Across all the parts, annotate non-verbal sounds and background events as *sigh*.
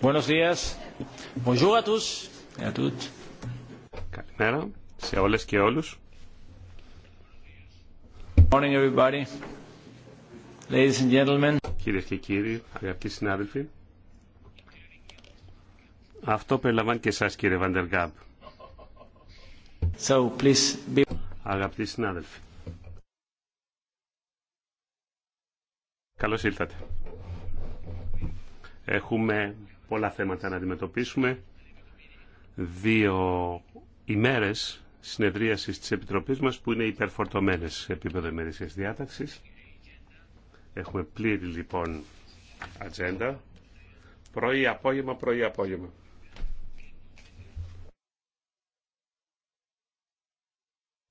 Καλημέρα σε όλες και όλους. Morning Κυρίες και κύριοι, αγαπητοί συνάδελφοι. Αυτό περιλαμβάνει και εσάς κύριε Βαντεργάμπ. So, be... Αγαπητοί συνάδελφοι. Καλώς ήλθατε. Έχουμε πολλά θέματα να αντιμετωπίσουμε. Δύο ημέρες συνεδρίασης της Επιτροπής μας που είναι υπερφορτωμένες σε επίπεδο ημερήσιας διάταξης. Έχουμε πλήρη λοιπόν ατζέντα. Πρωί, απόγευμα, πρωί, απόγευμα.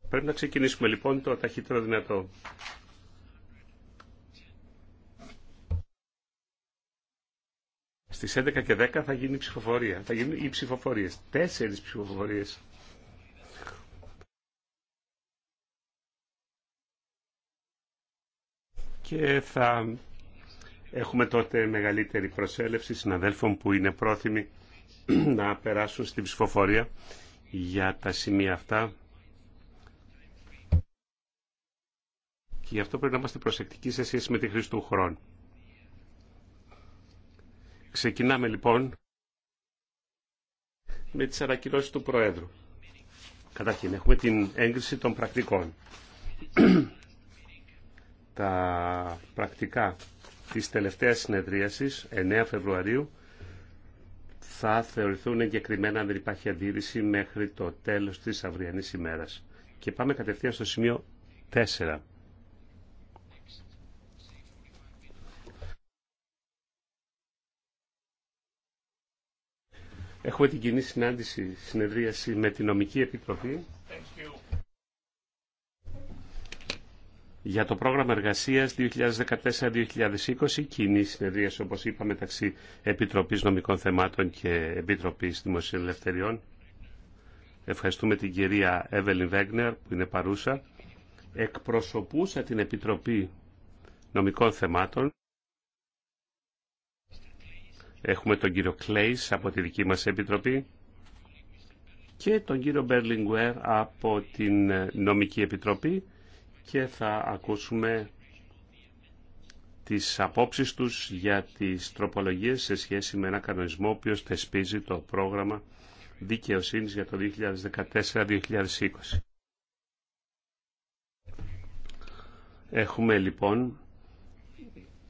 Πρέπει να ξεκινήσουμε λοιπόν το ταχύτερο δυνατό. Στι 11 και 10 θα γίνει ψηφοφορία. Θα γίνουν οι ψηφοφορίε, τέσσερι ψηφοφορίες. Και θα έχουμε τότε μεγαλύτερη προσέλευση συναδέλφων που είναι πρόθυμοι *clears throat* να περάσουν στην ψηφοφορία για τα σημεία αυτά. Και γι' αυτό πρέπει να είμαστε προσεκτικοί σε σχέση με τη χρήση του χρόνου. Ξεκινάμε λοιπόν με τις ανακοινώσεις του Προέδρου. Καταρχήν έχουμε την έγκριση των πρακτικών. *clears throat* Τα πρακτικά της τελευταίας συνεδρίασης, 9 Φεβρουαρίου, θα θεωρηθούν εγκεκριμένα αν δεν υπάρχει αντίρρηση μέχρι το τέλος της αυριανής ημέρας. Και πάμε κατευθείαν στο σημείο 4. Έχουμε την κοινή συνάντηση, συνεδρίαση με την Νομική Επιτροπή για το πρόγραμμα εργασίας 2014-2020, κοινή συνεδρίαση όπως είπα μεταξύ Επιτροπής Νομικών Θεμάτων και Επιτροπής Δημοσίων Ελευθεριών. Ευχαριστούμε την κυρία Εύελιν Βέγνερ που είναι παρούσα. Εκπροσωπούσα την Επιτροπή Νομικών Θεμάτων Έχουμε τον κύριο Κλέης από τη δική μας Επιτροπή και τον κύριο Μπερλιγκουέρ από την Νομική Επιτροπή και θα ακούσουμε τις απόψεις τους για τις τροπολογίες σε σχέση με ένα κανονισμό ο οποίος θεσπίζει το πρόγραμμα δικαιοσύνης για το 2014-2020. Έχουμε λοιπόν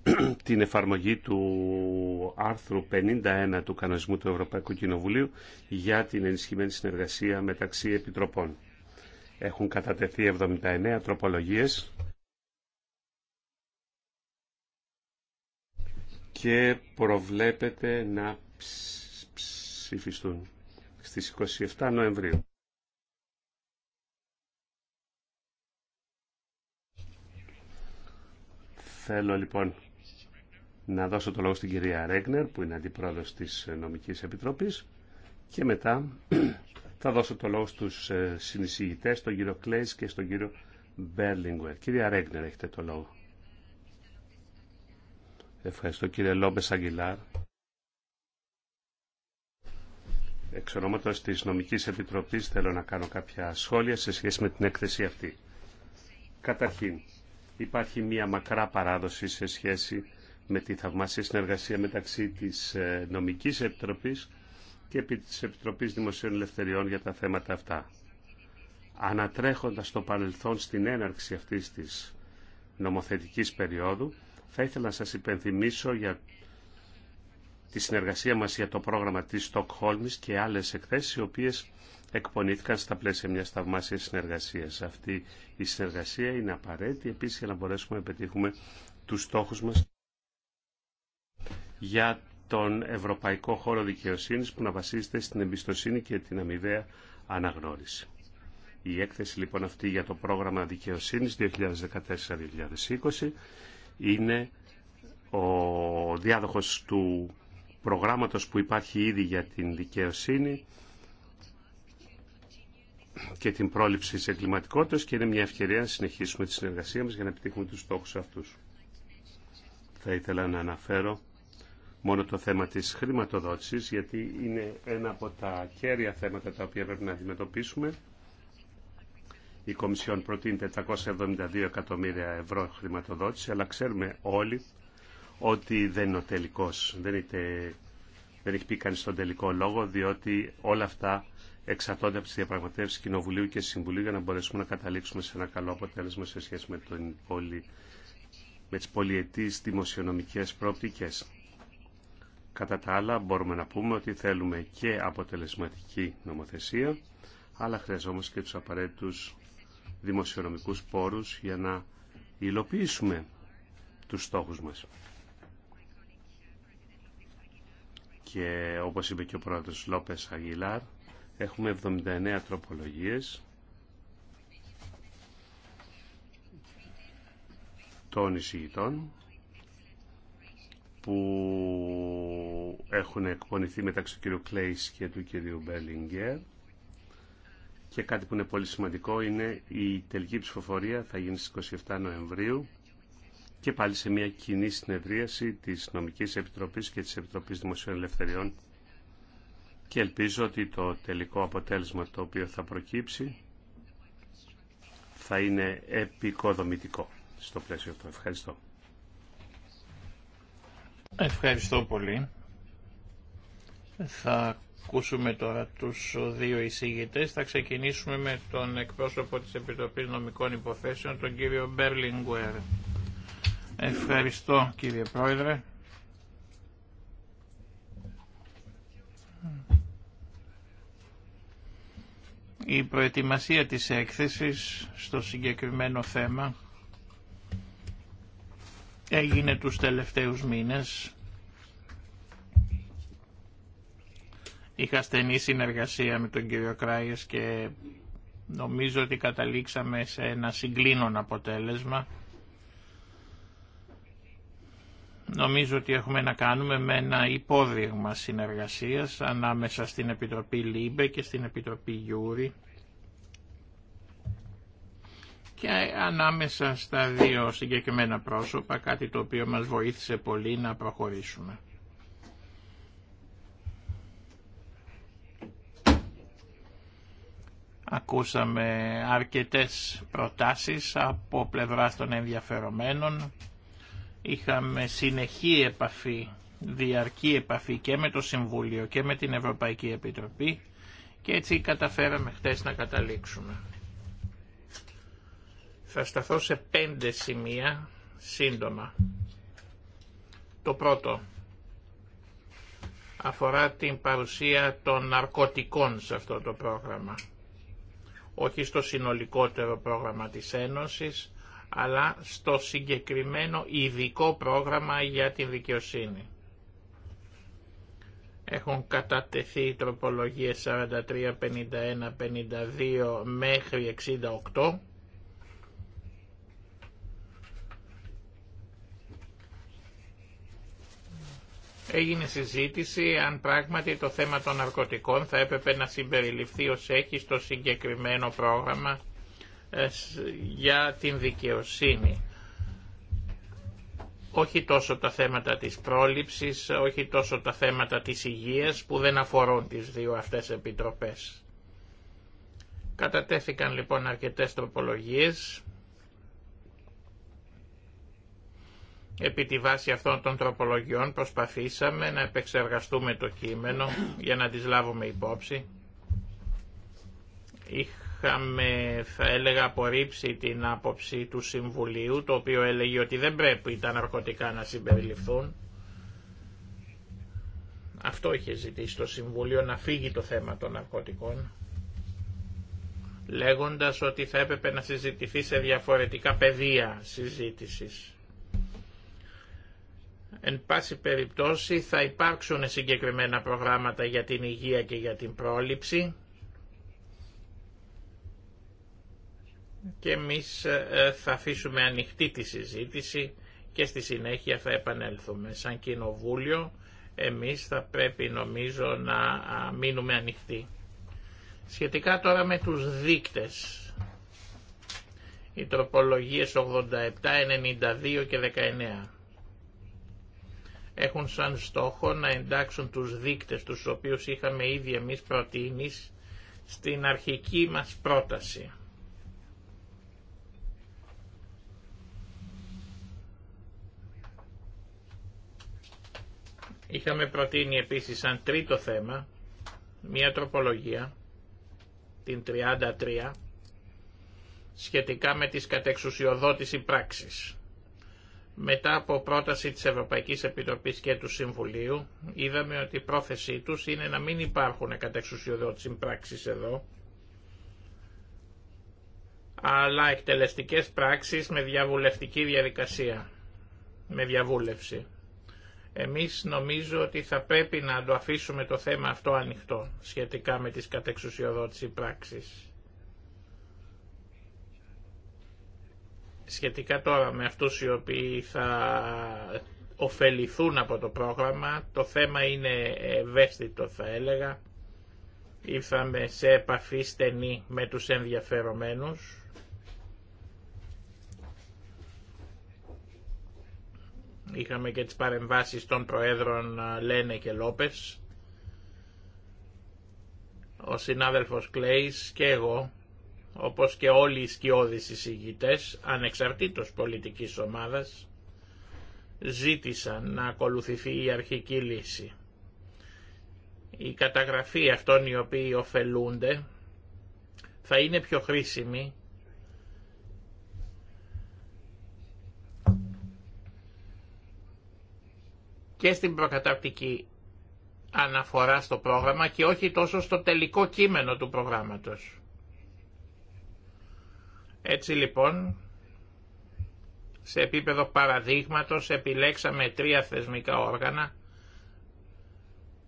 *clears throat* την εφαρμογή του άρθρου 51 του Κανονισμού του Ευρωπαϊκού Κοινοβουλίου για την ενισχυμένη συνεργασία μεταξύ επιτροπών. Έχουν κατατεθεί 79 τροπολογίες και προβλέπεται να ψηφιστούν στις 27 Νοεμβρίου. Θέλω λοιπόν να δώσω το λόγο στην κυρία Ρέγνερ που είναι αντιπρόεδρος της Νομικής Επιτροπής και μετά *clears throat* θα δώσω το λόγο στους ε, συνεισηγητές, τον κύριο Κλέης και στον κύριο Μπέρλιγκουερ. Κυρία Ρέγνερ έχετε το λόγο. Ευχαριστώ κύριε Λόμπε Αγγιλάρ. Εξ ονόματος της Νομικής Επιτροπής θέλω να κάνω κάποια σχόλια σε σχέση με την έκθεση αυτή. Καταρχήν, υπάρχει μια μακρά παράδοση σε σχέση με τη θαυμάσια συνεργασία μεταξύ της ε, Νομικής Επιτροπής και επί της Επιτροπής Δημοσίων Ελευθεριών για τα θέματα αυτά. Ανατρέχοντας το παρελθόν στην έναρξη αυτής της νομοθετικής περίοδου, θα ήθελα να σας υπενθυμίσω για τη συνεργασία μας για το πρόγραμμα της Στοκχόλμης και άλλες εκθέσεις, οι οποίες εκπονήθηκαν στα πλαίσια μιας θαυμάσιας συνεργασίας. Αυτή η συνεργασία είναι απαραίτητη επίσης για να μπορέσουμε να πετύχουμε τους στόχους μας για τον ευρωπαϊκό χώρο δικαιοσύνης που να βασίζεται στην εμπιστοσύνη και την αμοιβαία αναγνώριση. Η έκθεση λοιπόν αυτή για το πρόγραμμα δικαιοσύνης 2014-2020 είναι ο διάδοχος του προγράμματος που υπάρχει ήδη για την δικαιοσύνη και την πρόληψη της εγκληματικότητας και είναι μια ευκαιρία να συνεχίσουμε τη συνεργασία μας για να επιτύχουμε τους στόχους αυτούς. Θα ήθελα να αναφέρω μόνο το θέμα της χρηματοδότησης, γιατί είναι ένα από τα κέρια θέματα τα οποία πρέπει να αντιμετωπίσουμε. Η Κομισιόν προτείνει 472 εκατομμύρια ευρώ χρηματοδότηση, αλλά ξέρουμε όλοι ότι δεν είναι ο τελικός. Δεν, είτε, δεν έχει πει κανείς τον τελικό λόγο, διότι όλα αυτά εξαρτώνται από τις διαπραγματεύσεις Κοινοβουλίου και Συμβουλίου για να μπορέσουμε να καταλήξουμε σε ένα καλό αποτέλεσμα σε σχέση με, τον πολυ, με τις πολυετείς δημοσιονομικές προοπτικές. Κατά τα άλλα μπορούμε να πούμε ότι θέλουμε και αποτελεσματική νομοθεσία, αλλά χρειαζόμαστε και τους απαραίτητους δημοσιονομικούς πόρους για να υλοποιήσουμε τους στόχους μας. Και όπως είπε και ο πρόεδρος Λόπες Αγγιλάρ, έχουμε 79 τροπολογίες. των εισηγητών που έχουν εκπονηθεί μεταξύ του κύριου Κλέης και του κύριου Μπέλιγκερ. Και κάτι που είναι πολύ σημαντικό είναι η τελική ψηφοφορία θα γίνει στις 27 Νοεμβρίου και πάλι σε μια κοινή συνεδρίαση της Νομικής Επιτροπής και της Επιτροπής Δημοσίων Ελευθεριών και ελπίζω ότι το τελικό αποτέλεσμα το οποίο θα προκύψει θα είναι επικοδομητικό στο πλαίσιο αυτό. Ευχαριστώ. Ευχαριστώ πολύ. Θα ακούσουμε τώρα τους δύο εισηγητές. Θα ξεκινήσουμε με τον εκπρόσωπο της Επιτροπής Νομικών Υποθέσεων, τον κύριο Μπέρλιγκουερ. Ευχαριστώ κύριε Πρόεδρε. Η προετοιμασία της έκθεσης στο συγκεκριμένο θέμα έγινε τους τελευταίους μήνες. Είχα στενή συνεργασία με τον κύριο Κράιες και νομίζω ότι καταλήξαμε σε ένα συγκλίνον αποτέλεσμα. Νομίζω ότι έχουμε να κάνουμε με ένα υπόδειγμα συνεργασίας ανάμεσα στην Επιτροπή ΛΥΜΠΕ και στην Επιτροπή Γιούρη και ανάμεσα στα δύο συγκεκριμένα πρόσωπα, κάτι το οποίο μας βοήθησε πολύ να προχωρήσουμε. Ακούσαμε αρκετές προτάσεις από πλευράς των ενδιαφερομένων. Είχαμε συνεχή επαφή, διαρκή επαφή και με το Συμβούλιο και με την Ευρωπαϊκή Επιτροπή και έτσι καταφέραμε χτες να καταλήξουμε. Θα σταθώ σε πέντε σημεία σύντομα. Το πρώτο αφορά την παρουσία των ναρκωτικών σε αυτό το πρόγραμμα. Όχι στο συνολικότερο πρόγραμμα της Ένωσης, αλλά στο συγκεκριμένο ειδικό πρόγραμμα για την δικαιοσύνη. Έχουν κατατεθεί τροπολογίες 43, 51, 52 μέχρι 68 έγινε συζήτηση αν πράγματι το θέμα των ναρκωτικών θα έπρεπε να συμπεριληφθεί ως έχει στο συγκεκριμένο πρόγραμμα ε, για την δικαιοσύνη. Όχι τόσο τα θέματα της πρόληψης, όχι τόσο τα θέματα της υγείας που δεν αφορούν τις δύο αυτές επιτροπές. Κατατέθηκαν λοιπόν αρκετές τροπολογίες Επί τη βάση αυτών των τροπολογιών προσπαθήσαμε να επεξεργαστούμε το κείμενο για να τις λάβουμε υπόψη. Είχαμε, θα έλεγα, απορρίψει την άποψη του Συμβουλίου, το οποίο έλεγε ότι δεν πρέπει τα ναρκωτικά να συμπεριληφθούν. Αυτό είχε ζητήσει το Συμβούλιο, να φύγει το θέμα των ναρκωτικών, λέγοντας ότι θα έπρεπε να συζητηθεί σε διαφορετικά πεδία συζήτησης. Εν πάση περιπτώσει θα υπάρξουν συγκεκριμένα προγράμματα για την υγεία και για την πρόληψη και εμείς ε, ε, θα αφήσουμε ανοιχτή τη συζήτηση και στη συνέχεια θα επανέλθουμε. Σαν κοινοβούλιο εμείς θα πρέπει νομίζω να μείνουμε ανοιχτοί. Σχετικά τώρα με τους δείκτες, οι τροπολογίες 87, 92 και 19 έχουν σαν στόχο να εντάξουν τους δείκτες τους οποίους είχαμε ήδη εμείς προτείνει στην αρχική μας πρόταση. Είχαμε προτείνει επίσης σαν τρίτο θέμα μία τροπολογία, την 33, σχετικά με τις κατεξουσιοδότηση πράξης. Μετά από πρόταση της Ευρωπαϊκής Επιτροπής και του Συμβουλίου, είδαμε ότι η πρόθεσή τους είναι να μην υπάρχουν κατεξουσιοδότης πράξεις εδώ, αλλά εκτελεστικές πράξεις με διαβουλευτική διαδικασία, με διαβούλευση. Εμείς νομίζω ότι θα πρέπει να το αφήσουμε το θέμα αυτό ανοιχτό σχετικά με τις κατεξουσιοδότηση πράξεις. Σχετικά τώρα με αυτούς οι οποίοι θα ωφεληθούν από το πρόγραμμα, το θέμα είναι ευαίσθητο θα έλεγα. Ήρθαμε σε επαφή στενή με τους ενδιαφερομένους. Είχαμε και τις παρεμβάσεις των Προέδρων Λένε και Λόπες, ο συνάδελφος Κλέης και εγώ όπως και όλοι οι σκιώδεις εισηγητές, ανεξαρτήτως πολιτικής ομάδας, ζήτησαν να ακολουθηθεί η αρχική λύση. Η καταγραφή αυτών οι οποίοι ωφελούνται θα είναι πιο χρήσιμη και στην προκαταπτική αναφορά στο πρόγραμμα και όχι τόσο στο τελικό κείμενο του προγράμματος. Έτσι λοιπόν, σε επίπεδο παραδείγματος επιλέξαμε τρία θεσμικά όργανα,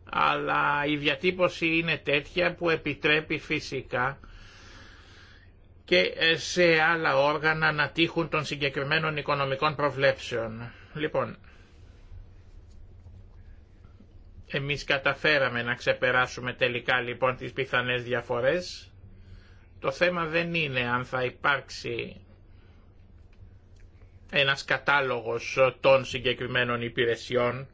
αλλά η διατύπωση είναι τέτοια που επιτρέπει φυσικά και ε, σε άλλα όργανα να τύχουν των συγκεκριμένων οικονομικών προβλέψεων. Λοιπόν, εμείς καταφέραμε να ξεπεράσουμε τελικά λοιπόν τις πιθανές διαφορές το θέμα δεν είναι αν θα υπάρξει ένας κατάλογος των συγκεκριμένων υπηρεσιών.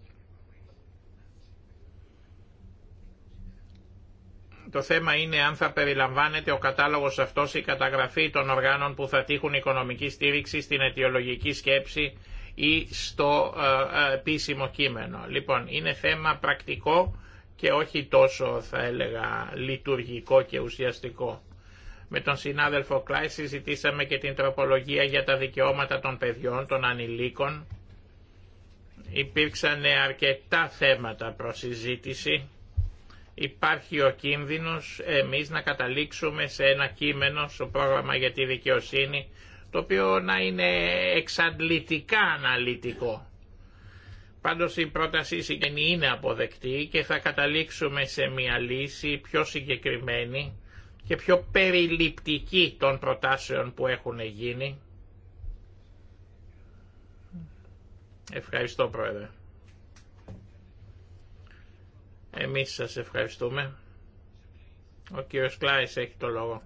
Το θέμα είναι αν θα περιλαμβάνεται ο κατάλογος αυτός η καταγραφή των οργάνων που θα τύχουν οικονομική στήριξη στην αιτιολογική σκέψη ή στο ε, ε, επίσημο κείμενο. Λοιπόν, είναι θέμα πρακτικό και όχι τόσο θα έλεγα λειτουργικό και ουσιαστικό. Με τον συνάδελφο Κλάι συζητήσαμε και την τροπολογία για τα δικαιώματα των παιδιών, των ανηλίκων. Υπήρξαν αρκετά θέματα προς συζήτηση. Υπάρχει ο κίνδυνος εμείς να καταλήξουμε σε ένα κείμενο στο πρόγραμμα για τη δικαιοσύνη, το οποίο να είναι εξαντλητικά αναλυτικό. Πάντως η πρότασή συγκεκριμένη είναι αποδεκτή και θα καταλήξουμε σε μια λύση πιο συγκεκριμένη και πιο περιληπτική των προτάσεων που έχουν γίνει. Ευχαριστώ Πρόεδρε. Εμείς σας ευχαριστούμε. Ο κύριος Κλάης έχει το λόγο.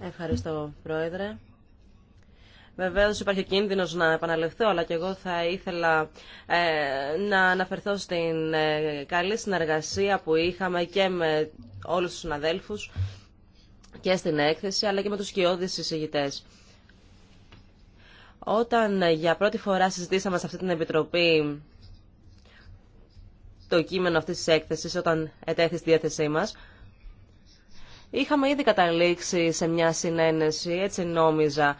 Ευχαριστώ Πρόεδρε. Βεβαίω υπάρχει κίνδυνο να επαναληφθώ, αλλά και εγώ θα ήθελα ε, να αναφερθώ στην ε, καλή συνεργασία που είχαμε και με όλου του συναδέλφου και στην έκθεση, αλλά και με του κοιόδη συζητητέ. Όταν ε, για πρώτη φορά συζητήσαμε σε αυτή την επιτροπή το κείμενο αυτής της έκθεσης, όταν ετέθη στη διάθεσή μας, είχαμε ήδη καταλήξει σε μια συνένεση, έτσι νόμιζα,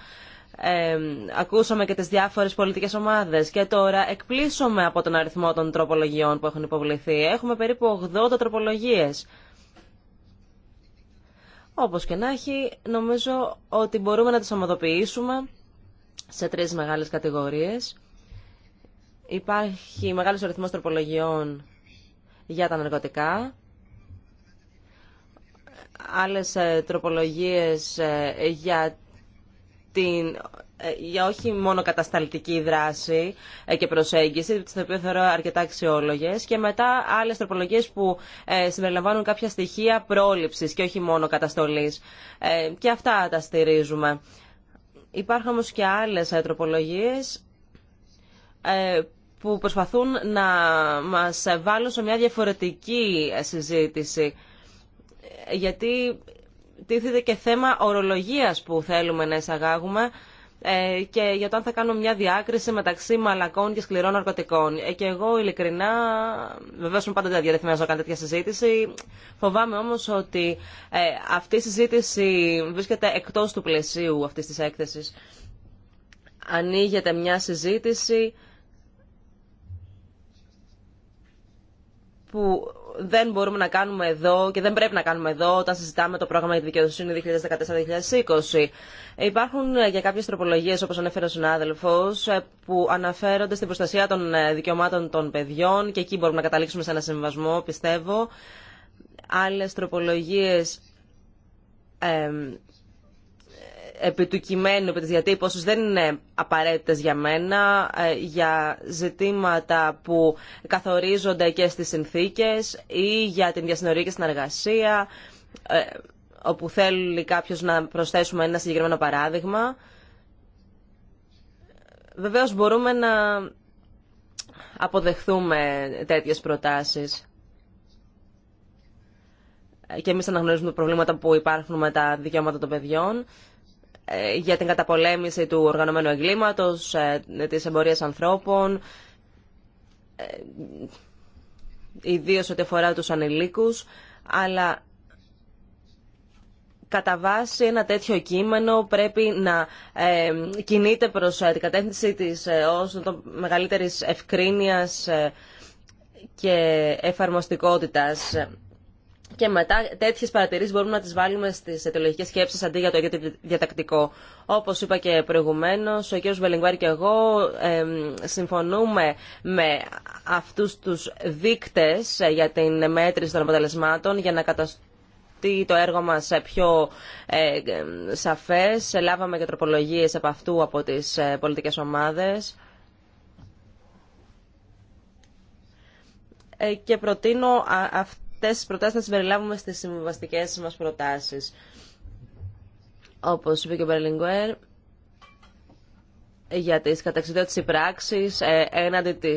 ακούσαμε και τις διάφορες πολιτικές ομάδες και τώρα εκπλήσωμε από τον αριθμό των τροπολογιών που έχουν υποβληθεί. Έχουμε περίπου 80 τροπολογίες. Όπως και να έχει, νομίζω ότι μπορούμε να τις ομοδοποιήσουμε σε τρεις μεγάλες κατηγορίες. Υπάρχει μεγάλος αριθμός τροπολογιών για τα ναρκωτικά, άλλες ε, τροπολογίες ε, για την, ε, για όχι μόνο κατασταλτική δράση ε, και προσέγγιση, τις οποίες θεωρώ αρκετά αξιόλογε, και μετά άλλες τροπολογίες που ε, συμπεριλαμβάνουν κάποια στοιχεία πρόληψης και όχι μόνο καταστολής. Και αυτά τα στηρίζουμε. Υπάρχουν όμως και άλλες τροπολογίες που προσπαθούν να μας βάλουν σε μια διαφορετική συζήτηση. Γιατί τίθεται και θέμα ορολογίας που θέλουμε να εισαγάγουμε ε, και για το αν θα κάνω μια διάκριση μεταξύ μαλακών και σκληρών ναρκωτικών. Ε, και εγώ ειλικρινά, βεβαίω είμαι πάντα διαδεθειμένο να κάνω τέτοια συζήτηση. Φοβάμαι όμω ότι ε, αυτή η συζήτηση βρίσκεται εκτό του πλαισίου αυτή τη έκθεση. Ανοίγεται μια συζήτηση που δεν μπορούμε να κάνουμε εδώ και δεν πρέπει να κάνουμε εδώ όταν συζητάμε το πρόγραμμα για τη δικαιοσύνη 2014-2020. Υπάρχουν ε, για κάποιε τροπολογίε, όπω ανέφερε ο συνάδελφο, ε, που αναφέρονται στην προστασία των ε, δικαιωμάτων των παιδιών και εκεί μπορούμε να καταλήξουμε σε ένα συμβασμό, πιστεύω. Άλλες τροπολογίες επί του κειμένου, επί της διατύπωσης, δεν είναι απαραίτητες για μένα, ε, για ζητήματα που καθορίζονται και στις συνθήκες ή για την διασυνορία και συνεργασία, ε, όπου θέλει κάποιος να προσθέσουμε ένα συγκεκριμένο παράδειγμα. Βεβαίως μπορούμε να αποδεχθούμε τέτοιες προτάσεις και εμείς αναγνωρίζουμε προβλήματα που υπάρχουν με τα δικαιώματα των παιδιών. Ε, για την καταπολέμηση του οργανωμένου εγκλήματος, ε, της εμπορίας ανθρώπων, ε, ιδίως ό,τι αφορά τους ανηλίκους, αλλά κατά βάση ένα τέτοιο κείμενο πρέπει να κινείται προς την κατεύθυνση της ε, ως το μεγαλύτερης ευκρίνειας και εφαρμοστικότητας και μετά τέτοιε παρατηρήσεις μπορούμε να τις βάλουμε στις αιτιολογικές σκέψεις αντί για το ίδιο διατακτικό. Όπως είπα και προηγουμένως, ο κ. Μπελιγκουάρη και εγώ συμφωνούμε με αυτούς τους δείκτε ε, για την μέτρηση των αποτελεσμάτων για να καταστεί το έργο μας ε, πιο ε, σαφές. Λάβαμε και τροπολογίε από αυτού από τις ε, πολιτικές ομάδες. και προτείνω αυτό αυτέ τι προτάσεις να τι περιλάβουμε στι συμβαστικές μας προτάσεις. Όπως είπε και ο Μπερλιγκουέρ, για τι καταξιδιώτε πράξει ε, έναντι τη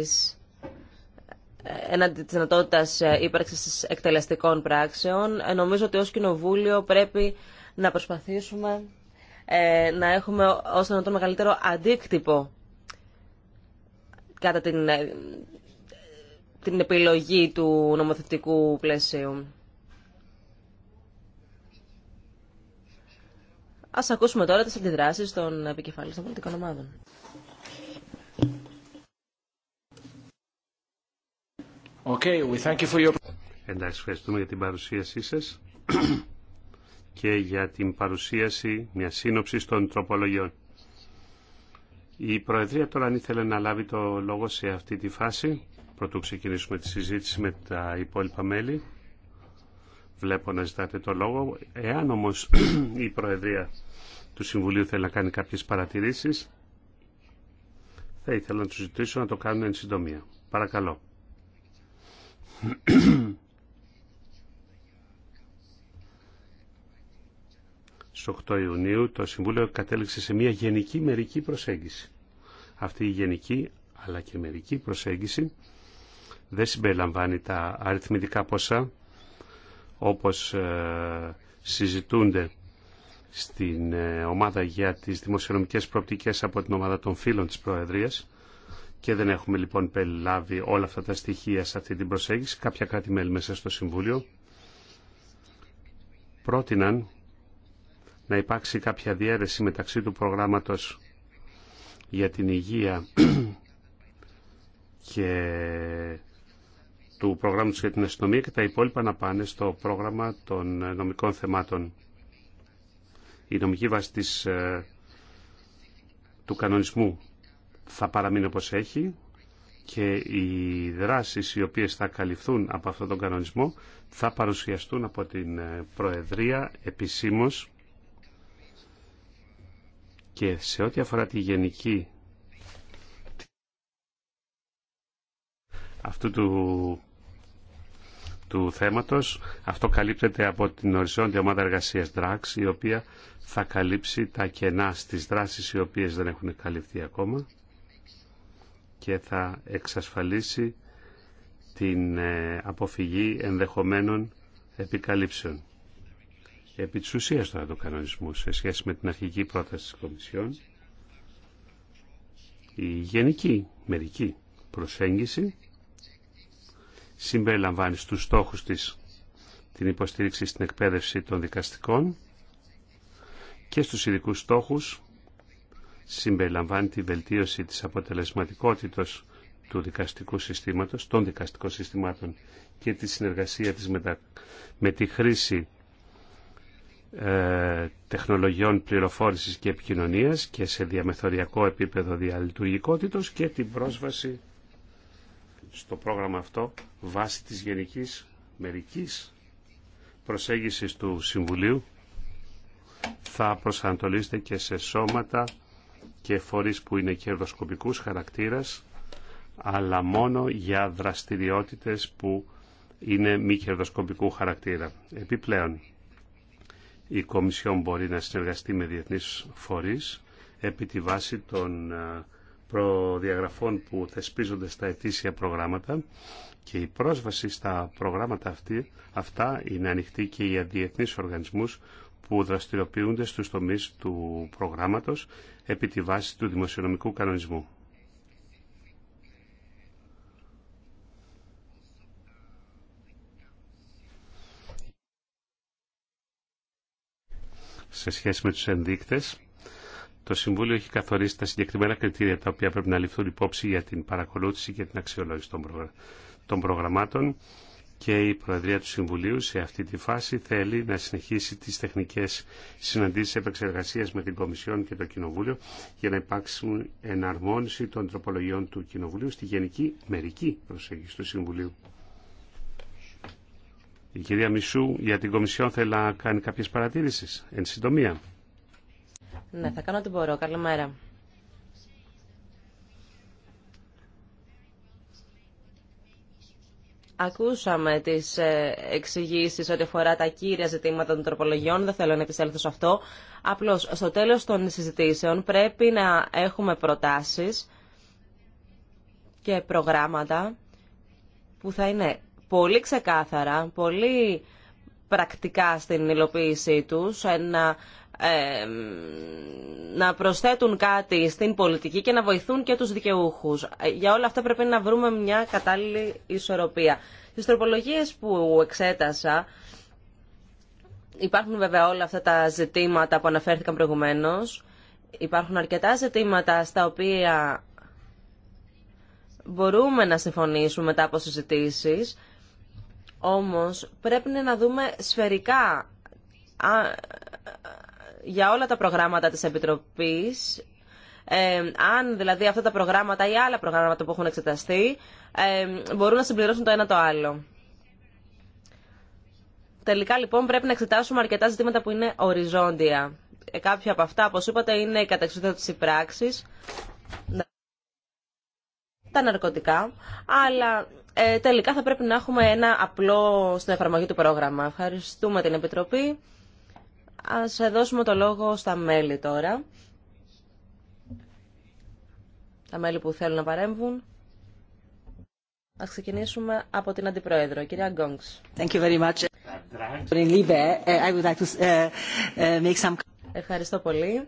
ε, έναντι της δυνατότητας ε, ύπαρξης εκτελεστικών πράξεων. νομίζω ότι ως Κοινοβούλιο πρέπει να προσπαθήσουμε να έχουμε ως το μεγαλύτερο αντίκτυπο κατά την την επιλογή του νομοθετικού πλαίσιου. Ας ακούσουμε τώρα τις αντιδράσεις των επικεφαλής των πολιτικών ομάδων. Okay, we thank you for your... Εντάξει, ευχαριστούμε για την παρουσίασή σας *clears throat* και για την παρουσίαση μια σύνοψη των τροπολογιών. Η Προεδρία τώρα αν ήθελε να λάβει το λόγο σε αυτή τη φάση. Πρωτού ξεκινήσουμε τη συζήτηση με τα υπόλοιπα μέλη. Βλέπω να ζητάτε το λόγο. Εάν όμως *clears throat* η Προεδρία του Συμβουλίου θέλει να κάνει κάποιες παρατηρήσεις, θα ήθελα να τους ζητήσω να το κάνουν εν συντομία. Παρακαλώ. *clears throat* Στο 8 Ιουνίου το Συμβούλιο κατέληξε σε μια γενική μερική προσέγγιση. Αυτή η γενική αλλά και μερική προσέγγιση δεν συμπεριλαμβάνει τα αριθμητικά ποσά όπως ε, συζητούνται στην ε, ομάδα για τις δημοσιονομικές προοπτικές από την ομάδα των φίλων της Προεδρίας και δεν έχουμε λοιπόν περιλάβει όλα αυτά τα στοιχεία σε αυτή την προσέγγιση. Κάποια κράτη-μέλη μέσα στο Συμβούλιο πρότειναν να υπάρξει κάποια διαίρεση μεταξύ του προγράμματος για την υγεία *clears throat* και του προγράμματος για την αστυνομία και τα υπόλοιπα να πάνε στο πρόγραμμα των ε, νομικών θεμάτων. Η νομική βάση της, ε, του κανονισμού θα παραμείνει όπως έχει και οι δράσεις οι οποίες θα καλυφθούν από αυτόν τον κανονισμό θα παρουσιαστούν από την ε, Προεδρία επισήμως και σε ό,τι αφορά τη γενική αυτού του του θέματος. Αυτό καλύπτεται από την οριζόντια ομάδα εργασίας DRAX, η οποία θα καλύψει τα κενά στις δράσεις οι οποίες δεν έχουν καλυφθεί ακόμα και θα εξασφαλίσει την ε, αποφυγή ενδεχομένων επικαλύψεων. Επί της ουσίας τώρα του κανονισμού σε σχέση με την αρχική πρόταση της Κομισιόν, η γενική μερική προσέγγιση συμπεριλαμβάνει στους στόχους της την υποστήριξη στην εκπαίδευση των δικαστικών και στους ειδικού στόχους συμπεριλαμβάνει τη βελτίωση της αποτελεσματικότητας του δικαστικού συστήματος, των δικαστικών συστημάτων και τη συνεργασία της με, με τη χρήση ε, τεχνολογιών πληροφόρησης και επικοινωνίας και σε διαμεθοριακό επίπεδο διαλειτουργικότητος και την πρόσβαση στο πρόγραμμα αυτό βάσει της γενικής μερικής προσέγγισης του Συμβουλίου θα προσανατολίστε και σε σώματα και φορείς που είναι κερδοσκοπικούς χαρακτήρας αλλά μόνο για δραστηριότητες που είναι μη κερδοσκοπικού χαρακτήρα. Επιπλέον, η Κομισιόν μπορεί να συνεργαστεί με διεθνείς φορείς επί τη βάση των ε, προδιαγραφών που θεσπίζονται στα ετήσια προγράμματα και η πρόσβαση στα προγράμματα αυτή, αυτά είναι ανοιχτή και για διεθνείς οργανισμούς που δραστηριοποιούνται στους τομείς του προγράμματος επί τη βάση του δημοσιονομικού κανονισμού. Σε σχέση με τους ενδείκτες, το Συμβούλιο έχει καθορίσει τα συγκεκριμένα κριτήρια τα οποία πρέπει να ληφθούν υπόψη για την παρακολούθηση και την αξιολόγηση των προγραμμάτων και η Προεδρία του Συμβουλίου σε αυτή τη φάση θέλει να συνεχίσει τις τεχνικές συναντήσεις επεξεργασίας με την Κομισιόν και το Κοινοβούλιο για να υπάρξει εναρμόνιση των τροπολογιών του Κοινοβουλίου στη γενική μερική προσέγγιση του Συμβουλίου. Η κυρία Μισού για την Κομισιόν θέλει να κάνει κάποιες παρατήρησεις, εν συντομία. Ναι, θα κάνω ό,τι μπορώ. Καλημέρα. Ακούσαμε τις ε, εξηγήσει ό,τι αφορά τα κύρια ζητήματα των τροπολογιών. Δεν θέλω να επισέλθω σε αυτό. Απλώς, στο τέλος των συζητήσεων πρέπει να έχουμε προτάσεις και προγράμματα που θα είναι πολύ ξεκάθαρα, πολύ πρακτικά στην υλοποίησή τους, να να προσθέτουν κάτι στην πολιτική και να βοηθούν και τους δικαιούχους. Ε, για όλα αυτά πρέπει να βρούμε μια κατάλληλη ισορροπία. Στις τροπολογίες που εξέτασα υπάρχουν βέβαια όλα αυτά τα ζητήματα που αναφέρθηκαν προηγουμένως. Υπάρχουν αρκετά ζητήματα στα οποία μπορούμε να συμφωνήσουμε μετά από συζητήσεις. Όμως πρέπει να δούμε σφαιρικά για όλα τα προγράμματα της Επιτροπής, ε, αν δηλαδή αυτά τα προγράμματα ή άλλα προγράμματα που έχουν εξεταστεί, ε, μπορούν να συμπληρώσουν το ένα το άλλο. Τελικά λοιπόν πρέπει να εξετάσουμε αρκετά ζητήματα που είναι οριζόντια. Ε, κάποια από αυτά, όπως είπατε, είναι η καταξιδότηση πράξης, τα ναρκωτικά, αλλά ε, τελικά θα πρέπει να έχουμε ένα πραξης τα ναρκωτικα αλλα τελικα θα πρεπει να εχουμε ενα απλο στην εφαρμογή του πρόγραμμα. Ευχαριστούμε την Επιτροπή. Ας δώσουμε το λόγο στα μέλη τώρα. Τα μέλη που θέλουν να παρέμβουν. Ας ξεκινήσουμε από την Αντιπρόεδρο, κυρία Γκόγκς. Thank you very much. Uh, uh, Ευχαριστώ πολύ.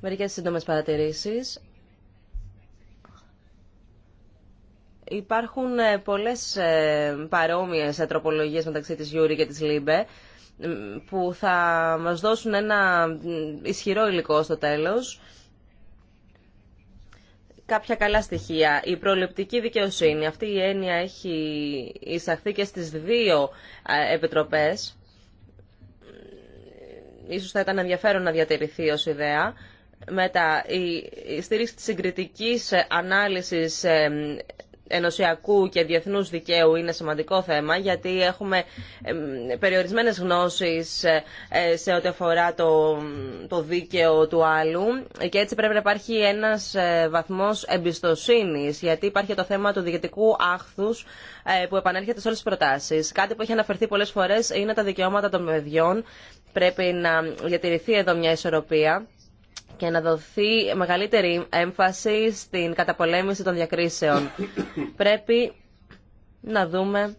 Μερικές σύντομες παρατηρήσεις. Υπάρχουν ε, πολλές ε, παρόμοιες ε, τροπολογίες μεταξύ της Γιούρη και της Λίμπε που θα μας δώσουν ένα ισχυρό υλικό στο τέλος. Κάποια καλά στοιχεία. Η προληπτική δικαιοσύνη. Αυτή η έννοια έχει εισαχθεί και στις δύο επιτροπές. Ίσως θα ήταν ενδιαφέρον να διατηρηθεί ως ιδέα. Μετά, η στήριξη της συγκριτικής ανάλυσης ενωσιακού και διεθνούς δικαίου είναι σημαντικό θέμα γιατί έχουμε περιορισμένες γνώσεις ε, σε ό,τι αφορά το, το δίκαιο του άλλου και έτσι πρέπει να υπάρχει ένας ε, βαθμός εμπιστοσύνης γιατί υπάρχει το θέμα του διοικητικού άχθους ε, που επανέρχεται σε όλες τις προτάσεις. Κάτι που έχει αναφερθεί πολλές φορές είναι τα δικαιώματα των παιδιών. Πρέπει να διατηρηθεί εδώ μια ισορροπία και να δοθεί μεγαλύτερη έμφαση στην καταπολέμηση των διακρίσεων. *coughs* Πρέπει να δούμε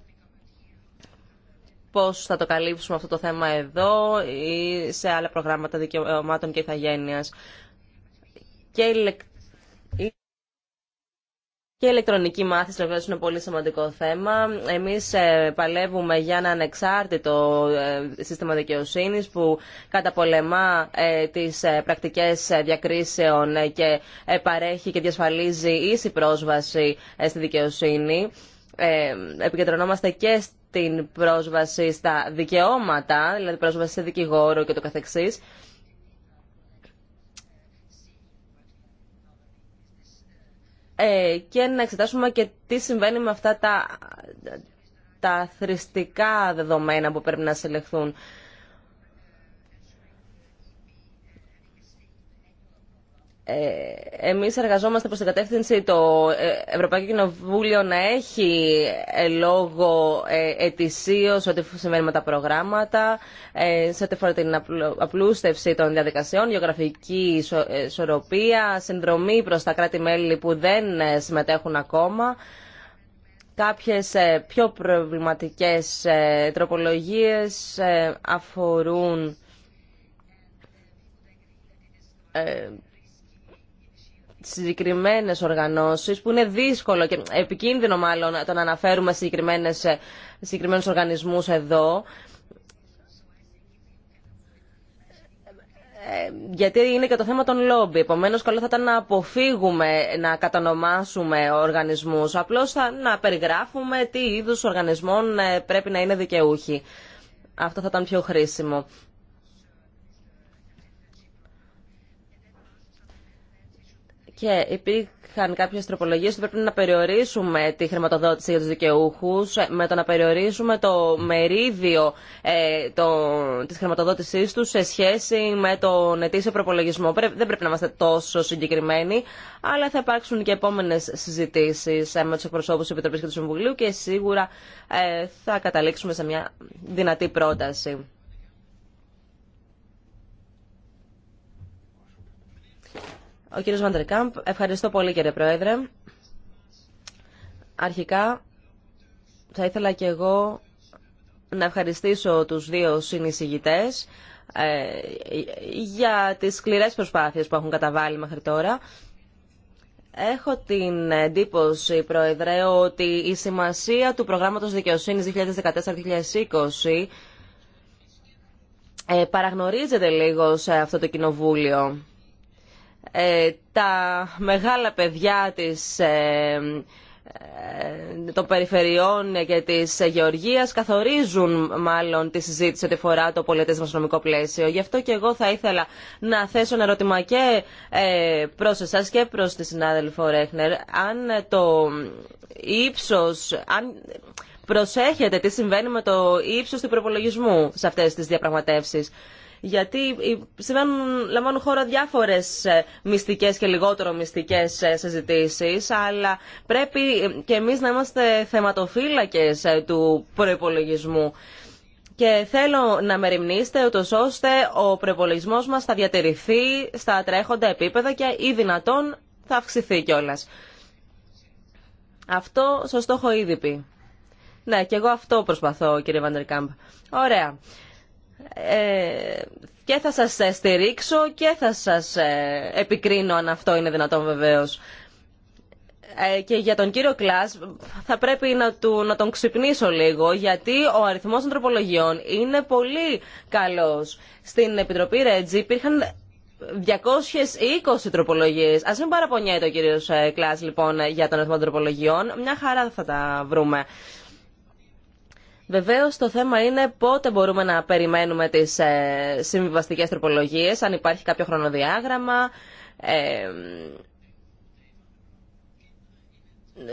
πώς θα το καλύψουμε αυτό το θέμα εδώ ή σε άλλα προγράμματα δικαιωμάτων και ηθαγένειας. Και και η ηλεκτρονική μάθηση βεβαίω είναι πολύ σημαντικό θέμα. Εμείς ε, παλεύουμε για ένα ανεξάρτητο ε, σύστημα δικαιοσύνης που καταπολεμά ε, τις πρακτικές διακρίσεων και παρέχει και διασφαλίζει ίση πρόσβαση στη δικαιοσύνη. Επικεντρωνόμαστε και στην πρόσβαση στα δικαιώματα, δηλαδή πρόσβαση σε δικηγόρο και το καθεξής. Ε, και να εξετάσουμε και τι συμβαίνει με αυτά τα, τα θρηστικά δεδομένα που πρέπει να συλλεχθούν. Ε, εμείς εργαζόμαστε προς την κατεύθυνση το ε, Ευρωπαϊκό Κοινοβούλιο να έχει ε, λόγο ετησίως ό,τι συμβαίνει με τα προγράμματα, σε ό,τι αφορά την απλούστευση των διαδικασιών, γεωγραφική ισορροπία, συνδρομή προς τα κράτη-μέλη που δεν συμμετέχουν ακόμα. Κάποιες πιο προβληματικές τροπολογίες αφορούν συγκεκριμένε οργανώσει που είναι δύσκολο και επικίνδυνο μάλλον το να αναφέρουμε συγκεκριμένου οργανισμού εδώ. Ε, γιατί είναι και το θέμα των λόμπι. Επομένω, καλό θα ήταν να αποφύγουμε να κατανομάσουμε οργανισμού. Απλώ να περιγράφουμε τι είδου οργανισμών ε, πρέπει να είναι δικαιούχοι. Αυτό θα ήταν πιο χρήσιμο. και υπήρχαν κάποιε τροπολογίε ότι πρέπει να περιορίσουμε τη χρηματοδότηση για του δικαιούχου με το να περιορίσουμε το μερίδιο ε, τη χρηματοδότησή του σε σχέση με τον ετήσιο προπολογισμό. Δεν πρέπει να είμαστε τόσο συγκεκριμένοι, αλλά θα υπάρξουν και επόμενε συζητήσει ε, με του εκπροσώπου τη Επιτροπή και του Συμβουλίου και σίγουρα ε, θα καταλήξουμε σε μια δυνατή πρόταση. Ο κύριος Βαντερκάμπ, ευχαριστώ πολύ κύριε Πρόεδρε. Αρχικά θα ήθελα και εγώ να ευχαριστήσω τους δύο συνεισηγητές ε, για τις σκληρές προσπάθειες που έχουν καταβάλει μέχρι τώρα. Έχω την εντύπωση, Πρόεδρε, ότι η σημασία του προγράμματος δικαιοσύνης 2014-2020 ε, παραγνωρίζεται λίγο σε αυτό το κοινοβούλιο. Ε, τα μεγάλα παιδιά της ε, ε, των περιφερειών και της γεωργίας καθορίζουν μάλλον τη συζήτηση ότι φορά το πολιτισμό νομικό πλαίσιο. Γι' αυτό και εγώ θα ήθελα να θέσω ένα ερώτημα και προς εσάς και προς τη συνάδελφο Ρέχνερ. Αν το ύψος, αν προσέχετε τι συμβαίνει με το ύψος του προπολογισμού σε αυτές τις διαπραγματεύσεις γιατί συμβαίνουν, λαμβάνουν χώρα διάφορες ε, μυστικές και λιγότερο μυστικές ε, συζητήσει, αλλά πρέπει ε, και εμείς να είμαστε θεματοφύλακε του προπολογισμού. Και θέλω να με ρημνήσετε ούτως ώστε ο προπολογισμό μας θα διατηρηθεί στα τρέχοντα επίπεδα και ή δυνατόν θα αυξηθεί κιόλας. Αυτό σας το έχω ήδη πει. Ναι, και εγώ αυτό προσπαθώ, κύριε Βαντερκάμπ. Ωραία ε, και θα σας ε, στηρίξω και θα σας ε, επικρίνω αν αυτό είναι δυνατόν βεβαίως. Ε, και για τον κύριο Κλάς θα πρέπει να, τον ξυπνήσω λίγο γιατί ο αριθμός των τροπολογιών είναι πολύ καλός. Στην Επιτροπή Ρέτζη υπήρχαν 220 τροπολογίες. Ας μην παραπονιέται ο κύριος Κλάς λοιπόν για τον αριθμό των τροπολογιών. Μια χαρά θα τα βρούμε. Βεβαίω το θέμα είναι πότε μπορούμε να περιμένουμε τι ε, συμβιβαστικέ τροπολογίε, αν υπάρχει κάποιο χρονοδιάγραμμα. Ε,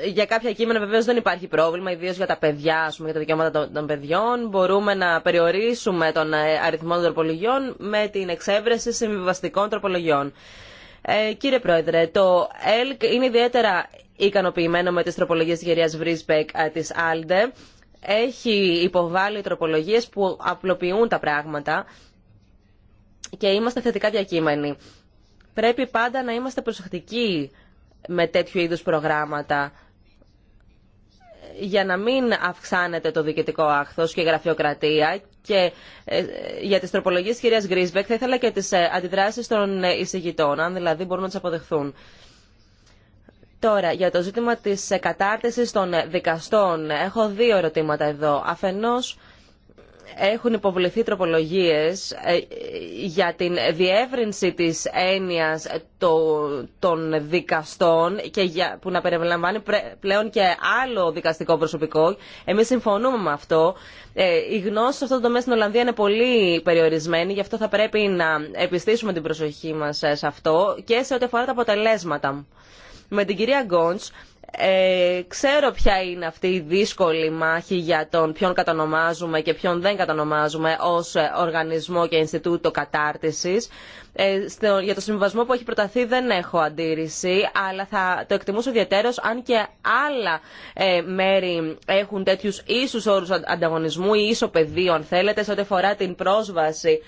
για κάποια κείμενα βεβαίω δεν υπάρχει πρόβλημα, ιδίω για τα παιδιά, ας για τα δικαιώματα των, παιδιών. Μπορούμε να περιορίσουμε τον ε, αριθμό των τροπολογιών με την εξέβρεση συμβιβαστικών τροπολογιών. Ε, κύριε Πρόεδρε, το ΕΛΚ είναι ιδιαίτερα ικανοποιημένο με τις τροπολογίες της κυρίας Βρίσπεκ ε, της Άλντε έχει υποβάλει τροπολογίες που απλοποιούν τα πράγματα και είμαστε θετικά διακείμενοι. Πρέπει πάντα να είμαστε προσεκτικοί με τέτοιου είδους προγράμματα για να μην αυξάνεται το διοικητικό άχθος και η γραφειοκρατία και ε, για τις τροπολογίες κυρίας Γκρίσβεκ θα ήθελα και τις ε, αντιδράσεις των ε, εισηγητών, αν δηλαδή μπορούν να τι αποδεχθούν. Τώρα, για το ζήτημα της κατάρτισης των δικαστών, έχω δύο ερωτήματα εδώ. Αφενός, έχουν υποβληθεί τροπολογίες ε, για την διεύρυνση της έννοιας των δικαστών και για, που να περιλαμβάνει πλέον και άλλο δικαστικό προσωπικό. Εμείς συμφωνούμε με αυτό. Ε, η γνώση σε αυτό το τομέα στην Ολλανδία είναι πολύ περιορισμένη, γι' αυτό θα πρέπει να επιστήσουμε την προσοχή μας ε, σε αυτό και σε ό,τι αφορά τα αποτελέσματα με την κυρία Γκόντς. Ε, ξέρω ποια είναι αυτή η δύσκολη μάχη για τον ποιον κατανομάζουμε και ποιον δεν κατανομάζουμε ως ε, οργανισμό και Ινστιτούτο Κατάρτισης. Ε, για το συμβασμό που έχει προταθεί δεν έχω αντίρρηση, αλλά θα το εκτιμούσω ιδιαίτερως αν και άλλα μέρη έχουν τέτοιους ίσους όρους ανταγωνισμού ή ίσο πεδίο, αν θέλετε, σε ό,τι αφορά την πρόσβαση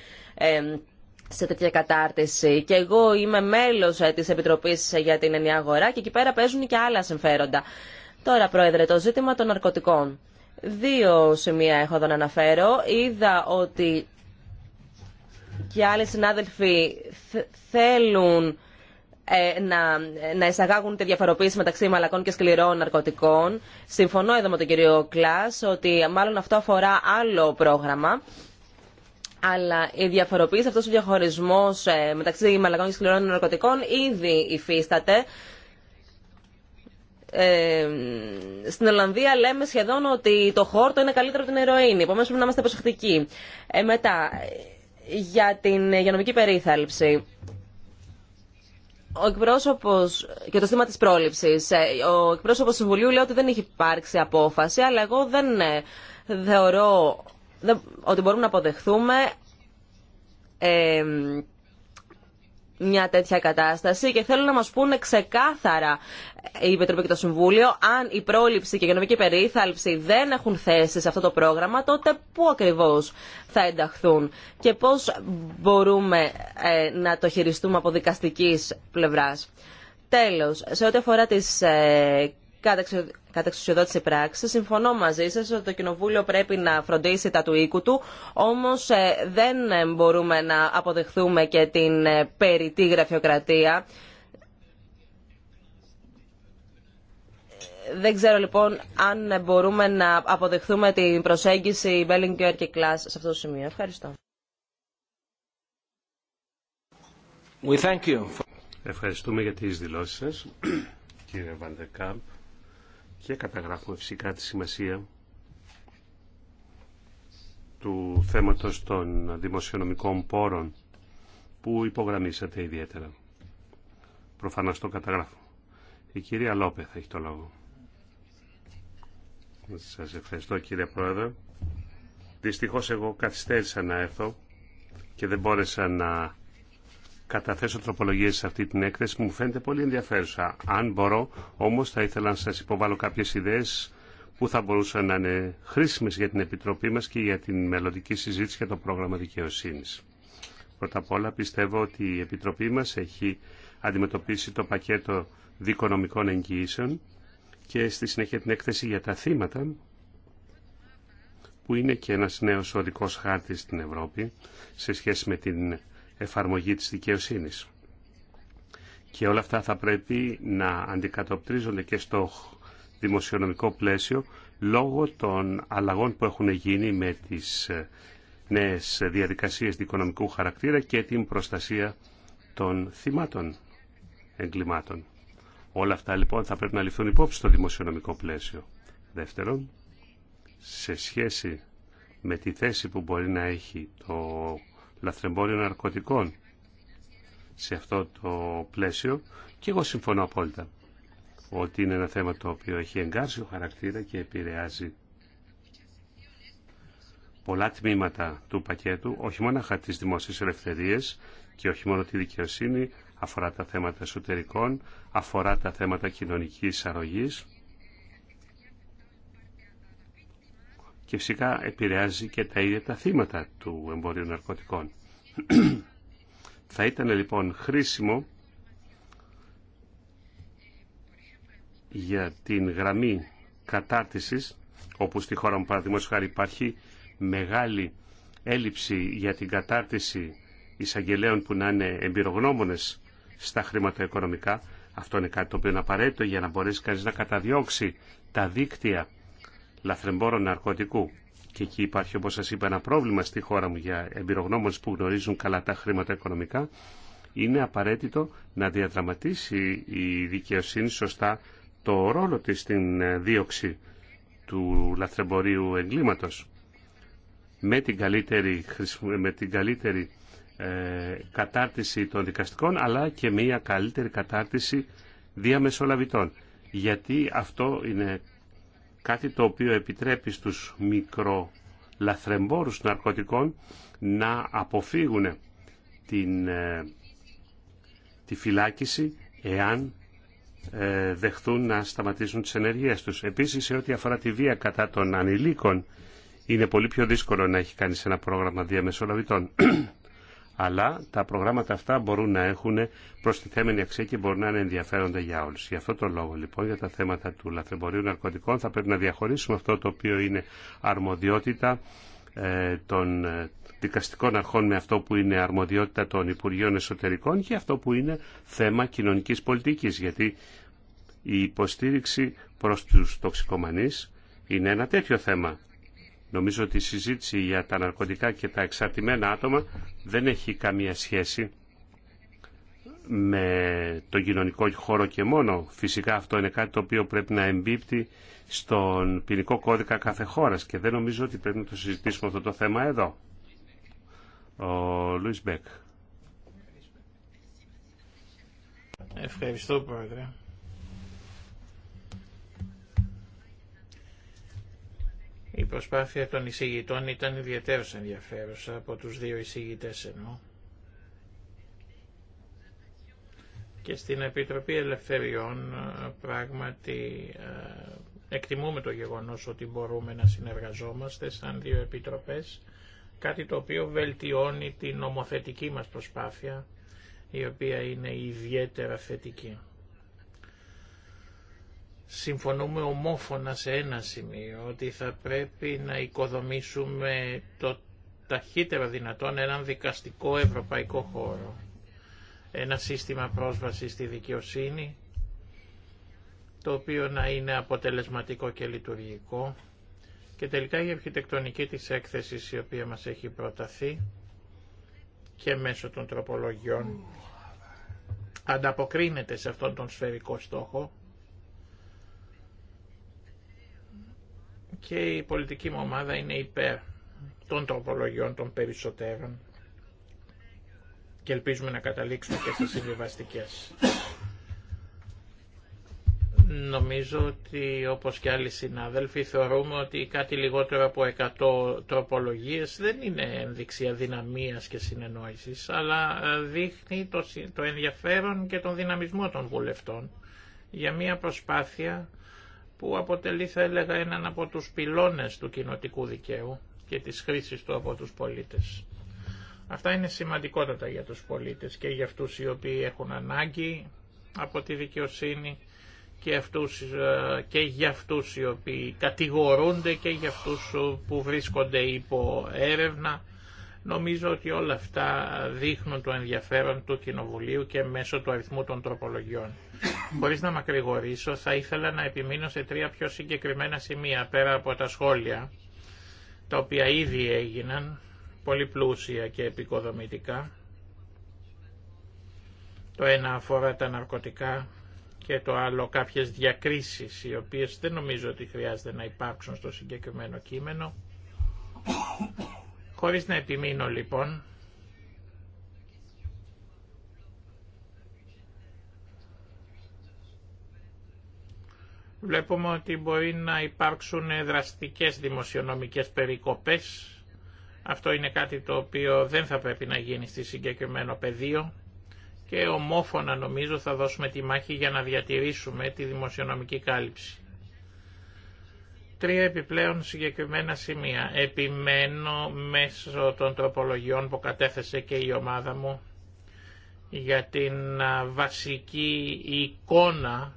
σε τέτοια κατάρτιση. Και εγώ είμαι μέλος ε, της Επιτροπής για την Ενιαία Αγορά και εκεί πέρα παίζουν και άλλα συμφέροντα. Τώρα, Πρόεδρε, το ζήτημα των ναρκωτικών. Δύο σημεία έχω εδώ να αναφέρω. Είδα ότι και άλλοι συνάδελφοι θέλουν ε, να, να εισαγάγουν τη διαφοροποίηση μεταξύ μαλακών και σκληρών ναρκωτικών. Συμφωνώ εδώ με τον κύριο Κλάς ότι μάλλον αυτό αφορά άλλο πρόγραμμα. Αλλά η διαφοροποίηση, αυτό ο διαχωρισμός ε, μεταξύ μαλακών και σκληρών ναρκωτικών ήδη υφίσταται. Ε, στην Ολλανδία λέμε σχεδόν ότι το χόρτο είναι καλύτερο από την ερωίνη. Επομένω, πρέπει να είμαστε προσεκτικοί. Ε, μετά, για την υγειονομική περίθαλψη. Ο εκπρόσωπο και το στήμα τη πρόληψη. Ε, ο εκπρόσωπο του Συμβουλίου λέει ότι δεν έχει υπάρξει απόφαση, αλλά εγώ δεν ε, θεωρώ ότι μπορούμε να αποδεχθούμε ε, μια τέτοια κατάσταση και θέλω να μας πούνε ξεκάθαρα ε, η Επιτροπή και το Συμβούλιο αν η πρόληψη και η οικονομική περίθαλψη δεν έχουν θέση σε αυτό το πρόγραμμα τότε πού ακριβώς θα ενταχθούν και πώς μπορούμε ε, να το χειριστούμε από δικαστικής πλευράς. Τέλος, σε ό,τι αφορά τις ε, κατεξουσιοδότηση πράξη. Συμφωνώ μαζί σας ότι το Κοινοβούλιο πρέπει να φροντίσει τα του οίκου του, όμως ε, δεν ε, μπορούμε να αποδεχθούμε και την ε, περιττή γραφειοκρατία. Δεν ξέρω λοιπόν αν μπορούμε να αποδεχθούμε την προσέγγιση Bellinger και Κλάς σε αυτό το σημείο. Ευχαριστώ. We thank you. Ευχαριστούμε για τις δηλώσεις σας, κύριε Βαντεκάμπ και καταγράφουμε φυσικά τη σημασία του θέματος των δημοσιονομικών πόρων που υπογραμμίσατε ιδιαίτερα. Προφανώς το καταγράφω. Η κυρία θα έχει το λόγο. Σας ευχαριστώ κύριε Πρόεδρε. Δυστυχώς εγώ καθυστέρησα να έρθω και δεν μπόρεσα να καταθέσω τροπολογίε σε αυτή την έκθεση που μου φαίνεται πολύ ενδιαφέρουσα. Αν μπορώ όμω θα ήθελα να σα υποβάλω κάποιε ιδέε που θα μπορούσαν να είναι χρήσιμε για την Επιτροπή μα και για την μελλοντική συζήτηση για το πρόγραμμα δικαιοσύνη. Πρώτα απ' όλα πιστεύω ότι η Επιτροπή μα έχει αντιμετωπίσει το πακέτο δικονομικών εγγυήσεων και στη συνέχεια την έκθεση για τα θύματα που είναι και ένας νέος οδικός χάρτης στην Ευρώπη σε σχέση με την εφαρμογή της δικαιοσύνης. Και όλα αυτά θα πρέπει να αντικατοπτρίζονται και στο δημοσιονομικό πλαίσιο λόγω των αλλαγών που έχουν γίνει με τις ε, νέες διαδικασίες δικονομικού χαρακτήρα και την προστασία των θυμάτων εγκλημάτων. Όλα αυτά λοιπόν θα πρέπει να ληφθούν υπόψη στο δημοσιονομικό πλαίσιο. Δεύτερον, σε σχέση με τη θέση που μπορεί να έχει το λαθρεμπόριο ναρκωτικών σε αυτό το πλαίσιο και εγώ συμφωνώ απόλυτα ότι είναι ένα θέμα το οποίο έχει εγκάρσιο χαρακτήρα και επηρεάζει πολλά τμήματα του πακέτου, όχι μόνο τις δημόσιες ελευθερίες και όχι μόνο τη δικαιοσύνη, αφορά τα θέματα εσωτερικών, αφορά τα θέματα κοινωνικής αρρωγής και φυσικά επηρεάζει και τα ίδια τα θύματα του εμπορίου ναρκωτικών. Θα ήταν λοιπόν χρήσιμο για την γραμμή κατάρτισης, όπου στη χώρα μου παραδείγματος χάρη υπάρχει μεγάλη έλλειψη για την κατάρτιση εισαγγελέων που να είναι εμπειρογνώμονες στα χρήματα οικονομικά. Αυτό είναι κάτι το οποίο είναι απαραίτητο για να μπορέσει κανείς να καταδιώξει τα δίκτυα λαθρεμπόρων ναρκωτικού. Και εκεί υπάρχει, όπως σα είπα, ένα πρόβλημα στη χώρα μου για εμπειρογνώμονες που γνωρίζουν καλά τα χρήματα οικονομικά. Είναι απαραίτητο να διαδραματίσει η δικαιοσύνη σωστά το ρόλο της στην ε, δίωξη του λαθρεμπορίου εγκλήματος. Με την καλύτερη, με την καλύτερη ε, κατάρτιση των δικαστικών, αλλά και μια καλύτερη κατάρτιση διαμεσολαβητών. Γιατί αυτό είναι κάτι το οποίο επιτρέπει στους μικρολαθρεμπόρους ναρκωτικών να αποφύγουν την, ε, τη φυλάκιση εάν ε, δεχθούν να σταματήσουν τις ενεργείες τους. Επίσης, σε ό,τι αφορά τη βία κατά των ανηλίκων, είναι πολύ πιο δύσκολο να έχει κάνει ένα πρόγραμμα διαμεσολαβητών αλλά τα προγράμματα αυτά μπορούν να έχουν προστιθέμενη αξία και μπορούν να είναι ενδιαφέροντα για όλου. Γι' αυτό το λόγο λοιπόν για τα θέματα του λαθρεμπορίου ναρκωτικών θα πρέπει να διαχωρίσουμε αυτό το οποίο είναι αρμοδιότητα ε, των ε, δικαστικών αρχών με αυτό που είναι αρμοδιότητα των Υπουργείων Εσωτερικών και αυτό που είναι θέμα κοινωνικής πολιτικής γιατί η υποστήριξη προς τους τοξικομανείς είναι ένα τέτοιο θέμα Νομίζω ότι η συζήτηση για τα ναρκωτικά και τα εξαρτημένα άτομα δεν έχει καμία σχέση με τον κοινωνικό χώρο και μόνο. Φυσικά αυτό είναι κάτι το οποίο πρέπει να εμπίπτει στον ποινικό κώδικα κάθε χώρας και δεν νομίζω ότι πρέπει να το συζητήσουμε αυτό το θέμα εδώ. Ο Λουίς Μπέκ. Ευχαριστώ, Πρόεδρε. Η προσπάθεια των εισηγητών ήταν ιδιαίτερως ενδιαφέρουσα από τους δύο εισηγητές ενώ. Και στην Επιτροπή Ελευθεριών ε, πράγματι ε, εκτιμούμε το γεγονός ότι μπορούμε να συνεργαζόμαστε σαν δύο επιτροπές, κάτι το οποίο βελτιώνει την νομοθετική μας προσπάθεια, η οποία είναι ιδιαίτερα θετική συμφωνούμε ομόφωνα σε ένα σημείο, ότι θα πρέπει να οικοδομήσουμε το ταχύτερο δυνατόν έναν δικαστικό ευρωπαϊκό χώρο, ένα σύστημα πρόσβασης στη δικαιοσύνη, το οποίο να είναι αποτελεσματικό και λειτουργικό. Και τελικά η αρχιτεκτονική της έκθεσης η οποία μας έχει προταθεί και μέσω των τροπολογιών ανταποκρίνεται σε αυτόν τον σφαιρικό στόχο και η πολιτική μου ομάδα είναι υπέρ των τροπολογιών των περισσότερων και ελπίζουμε να καταλήξουμε και στις συμβιβαστικέ. Νομίζω ότι όπως και άλλοι συνάδελφοι θεωρούμε ότι κάτι λιγότερο από 100 τροπολογίες δεν είναι ένδειξη δυναμίας και συνεννόησης, αλλά ε, δείχνει το ενδιαφέρον και τον δυναμισμό των βουλευτών για μια προσπάθεια που αποτελεί θα έλεγα έναν από τους πυλώνες του κοινοτικού δικαίου και της χρήσης του από τους πολίτες. Αυτά είναι σημαντικότατα για τους πολίτες και για αυτούς οι οποίοι έχουν ανάγκη από τη δικαιοσύνη και, αυτούς, ε, και για αυτούς οι οποίοι κατηγορούνται και για αυτούς ε, που βρίσκονται υπό έρευνα. Νομίζω ότι όλα αυτά δείχνουν το ενδιαφέρον του Κοινοβουλίου και μέσω του αριθμού των τροπολογιών. Μπορείς να μακρηγορήσω, θα ήθελα να επιμείνω σε τρία πιο συγκεκριμένα σημεία πέρα από τα σχόλια, τα οποία ήδη έγιναν, πολύ πλούσια και επικοδομητικά. Το ένα αφορά τα ναρκωτικά και το άλλο κάποιες διακρίσεις, οι οποίες δεν νομίζω ότι χρειάζεται να υπάρξουν στο συγκεκριμένο κείμενο. Χωρίς να επιμείνω λοιπόν, Βλέπουμε ότι μπορεί να υπάρξουν δραστικές δημοσιονομικές περικοπές. Αυτό είναι κάτι το οποίο δεν θα πρέπει να γίνει στη συγκεκριμένο πεδίο και ομόφωνα νομίζω θα δώσουμε τη μάχη για να διατηρήσουμε τη δημοσιονομική κάλυψη. Τρία επιπλέον συγκεκριμένα σημεία. Επιμένω μέσω των τροπολογιών που κατέθεσε και η ομάδα μου για την βασική εικόνα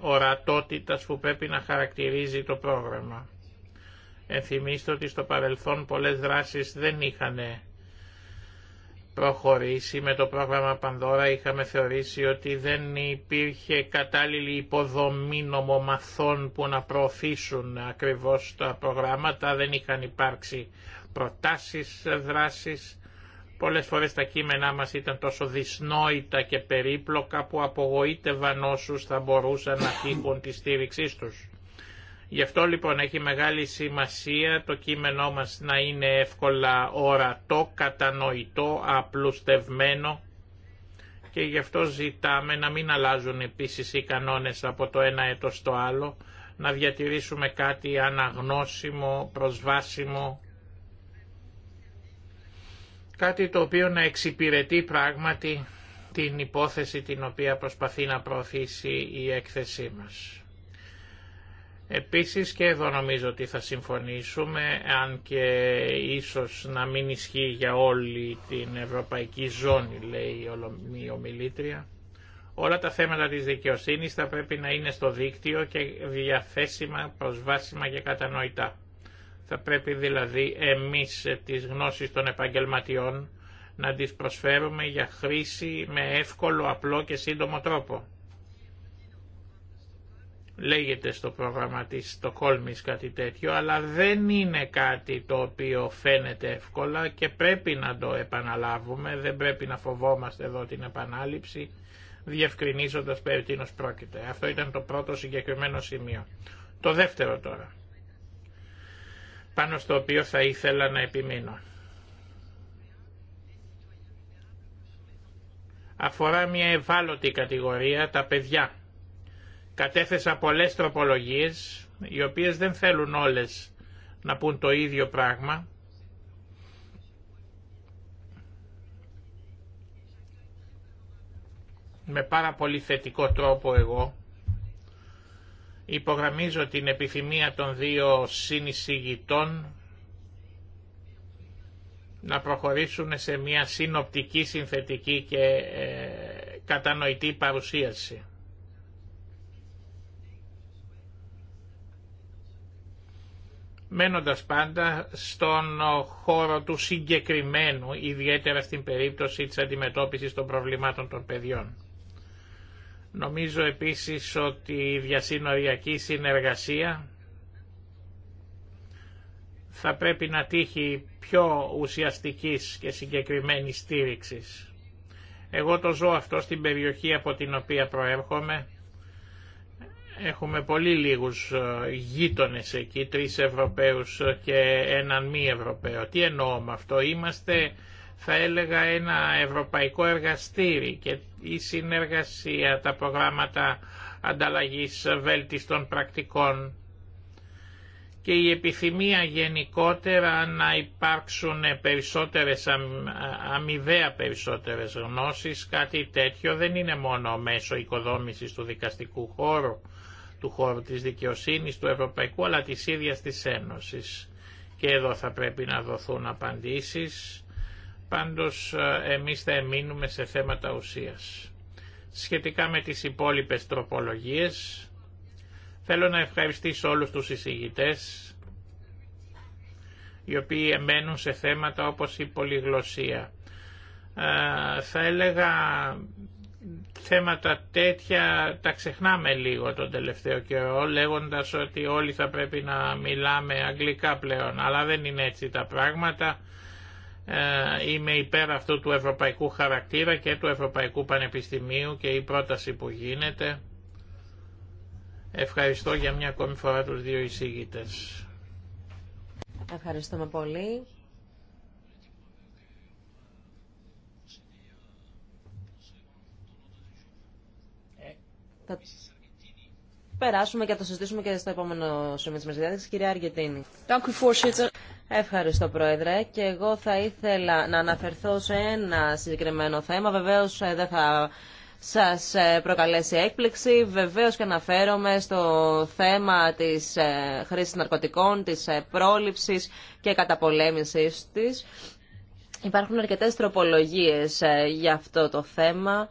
ορατότητας που πρέπει να χαρακτηρίζει το πρόγραμμα. Ενθυμίστε ότι στο παρελθόν πολλές δράσεις δεν είχαν προχωρήσει. Με το πρόγραμμα Πανδώρα είχαμε θεωρήσει ότι δεν υπήρχε κατάλληλη υποδομή νομομαθών που να προωθήσουν ακριβώς τα προγράμματα. Δεν είχαν υπάρξει προτάσεις δράσης Πολλές φορές τα κείμενά μας ήταν τόσο δυσνόητα και περίπλοκα που απογοήτευαν όσους θα μπορούσαν να τύχουν τη στήριξή τους. Γι' αυτό λοιπόν έχει μεγάλη σημασία το κείμενό μας να είναι εύκολα ορατό, κατανοητό, απλουστευμένο και γι' αυτό ζητάμε να μην αλλάζουν επίσης οι κανόνες από το ένα έτος στο άλλο, να διατηρήσουμε κάτι αναγνώσιμο, προσβάσιμο κάτι το οποίο να εξυπηρετεί πράγματι την υπόθεση την οποία προσπαθεί να προωθήσει η έκθεσή μας. Επίσης και εδώ νομίζω ότι θα συμφωνήσουμε, αν και ίσως να μην ισχύει για όλη την ευρωπαϊκή ζώνη, λέει η ομιλήτρια, όλα τα θέματα της δικαιοσύνης θα πρέπει να είναι στο δίκτυο και διαθέσιμα, προσβάσιμα και κατανοητά. Θα πρέπει δηλαδή εμείς τις γνώσεις των επαγγελματιών να τις προσφέρουμε για χρήση με εύκολο, απλό και σύντομο τρόπο. Λέγεται στο πρόγραμμα της Στοκόλμης κάτι τέτοιο, αλλά δεν είναι κάτι το οποίο φαίνεται εύκολα και πρέπει να το επαναλάβουμε, δεν πρέπει να φοβόμαστε εδώ την επανάληψη, διευκρινίζοντας περί τίνος πρόκειται. Αυτό ήταν το πρώτο συγκεκριμένο σημείο. Το δεύτερο τώρα πάνω στο οποίο θα ήθελα να επιμείνω. Αφορά μια ευάλωτη κατηγορία, τα παιδιά. Κατέθεσα πολλές τροπολογίες, οι οποίες δεν θέλουν όλες να πούν το ίδιο πράγμα, με πάρα πολύ θετικό τρόπο εγώ Υπογραμμίζω την επιθυμία των δύο συνεισηγητών να προχωρήσουν σε μια συνοπτική, συνθετική και ε, κατανοητή παρουσίαση. μένοντας πάντα στον χώρο του συγκεκριμένου, ιδιαίτερα στην περίπτωση της αντιμετώπισης των προβλημάτων των παιδιών. Νομίζω επίσης ότι η διασύνοριακή συνεργασία θα πρέπει να τύχει πιο ουσιαστικής και συγκεκριμένης στήριξης. Εγώ το ζω αυτό στην περιοχή από την οποία προέρχομαι. Έχουμε πολύ λίγους ε, γείτονες εκεί, τρεις Ευρωπαίους και έναν μη Ευρωπαίο. Τι εννοώ με αυτό, είμαστε θα έλεγα ένα ευρωπαϊκό εργαστήρι και η συνεργασία, τα προγράμματα ανταλλαγής βέλτιστων πρακτικών και η επιθυμία γενικότερα να υπάρξουν περισσότερες αμοιβαία περισσότερες γνώσεις, κάτι τέτοιο δεν είναι μόνο μέσω οικοδόμησης του δικαστικού χώρου, του χώρου της δικαιοσύνης, του ευρωπαϊκού, αλλά της ίδιας της Ένωσης. Και εδώ θα πρέπει να δοθούν απαντήσεις Πάντως ε, εμείς θα εμείνουμε σε θέματα ουσίας. Σχετικά με τις υπόλοιπες τροπολογίες, θέλω να ευχαριστήσω όλους τους εισηγητές, οι οποίοι εμένουν σε θέματα όπως η πολυγλωσία. Ε, θα έλεγα θέματα τέτοια τα ξεχνάμε λίγο τον τελευταίο καιρό λέγοντας ότι όλοι θα πρέπει να μιλάμε αγγλικά πλέον αλλά δεν είναι έτσι τα πράγματα ε, είμαι υπέρ αυτού του ευρωπαϊκού χαρακτήρα και του Ευρωπαϊκού Πανεπιστημίου και η πρόταση που γίνεται. Ευχαριστώ για μια ακόμη φορά τους δύο εισήγητες. Ευχαριστούμε πολύ. Θα περάσουμε και θα το συζητήσουμε και στο επόμενο σημείο της Μεσηδιάδης. Κυρία Αργετίνη. Ευχαριστώ Πρόεδρε και εγώ θα ήθελα να αναφερθώ σε ένα συγκεκριμένο θέμα. Βεβαίως ε, δεν θα σας ε, προκαλέσει έκπληξη. Βεβαίως και αναφέρομαι στο θέμα της ε, χρήσης ναρκωτικών, της πρόληψης και καταπολέμησης της. Υπάρχουν αρκετές τροπολογίες για αυτό το θέμα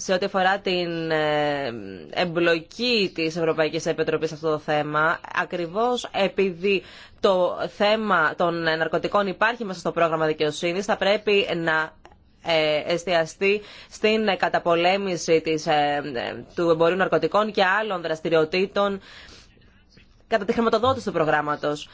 σε ό,τι αφορά την ε, εμπλοκή της Ευρωπαϊκής Επιτροπής σε αυτό το θέμα, ακριβώς επειδή το θέμα των ναρκωτικών υπάρχει μέσα στο πρόγραμμα δικαιοσύνης, θα πρέπει να ε, εστιαστεί στην καταπολέμηση της, ε, του εμπορίου ναρκωτικών και άλλων δραστηριοτήτων κατά τη χρηματοδότηση του προγράμματος.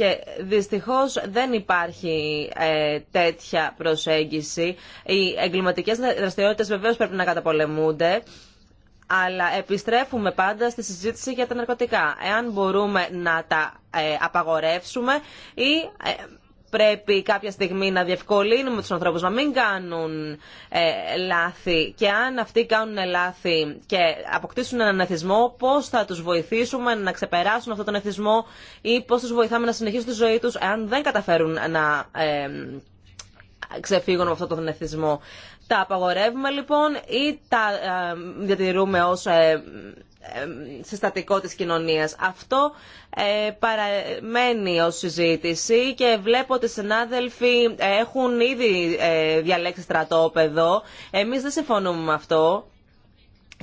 Και δυστυχώς δεν υπάρχει ε, τέτοια προσέγγιση. Οι εγκληματικές δραστηριότητες βεβαίως πρέπει να καταπολεμούνται, αλλά επιστρέφουμε πάντα στη συζήτηση για τα ναρκωτικά. Εάν μπορούμε να τα ε, απαγορεύσουμε ή... Ε, πρέπει κάποια στιγμή να διευκολύνουμε τους ανθρώπους να μην κάνουν ε, λάθη και αν αυτοί κάνουν λάθη και αποκτήσουν έναν εθισμό πώς θα τους βοηθήσουμε να ξεπεράσουν αυτόν τον εθισμό ή πώς τους βοηθάμε να συνεχίσουν τη ζωή τους αν δεν καταφέρουν να ε, ξεφύγουν από αυτόν τον εθισμό. Τα απαγορεύουμε λοιπόν ή τα ε, διατηρούμε ως ε, συστατικό της κοινωνίας. Αυτό ε, παραμένει ως συζήτηση και βλέπω ότι οι συνάδελφοι ε, έχουν ήδη ε, διαλέξει στρατόπεδο. Εμείς δεν συμφωνούμε με αυτό.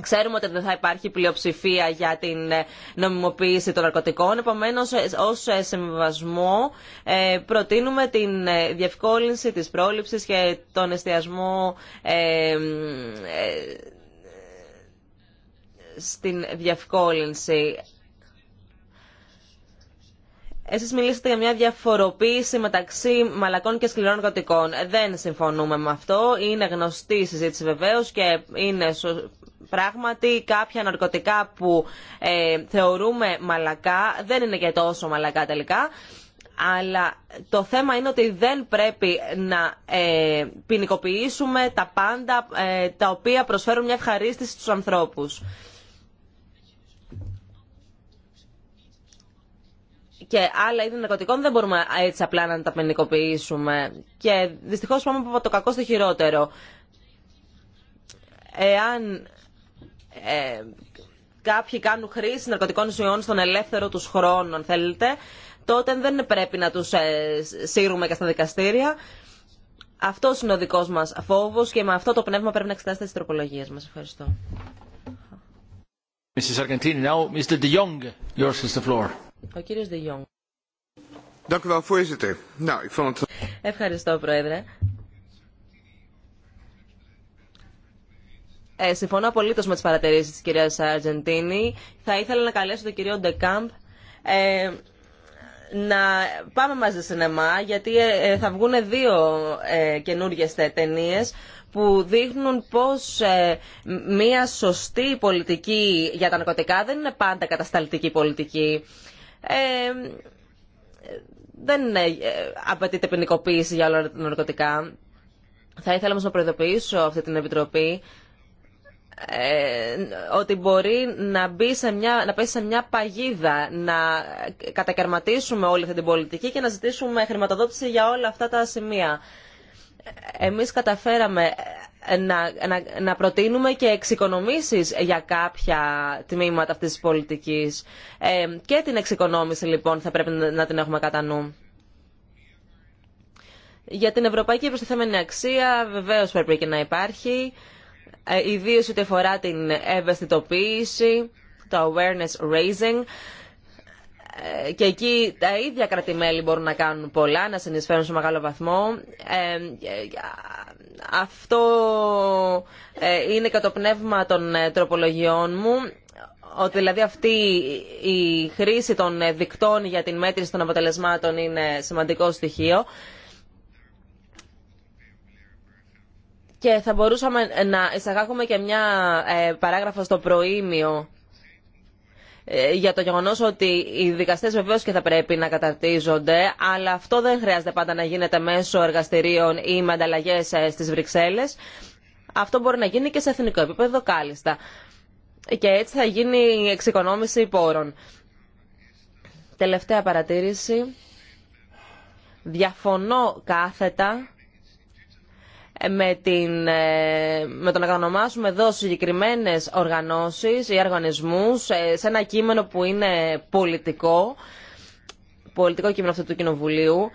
Ξέρουμε ότι δεν θα υπάρχει πλειοψηφία για την ε, νομιμοποίηση των ναρκωτικών. Επομένω, ω συμβασμό, προτείνουμε την διευκόλυνση τη πρόληψη και τον εστιασμό στην διευκόλυνση. Εσείς μιλήσατε για μια διαφοροποίηση μεταξύ μαλακών και σκληρών ναρκωτικών. Δεν συμφωνούμε με αυτό. Είναι γνωστή η συζήτηση βεβαίως και είναι πράγματι κάποια ναρκωτικά που ε, θεωρούμε μαλακά δεν είναι και τόσο μαλακά τελικά. Αλλά το θέμα είναι ότι δεν πρέπει να ε, ποινικοποιήσουμε τα πάντα ε, τα οποία προσφέρουν μια ευχαρίστηση στους ανθρώπους. και άλλα είδη ναρκωτικών δεν μπορούμε έτσι απλά να τα ποινικοποιήσουμε. Και δυστυχώς πάμε από το κακό στο χειρότερο. Εάν ε, κάποιοι κάνουν χρήση ναρκωτικών ουσιών στον ελεύθερο του χρόνο, αν θέλετε, τότε δεν πρέπει να τους ε, σύρουμε και στα δικαστήρια. Αυτό είναι ο δικός μας φόβος και με αυτό το πνεύμα πρέπει να εξετάσετε τι τροπολογίες Μα Ευχαριστώ. Mrs. now Mr. De Jong, yours is the floor. Ο Ευχαριστώ, Πρόεδρε. Ε, συμφωνώ απολύτως με τις παρατηρήσεις της κυρίας Αργεντίνη. Θα ήθελα να καλέσω τον κύριο Ντεκάμπ να πάμε μαζί σινεμά, γιατί ε, ε, θα βγουν δύο ε, καινούργιες ταινίες που δείχνουν πως ε, μία σωστή πολιτική για τα νοκοτικά δεν είναι πάντα κατασταλτική πολιτική. Ε, δεν ε, απαιτείται ποινικοποίηση για όλα τα ναρκωτικά. Θα ήθελα όμως να προειδοποιήσω αυτή την Επιτροπή ε, ότι μπορεί να, μπει σε μια, να πέσει σε μια παγίδα, να κατακαιρματίσουμε όλη αυτή την πολιτική και να ζητήσουμε χρηματοδότηση για όλα αυτά τα σημεία. Εμείς καταφέραμε να, να, προτείνουμε και εξοικονομήσει για κάποια τμήματα αυτής της πολιτικής. Ε, και την εξοικονόμηση λοιπόν θα πρέπει να την έχουμε κατά νου. Για την ευρωπαϊκή προστιθέμενη αξία βεβαίω πρέπει και να υπάρχει, ε, ιδίως ότι αφορά την ευαισθητοποίηση, το awareness raising, ε, και εκεί τα ίδια κρατημέλη μπορούν να κάνουν πολλά, να συνεισφέρουν σε μεγάλο βαθμό. Ε, αυτό ε, είναι κατά το πνεύμα των ε, τροπολογιών μου ότι δηλαδή αυτή η χρήση των ε, δικτών για την μέτρηση των αποτελεσμάτων είναι σημαντικό στοιχείο και θα μπορούσαμε να εισαγάγουμε και μια παράγραφο στο προήμιο ε, για το γεγονό ότι οι δικαστέ βεβαίω και θα πρέπει να καταρτίζονται, αλλά αυτό δεν χρειάζεται πάντα να γίνεται μέσω εργαστηρίων ή με ανταλλαγέ ε, στι Βρυξέλλε. Αυτό μπορεί να γίνει και σε εθνικό επίπεδο κάλλιστα. Και έτσι θα γίνει η εξοικονόμηση πόρων. Τελευταία παρατήρηση. Διαφωνώ κάθετα με, την, ε, με το να ονομάσουμε εδώ συγκεκριμένε οργανώσεις ή οργανισμού ε, σε ένα κείμενο που είναι πολιτικό, πολιτικό κείμενο αυτού του Κοινοβουλίου,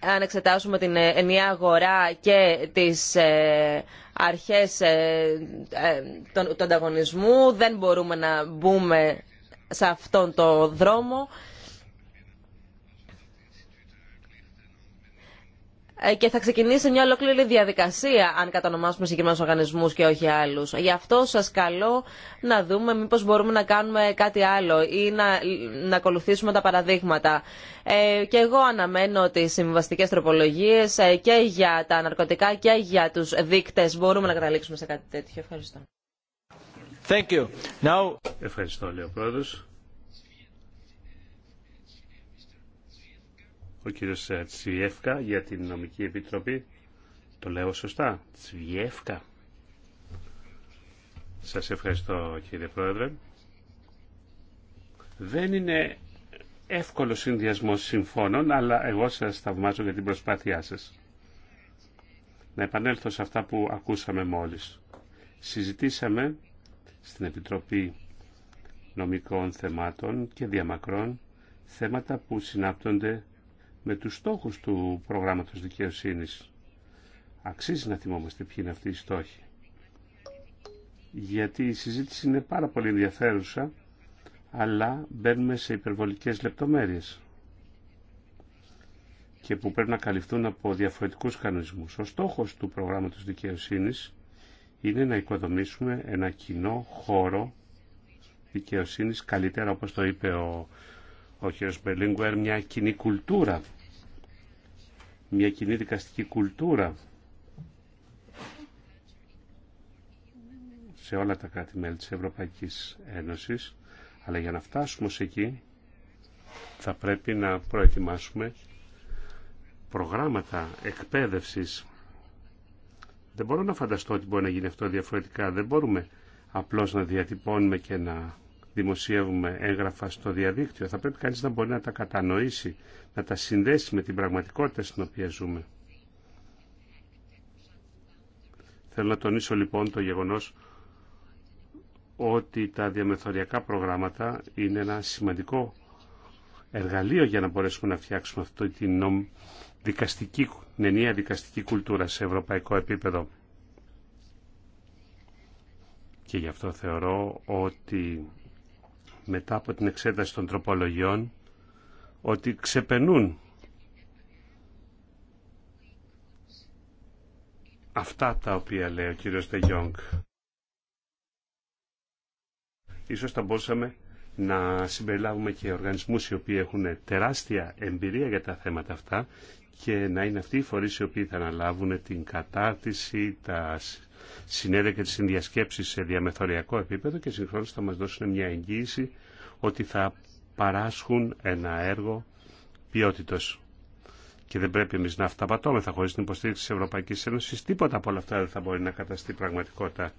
αν εξετάσουμε την ε, ενιαία αγορά και τις αρχές του ανταγωνισμού, δεν μπορούμε να μπούμε σε αυτόν τον δρόμο. Ε, και θα ξεκινήσει μια ολόκληρη διαδικασία αν κατανομάσουμε συγκεκριμένου οργανισμού και όχι άλλου. Γι' αυτό σα καλώ να δούμε μήπω μπορούμε να κάνουμε κάτι άλλο ή να, να ακολουθήσουμε τα παραδείγματα. Ε, και εγώ αναμένω τι συμβαστικέ τροπολογίε ε, και για τα ναρκωτικά και για του δείκτε. Μπορούμε να καταλήξουμε σε κάτι τέτοιο. Ευχαριστώ. Ευχαριστώ, λέει ο κύριος ε, Τσιεύκα για την νομική επιτροπή. Το λέω σωστά. Τσιεύκα. Σας ευχαριστώ κύριε Πρόεδρε. Δεν είναι εύκολο συνδυασμό συμφώνων, αλλά εγώ σας θαυμάζω για την προσπάθειά σας. Να επανέλθω σε αυτά που ακούσαμε μόλις. Συζητήσαμε στην Επιτροπή Νομικών Θεμάτων και Διαμακρών θέματα που συνάπτονται με τους στόχους του προγράμματος δικαιοσύνης. Αξίζει να θυμόμαστε ποιοι είναι αυτοί οι στόχοι. Γιατί η συζήτηση είναι πάρα πολύ ενδιαφέρουσα, αλλά μπαίνουμε σε υπερβολικές λεπτομέρειες και που πρέπει να καλυφθούν από διαφορετικούς κανονισμούς. Ο στόχος του προγράμματος δικαιοσύνης είναι να οικοδομήσουμε ένα κοινό χώρο δικαιοσύνης καλύτερα όπως το είπε ο, ο κ. Μπερλίνγκουερ μια κοινή κουλτούρα μια κοινή δικαστική κουλτούρα σε όλα τα κράτη-μέλη της Ευρωπαϊκής Ένωσης, αλλά για να φτάσουμε σε εκεί θα πρέπει να προετοιμάσουμε προγράμματα εκπαίδευσης. Δεν μπορώ να φανταστώ ότι μπορεί να γίνει αυτό διαφορετικά. Δεν μπορούμε απλώς να διατυπώνουμε και να δημοσιεύουμε έγγραφα στο διαδίκτυο. Θα πρέπει κανείς να μπορεί να τα κατανοήσει, να τα συνδέσει με την πραγματικότητα στην οποία ζούμε. Θέλω να τονίσω λοιπόν το γεγονός ότι τα διαμεθοριακά προγράμματα είναι ένα σημαντικό εργαλείο για να μπορέσουμε να φτιάξουμε αυτή την νομ... δικαστική, ενιαία δικαστική κουλτούρα σε ευρωπαϊκό επίπεδο. Και γι' αυτό θεωρώ ότι μετά από την εξέταση των τροπολογιών ότι ξεπενούν αυτά τα οποία λέει ο κύριος Τεγιόγκ. Ίσως θα μπορούσαμε να συμπεριλάβουμε και οργανισμούς οι οποίοι έχουν τεράστια εμπειρία για τα θέματα αυτά και να είναι αυτοί οι φορείς οι οποίοι θα αναλάβουν την κατάρτιση, τα συνέδρια και τις συνδιασκέψεις σε διαμεθοριακό επίπεδο και συγχρόνως θα μας δώσουν μια εγγύηση ότι θα παράσχουν ένα έργο ποιότητος. Και δεν πρέπει εμεί να αυταπατώμεθα χωρίς την υποστήριξη της Ευρωπαϊκής Ένωσης. Τίποτα από όλα αυτά δεν θα μπορεί να καταστεί πραγματικότητα.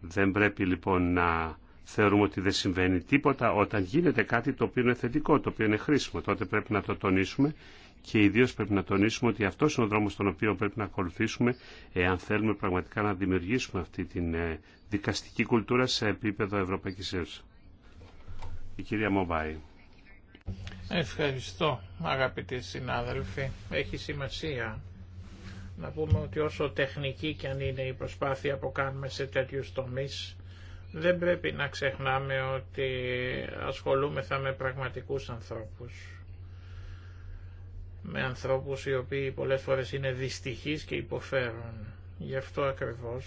Δεν πρέπει λοιπόν να θεωρούμε ότι δεν συμβαίνει τίποτα όταν γίνεται κάτι το οποίο είναι θετικό, το οποίο είναι χρήσιμο. Τότε πρέπει να το τονίσουμε και ιδίω πρέπει να τονίσουμε ότι αυτό είναι ο δρόμο τον οποίο πρέπει να ακολουθήσουμε εάν θέλουμε πραγματικά να δημιουργήσουμε αυτή την ε, δικαστική κουλτούρα σε επίπεδο Ευρωπαϊκή Ένωση. Η κυρία Μομπάη. Ευχαριστώ αγαπητοί συνάδελφοι. Έχει σημασία να πούμε ότι όσο τεχνική και αν είναι η προσπάθεια που κάνουμε σε τέτοιους τομείς, δεν πρέπει να ξεχνάμε ότι ασχολούμεθα με πραγματικούς ανθρώπους με ανθρώπους οι οποίοι πολλές φορές είναι δυστυχείς και υποφέρουν. Γι' αυτό ακριβώς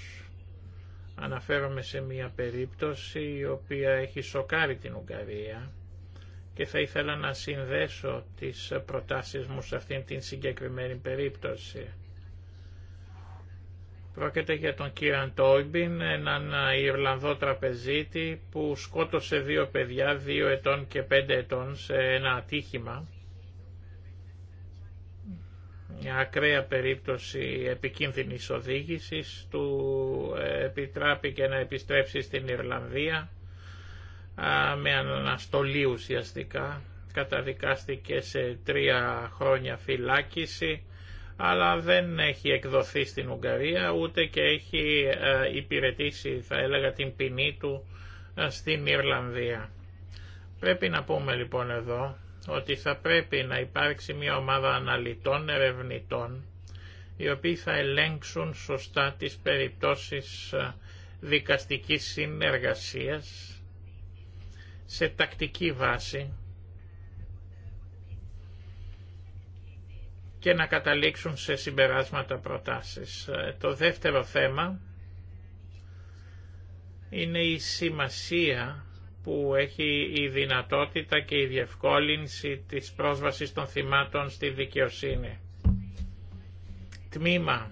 αναφέρομαι σε μια περίπτωση η οποία έχει σοκάρει την Ουγγαρία και θα ήθελα να συνδέσω τις προτάσεις μου σε αυτήν την συγκεκριμένη περίπτωση. Πρόκειται για τον Κίραν Τόιμπιν, έναν Ιρλανδό τραπεζίτη που σκότωσε δύο παιδιά δύο ετών και πέντε ετών σε ένα ατύχημα μια ακραία περίπτωση επικίνδυνης οδήγησης, του ε, επιτράπηκε να επιστρέψει στην Ιρλανδία με αναστολή ουσιαστικά, καταδικάστηκε σε τρία χρόνια φυλάκιση, αλλά δεν έχει εκδοθεί στην Ουγγαρία, ούτε και έχει ε, υπηρετήσει, θα έλεγα, την ποινή του ε, στην Ιρλανδία. Πρέπει να πούμε λοιπόν εδώ ότι θα πρέπει να υπάρξει μια ομάδα αναλυτών, ερευνητών, οι οποίοι θα ελέγξουν σωστά τις περιπτώσεις ε, δικαστικής συνεργασίας σε τακτική βάση και να καταλήξουν σε συμπεράσματα προτάσεις. Ε, το δεύτερο θέμα είναι η σημασία που έχει η δυνατότητα και η διευκόλυνση της πρόσβασης των θυμάτων στη δικαιοσύνη. Τμήμα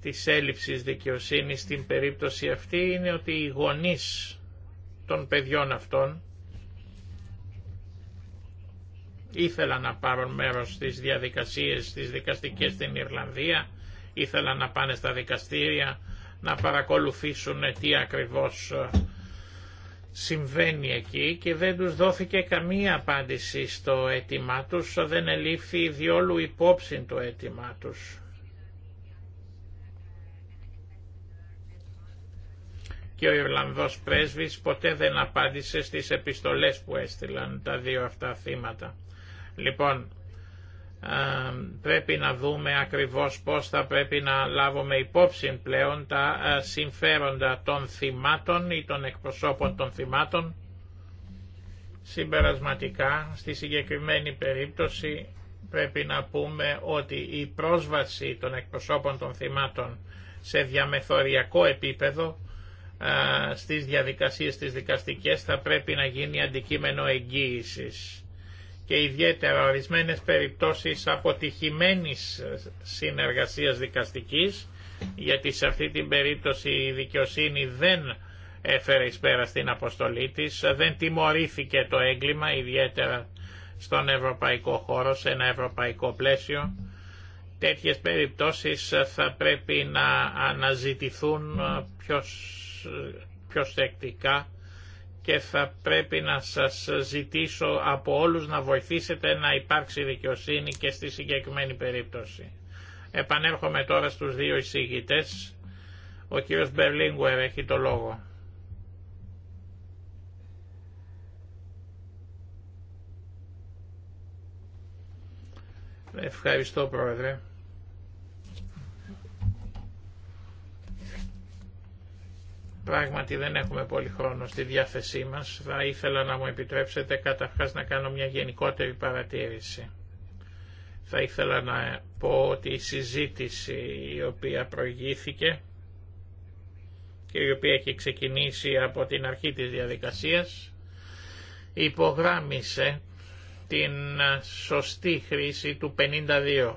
της έλλειψης δικαιοσύνης στην περίπτωση αυτή είναι ότι οι γονείς των παιδιών αυτών ήθελαν να πάρουν μέρος στις διαδικασίες, στις δικαστικές στην Ιρλανδία, ήθελαν να πάνε στα δικαστήρια, να παρακολουθήσουν τι ακριβώς ε, συμβαίνει εκεί και δεν τους δόθηκε καμία απάντηση στο αίτημά τους, δεν ελήφθη διόλου υπόψη το αίτημά τους. Και ο Ιρλανδός πρέσβης ποτέ δεν απάντησε στις επιστολές που έστειλαν τα δύο αυτά θύματα. Λοιπόν, πρέπει να δούμε ακριβώς πώς θα πρέπει να λάβουμε υπόψη πλέον τα συμφέροντα των θυμάτων ή των εκπροσώπων των θυμάτων. Συμπερασματικά, στη συγκεκριμένη περίπτωση πρέπει να πούμε ότι η πρόσβαση των εκπροσώπων των θυμάτων σε διαμεθοριακό επίπεδο στις διαδικασίες της δικαστικές θα πρέπει να γίνει αντικείμενο εγγύησης και ιδιαίτερα ορισμένες περιπτώσεις αποτυχημένης συνεργασίας δικαστικής, γιατί σε αυτή την περίπτωση η δικαιοσύνη δεν έφερε εις πέρα στην αποστολή της, δεν τιμωρήθηκε το έγκλημα, ιδιαίτερα στον ευρωπαϊκό χώρο, σε ένα ευρωπαϊκό πλαίσιο. Τέτοιες περιπτώσεις θα πρέπει να αναζητηθούν ε, πιο, ε, πιο στεκτικά και θα πρέπει να σας ζητήσω από όλους να βοηθήσετε να υπάρξει δικαιοσύνη και στη συγκεκριμένη περίπτωση. Επανέρχομαι τώρα στους δύο εισηγητές. Ο κύριος Μπερλίνγκουερ έχει το λόγο. Ευχαριστώ πρόεδρε. Πράγματι δεν έχουμε πολύ χρόνο στη διάθεσή μας. Θα ήθελα να μου επιτρέψετε καταρχάς να κάνω μια γενικότερη παρατήρηση. Θα ήθελα να πω ότι η συζήτηση η οποία προηγήθηκε και η οποία έχει ξεκινήσει από την αρχή της διαδικασίας υπογράμμισε την σωστή χρήση του 52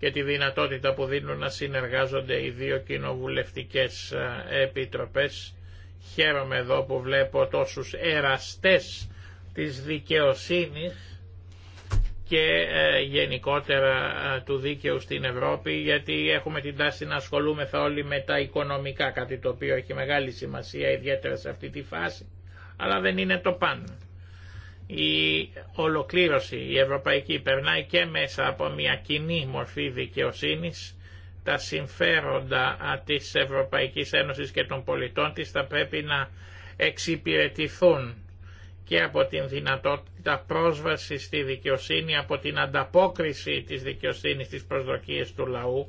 και τη δυνατότητα που δίνουν να συνεργάζονται οι δύο κοινοβουλευτικές ε, επιτροπές. Χαίρομαι εδώ που βλέπω τόσους εραστές της δικαιοσύνης και ε, γενικότερα ε, του δίκαιου στην Ευρώπη γιατί έχουμε την τάση να ασχολούμεθα όλοι με τα οικονομικά κάτι το οποίο έχει μεγάλη σημασία ιδιαίτερα σε αυτή τη φάση αλλά δεν είναι το πάνω η ολοκλήρωση η ευρωπαϊκή περνάει και μέσα από μια κοινή μορφή δικαιοσύνης τα συμφέροντα της Ευρωπαϊκής Ένωσης και των πολιτών της θα πρέπει να εξυπηρετηθούν και από την δυνατότητα πρόσβαση στη δικαιοσύνη, από την ανταπόκριση της δικαιοσύνης στις προσδοκίες του λαού.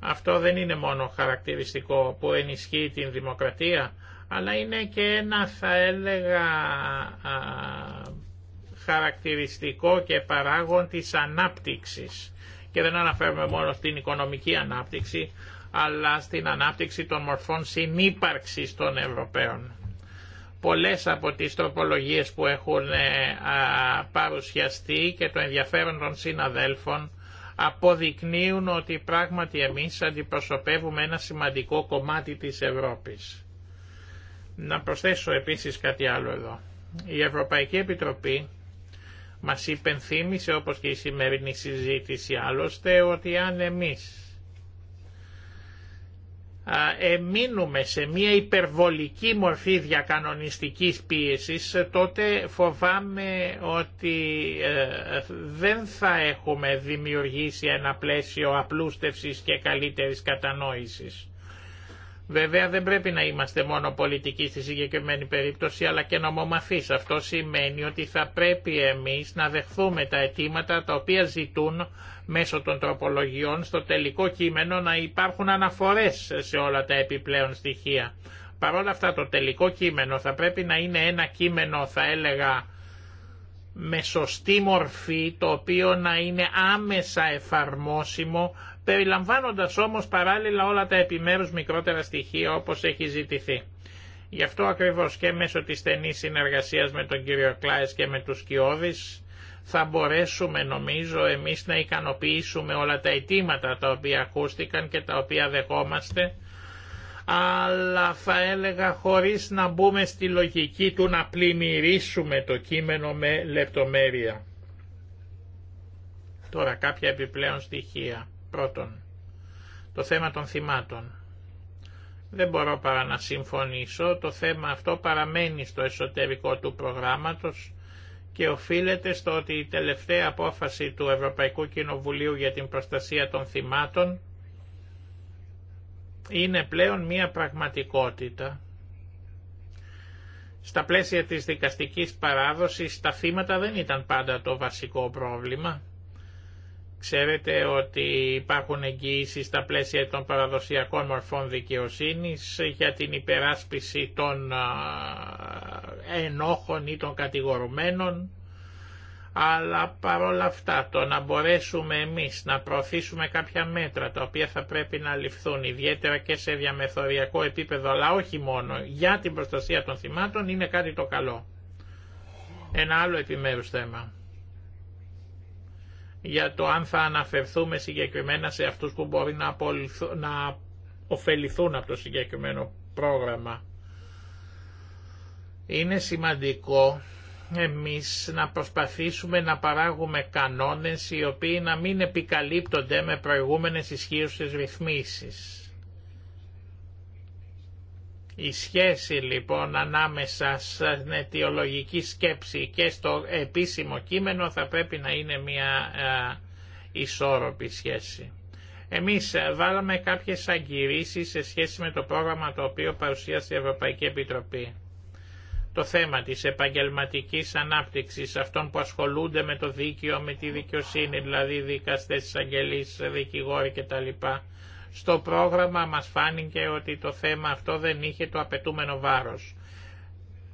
Αυτό δεν είναι μόνο χαρακτηριστικό που ενισχύει την δημοκρατία, αλλά είναι και ένα θα έλεγα χαρακτηριστικό και παράγον της ανάπτυξης. Και δεν αναφέρουμε μόνο στην οικονομική ανάπτυξη, αλλά στην ανάπτυξη των μορφών συνύπαρξης των Ευρωπαίων. Πολλές από τις τροπολογίες που έχουν ε, παρουσιαστεί και το ενδιαφέρον των συναδέλφων αποδεικνύουν ότι πράγματι εμείς αντιπροσωπεύουμε ένα σημαντικό κομμάτι της Ευρώπης. Να προσθέσω επίσης κάτι άλλο εδώ. Η Ευρωπαϊκή Επιτροπή μας υπενθύμησε όπως και η σημερινή συζήτηση άλλωστε ότι αν εμείς εμείνουμε σε μια υπερβολική μορφή διακανονιστικής πίεσης τότε φοβάμαι ότι ε, δεν θα έχουμε δημιουργήσει ένα πλαίσιο απλούστευσης και καλύτερης κατανόησης. Βέβαια δεν πρέπει να είμαστε μόνο πολιτικοί στη συγκεκριμένη περίπτωση αλλά και νομομαθείς. Αυτό σημαίνει ότι θα πρέπει εμείς να δεχθούμε τα αιτήματα τα οποία ζητούν μέσω των τροπολογιών στο τελικό κείμενο να υπάρχουν αναφορές σε όλα τα επιπλέον στοιχεία. Παρ' όλα αυτά το τελικό κείμενο θα πρέπει να είναι ένα κείμενο θα έλεγα με σωστή μορφή το οποίο να είναι άμεσα εφαρμόσιμο περιλαμβάνοντας όμως παράλληλα όλα τα επιμέρους μικρότερα στοιχεία όπως έχει ζητηθεί. Γι' αυτό ακριβώς και μέσω της στενής συνεργασίας με τον κύριο Κλάες και με τους Κιώδης θα μπορέσουμε νομίζω εμείς να ικανοποιήσουμε όλα τα αιτήματα τα οποία ακούστηκαν και τα οποία δεχόμαστε αλλά θα έλεγα χωρίς να μπούμε στη λογική του να πλημμυρίσουμε το κείμενο με λεπτομέρεια. Τώρα κάποια επιπλέον στοιχεία. Πρώτον, το θέμα των θυμάτων. Δεν μπορώ παρά να συμφωνήσω, το θέμα αυτό παραμένει στο εσωτερικό του προγράμματος και οφείλεται στο ότι η τελευταία απόφαση του Ευρωπαϊκού Κοινοβουλίου για την προστασία των θυμάτων είναι πλέον μία πραγματικότητα. Στα πλαίσια της δικαστικής παράδοσης τα θύματα δεν ήταν πάντα το βασικό πρόβλημα. Ξέρετε ότι υπάρχουν εγγυήσεις στα πλαίσια των παραδοσιακών μορφών δικαιοσύνης για την υπεράσπιση των ενόχων ή των κατηγορουμένων, αλλά παρόλα αυτά το να μπορέσουμε εμείς να προωθήσουμε κάποια μέτρα τα οποία θα πρέπει να ληφθούν ιδιαίτερα και σε διαμεθοριακό επίπεδο, αλλά όχι μόνο για την προστασία των θυμάτων, είναι κάτι το καλό. Ένα άλλο επιμέρους θέμα για το αν θα αναφερθούμε συγκεκριμένα σε αυτούς που μπορεί να, να ωφεληθούν από το συγκεκριμένο πρόγραμμα. Είναι σημαντικό εμείς να προσπαθήσουμε να παράγουμε κανόνες οι οποίοι να μην επικαλύπτονται με προηγούμενες ισχύουσες ρυθμίσεις. Η σχέση λοιπόν ανάμεσα στην αιτιολογική σκέψη και στο επίσημο κείμενο θα πρέπει να είναι μια ε, ισόρροπη σχέση. Εμείς ε, βάλαμε κάποιες αγκυρίσεις σε σχέση με το πρόγραμμα το οποίο παρουσίασε η Ευρωπαϊκή Επιτροπή. Το θέμα της επαγγελματικής ανάπτυξης αυτών που ασχολούνται με το δίκαιο, με τη δικαιοσύνη, δηλαδή δικαστές, εισαγγελείς, δικηγόροι κτλ. Στο πρόγραμμα μας φάνηκε ότι το θέμα αυτό δεν είχε το απαιτούμενο βάρος.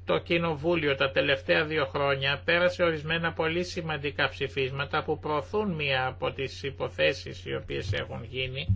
Το Κοινοβούλιο τα τελευταία δύο χρόνια πέρασε ορισμένα πολύ σημαντικά ψηφίσματα που προωθούν μία από τις υποθέσεις οι οποίες έχουν γίνει,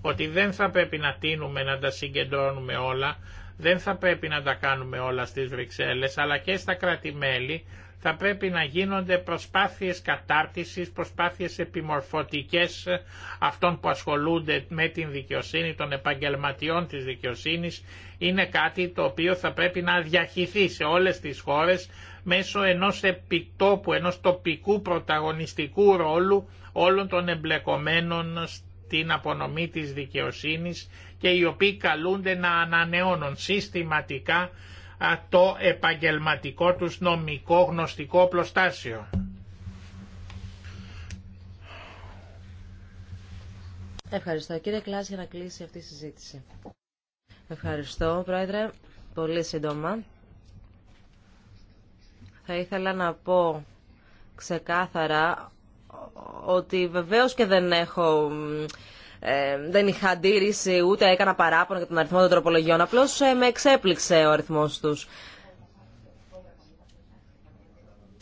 ότι δεν θα πρέπει να τίνουμε να τα συγκεντρώνουμε όλα, δεν θα πρέπει να τα κάνουμε όλα στις Βρυξέλλες, αλλά και στα κρατημέλη, θα πρέπει να γίνονται προσπάθειες κατάρτισης, προσπάθειες επιμορφωτικές ε, αυτών που ασχολούνται με την δικαιοσύνη, των επαγγελματιών της δικαιοσύνης. Είναι κάτι το οποίο θα πρέπει να διαχυθεί σε όλες τις χώρες μέσω ενός επιτόπου, ενός τοπικού πρωταγωνιστικού ρόλου όλων των εμπλεκομένων την απονομή της δικαιοσύνης και οι οποίοι καλούνται να ανανεώνουν συστηματικά το επαγγελματικό τους νομικό γνωστικό πλωστάσιο. Ευχαριστώ. Κύριε Κλάς για να κλείσει αυτή η συζήτηση. Ευχαριστώ, Πρόεδρε. Πολύ σύντομα. Θα ήθελα να πω ξεκάθαρα ότι βεβαίως και δεν έχω ε, δεν είχα αντίρρηση ούτε έκανα παράπονο για τον αριθμό των τροπολογιών. Απλώς ε, με εξέπληξε ο αριθμό τους.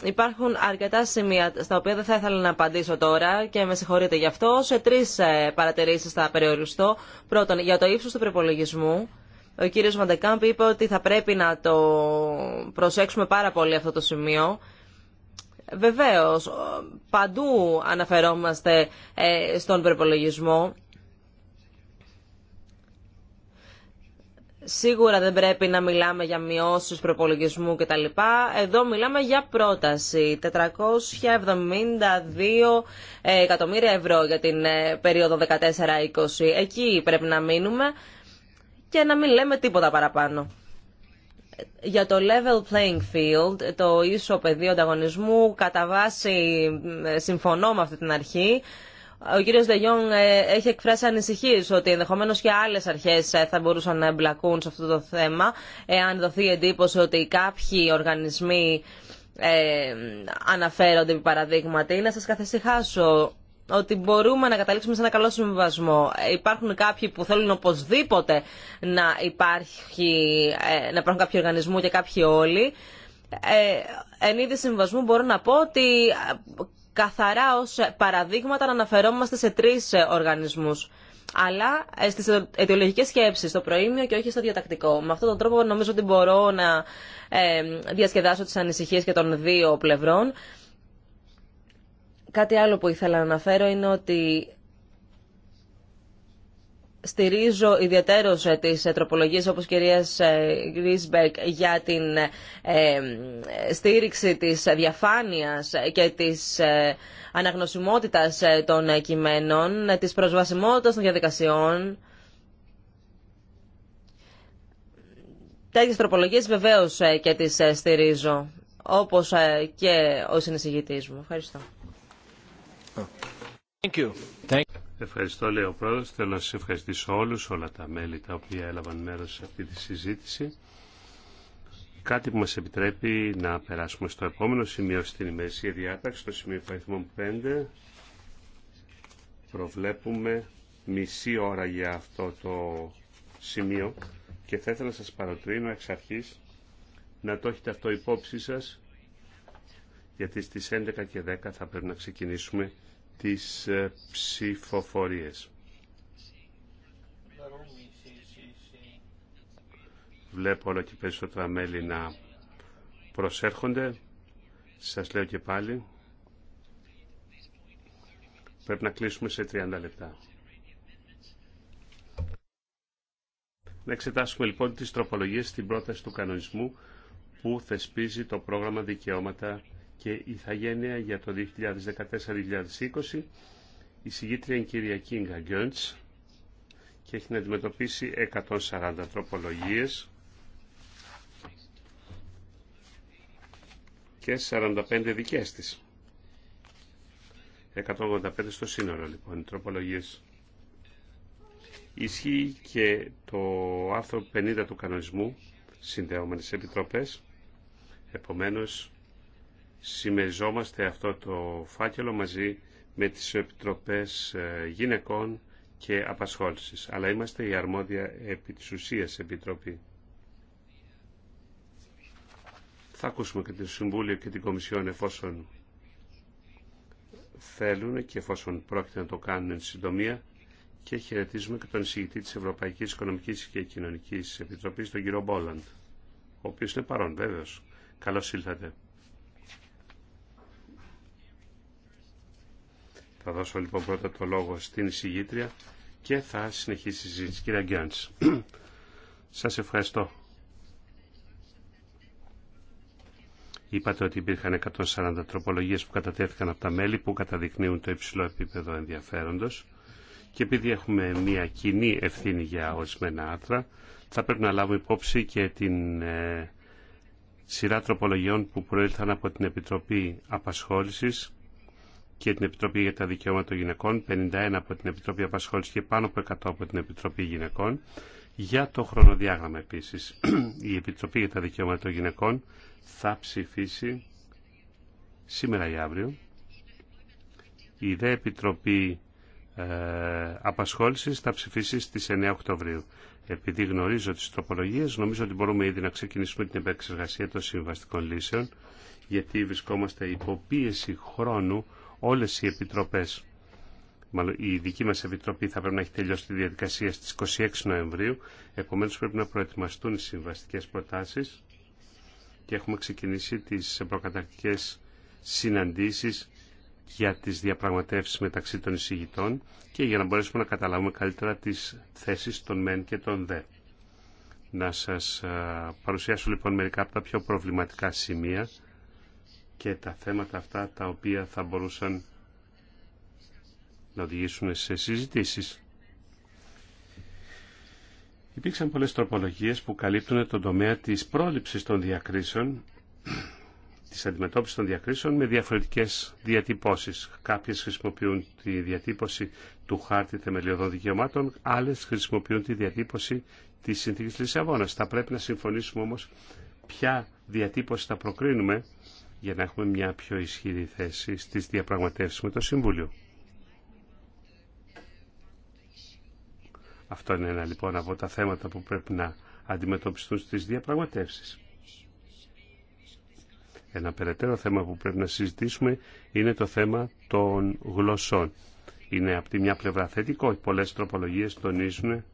Υπάρχουν αρκετά σημεία στα οποία δεν θα ήθελα να απαντήσω τώρα και με συγχωρείτε γι' αυτό. Σε τρει ε, παρατηρήσει θα περιοριστώ. Πρώτον, για το ύψο του προπολογισμού. Ο κύριος Βαντεκάμπ είπε ότι θα πρέπει να το προσέξουμε πάρα πολύ αυτό το σημείο. Βεβαίως, παντού αναφερόμαστε στον προπολογισμό Σίγουρα δεν πρέπει να μιλάμε για μειώσει προπολογισμού κτλ. Εδώ μιλάμε για πρόταση. 472 εκατομμύρια ευρώ για την ε, περίοδο 14-20. Εκεί πρέπει να μείνουμε και να μην λέμε τίποτα παραπάνω. Για το level playing field, το ίσο πεδίο ανταγωνισμού, κατά βάση συμφωνώ με αυτή την αρχή. Ο κύριος Δεγιόν ε, έχει εκφράσει ανησυχίες ότι ενδεχομένως και άλλες αρχές ε, θα μπορούσαν να εμπλακούν σε αυτό το θέμα εάν δοθεί εντύπωση ότι κάποιοι οργανισμοί ε, αναφέρονται επί παραδείγματι. Να σας καθησυχάσω ότι μπορούμε να καταλήξουμε σε ένα καλό συμβασμό. Υπάρχουν κάποιοι που θέλουν οπωσδήποτε να, υπάρχει, ε, να υπάρχουν κάποιοι οργανισμοί και κάποιοι όλοι. Ε, εν είδη συμβασμού μπορώ να πω ότι καθαρά ως παραδείγματα να αναφερόμαστε σε τρεις οργανισμούς αλλά ε, στις ε, αιτιολογικές σκέψεις, στο προήμιο και όχι στο διατακτικό. Με αυτόν τον τρόπο νομίζω ότι μπορώ να ε, διασκεδάσω τις ανησυχίες και των δύο πλευρών. Κάτι άλλο που ήθελα να αναφέρω είναι ότι στηρίζω ιδιαίτερως ε, τις ε, τροπολογίε όπω κυρία ε, Γκρίσμπερκ για την στήριξη της διαφάνεια και της αναγνωσιμότητας των κειμένων, της προσβασιμότητα των διαδικασιών. Τέτοιες τροπολογίε βεβαίω και τι στηρίζω, όπως και ο συνεισηγητή μου. Ευχαριστώ. Ευχαριστώ, λέει ο πρόεδρο. Θέλω να σα ευχαριστήσω όλου όλα τα μέλη τα οποία έλαβαν μέρο σε αυτή τη συζήτηση. Κάτι που μα επιτρέπει να περάσουμε στο επόμενο σημείο στην ημερησία διάταξη, το σημείο υπαριθμών 5. Προβλέπουμε μισή ώρα για αυτό το σημείο και θα ήθελα να σας παροτρύνω εξ αρχής να το έχετε αυτό υπόψη σας γιατί στις 11 και 10 θα πρέπει να ξεκινήσουμε τις ε, ψηφοφορίες. Βλέπω όλο και περισσότερα μέλη να προσέρχονται. Σας λέω και πάλι, πρέπει να κλείσουμε σε 30 λεπτά. Να εξετάσουμε λοιπόν τις τροπολογίες στην πρόταση του κανονισμού που θεσπίζει το πρόγραμμα δικαιώματα και ηθαγένεια για το 2014-2020. Η συγγήτρια είναι η κυρία Κίνγα Γκιόντς και έχει να αντιμετωπίσει 140 τροπολογίες και 45 δικές της. 185 στο σύνολο λοιπόν οι τροπολογίες. Ισχύει και το άρθρο 50 του κανονισμού συνδεόμενες επιτροπές. Επομένως, συμμεριζόμαστε αυτό το φάκελο μαζί με τις επιτροπές ε, γυναικών και απασχόλησης. Αλλά είμαστε η αρμόδια επί της ουσίας επιτροπή. Θα ακούσουμε και το Συμβούλιο και την Κομισιόν εφόσον θέλουν και εφόσον πρόκειται να το κάνουν εν συντομία και χαιρετίζουμε και τον εισηγητή της Ευρωπαϊκής Οικονομικής και Κοινωνικής Επιτροπής, τον κύριο Μπόλαντ, ο οποίος είναι παρόν βέβαιος. Καλώς ήλθατε. Θα δώσω λοιπόν πρώτα το λόγο στην εισηγήτρια και θα συνεχίσει η συζήτηση. Κύριε σας ευχαριστώ. Είπατε ότι υπήρχαν 140 τροπολογίες που κατατέθηκαν από τα μέλη που καταδεικνύουν το υψηλό επίπεδο ενδιαφέροντος και επειδή έχουμε μια κοινή ευθύνη για ορισμένα άρθρα θα πρέπει να λάβουμε υπόψη και την ε, σειρά τροπολογιών που προήλθαν από την Επιτροπή Απασχόλησης και την Επιτροπή για τα Δικαιώματα των Γυναικών, 51 από την Επιτροπή Απασχόληση και πάνω από 100 από την Επιτροπή Γυναικών. Για το χρονοδιάγραμμα επίσης, *clears throat* η Επιτροπή για τα Δικαιώματα των Γυναικών θα ψηφίσει σήμερα ή αύριο. Η ΔΕ Επιτροπή ε, Απασχόλησης θα ψηφίσει στις 9 Οκτωβρίου. Επειδή γνωρίζω τις τροπολογίες, νομίζω ότι μπορούμε ήδη να ξεκινήσουμε την επεξεργασία των συμβαστικών λύσεων, γιατί βρισκόμαστε υπό χρόνου όλες οι επιτροπές, μάλλον η δική μας επιτροπή θα πρέπει να έχει τελειώσει τη διαδικασία στις 26 Νοεμβρίου, επομένως πρέπει να προετοιμαστούν οι συμβαστικές προτάσεις και έχουμε ξεκινήσει τις προκαταρκτικές συναντήσεις για τις διαπραγματεύσεις μεταξύ των εισηγητών και για να μπορέσουμε να καταλάβουμε καλύτερα τις θέσεις των μεν και των δε. Να σας παρουσιάσω λοιπόν μερικά από τα πιο προβληματικά σημεία και τα θέματα αυτά τα οποία θα μπορούσαν να οδηγήσουν σε συζητήσεις. Υπήρξαν πολλές τροπολογίες που καλύπτουν τον τομέα της πρόληψης των διακρίσεων, της αντιμετώπισης των διακρίσεων με διαφορετικές διατυπώσεις. Κάποιες χρησιμοποιούν τη διατύπωση του χάρτη θεμελιωδών δικαιωμάτων, άλλες χρησιμοποιούν τη διατύπωση της συνθήκης Λισαβόνας. Θα πρέπει να συμφωνήσουμε όμως ποια διατύπωση θα προκρίνουμε για να έχουμε μια πιο ισχυρή θέση στις διαπραγματεύσεις με το Συμβούλιο. Αυτό είναι ένα λοιπόν από τα θέματα που πρέπει να αντιμετωπιστούν στις διαπραγματεύσεις. Ένα περαιτέρω θέμα που πρέπει να συζητήσουμε είναι το θέμα των γλωσσών. Είναι από τη μια πλευρά θετικό. Πολλές τροπολογίες τονίζουν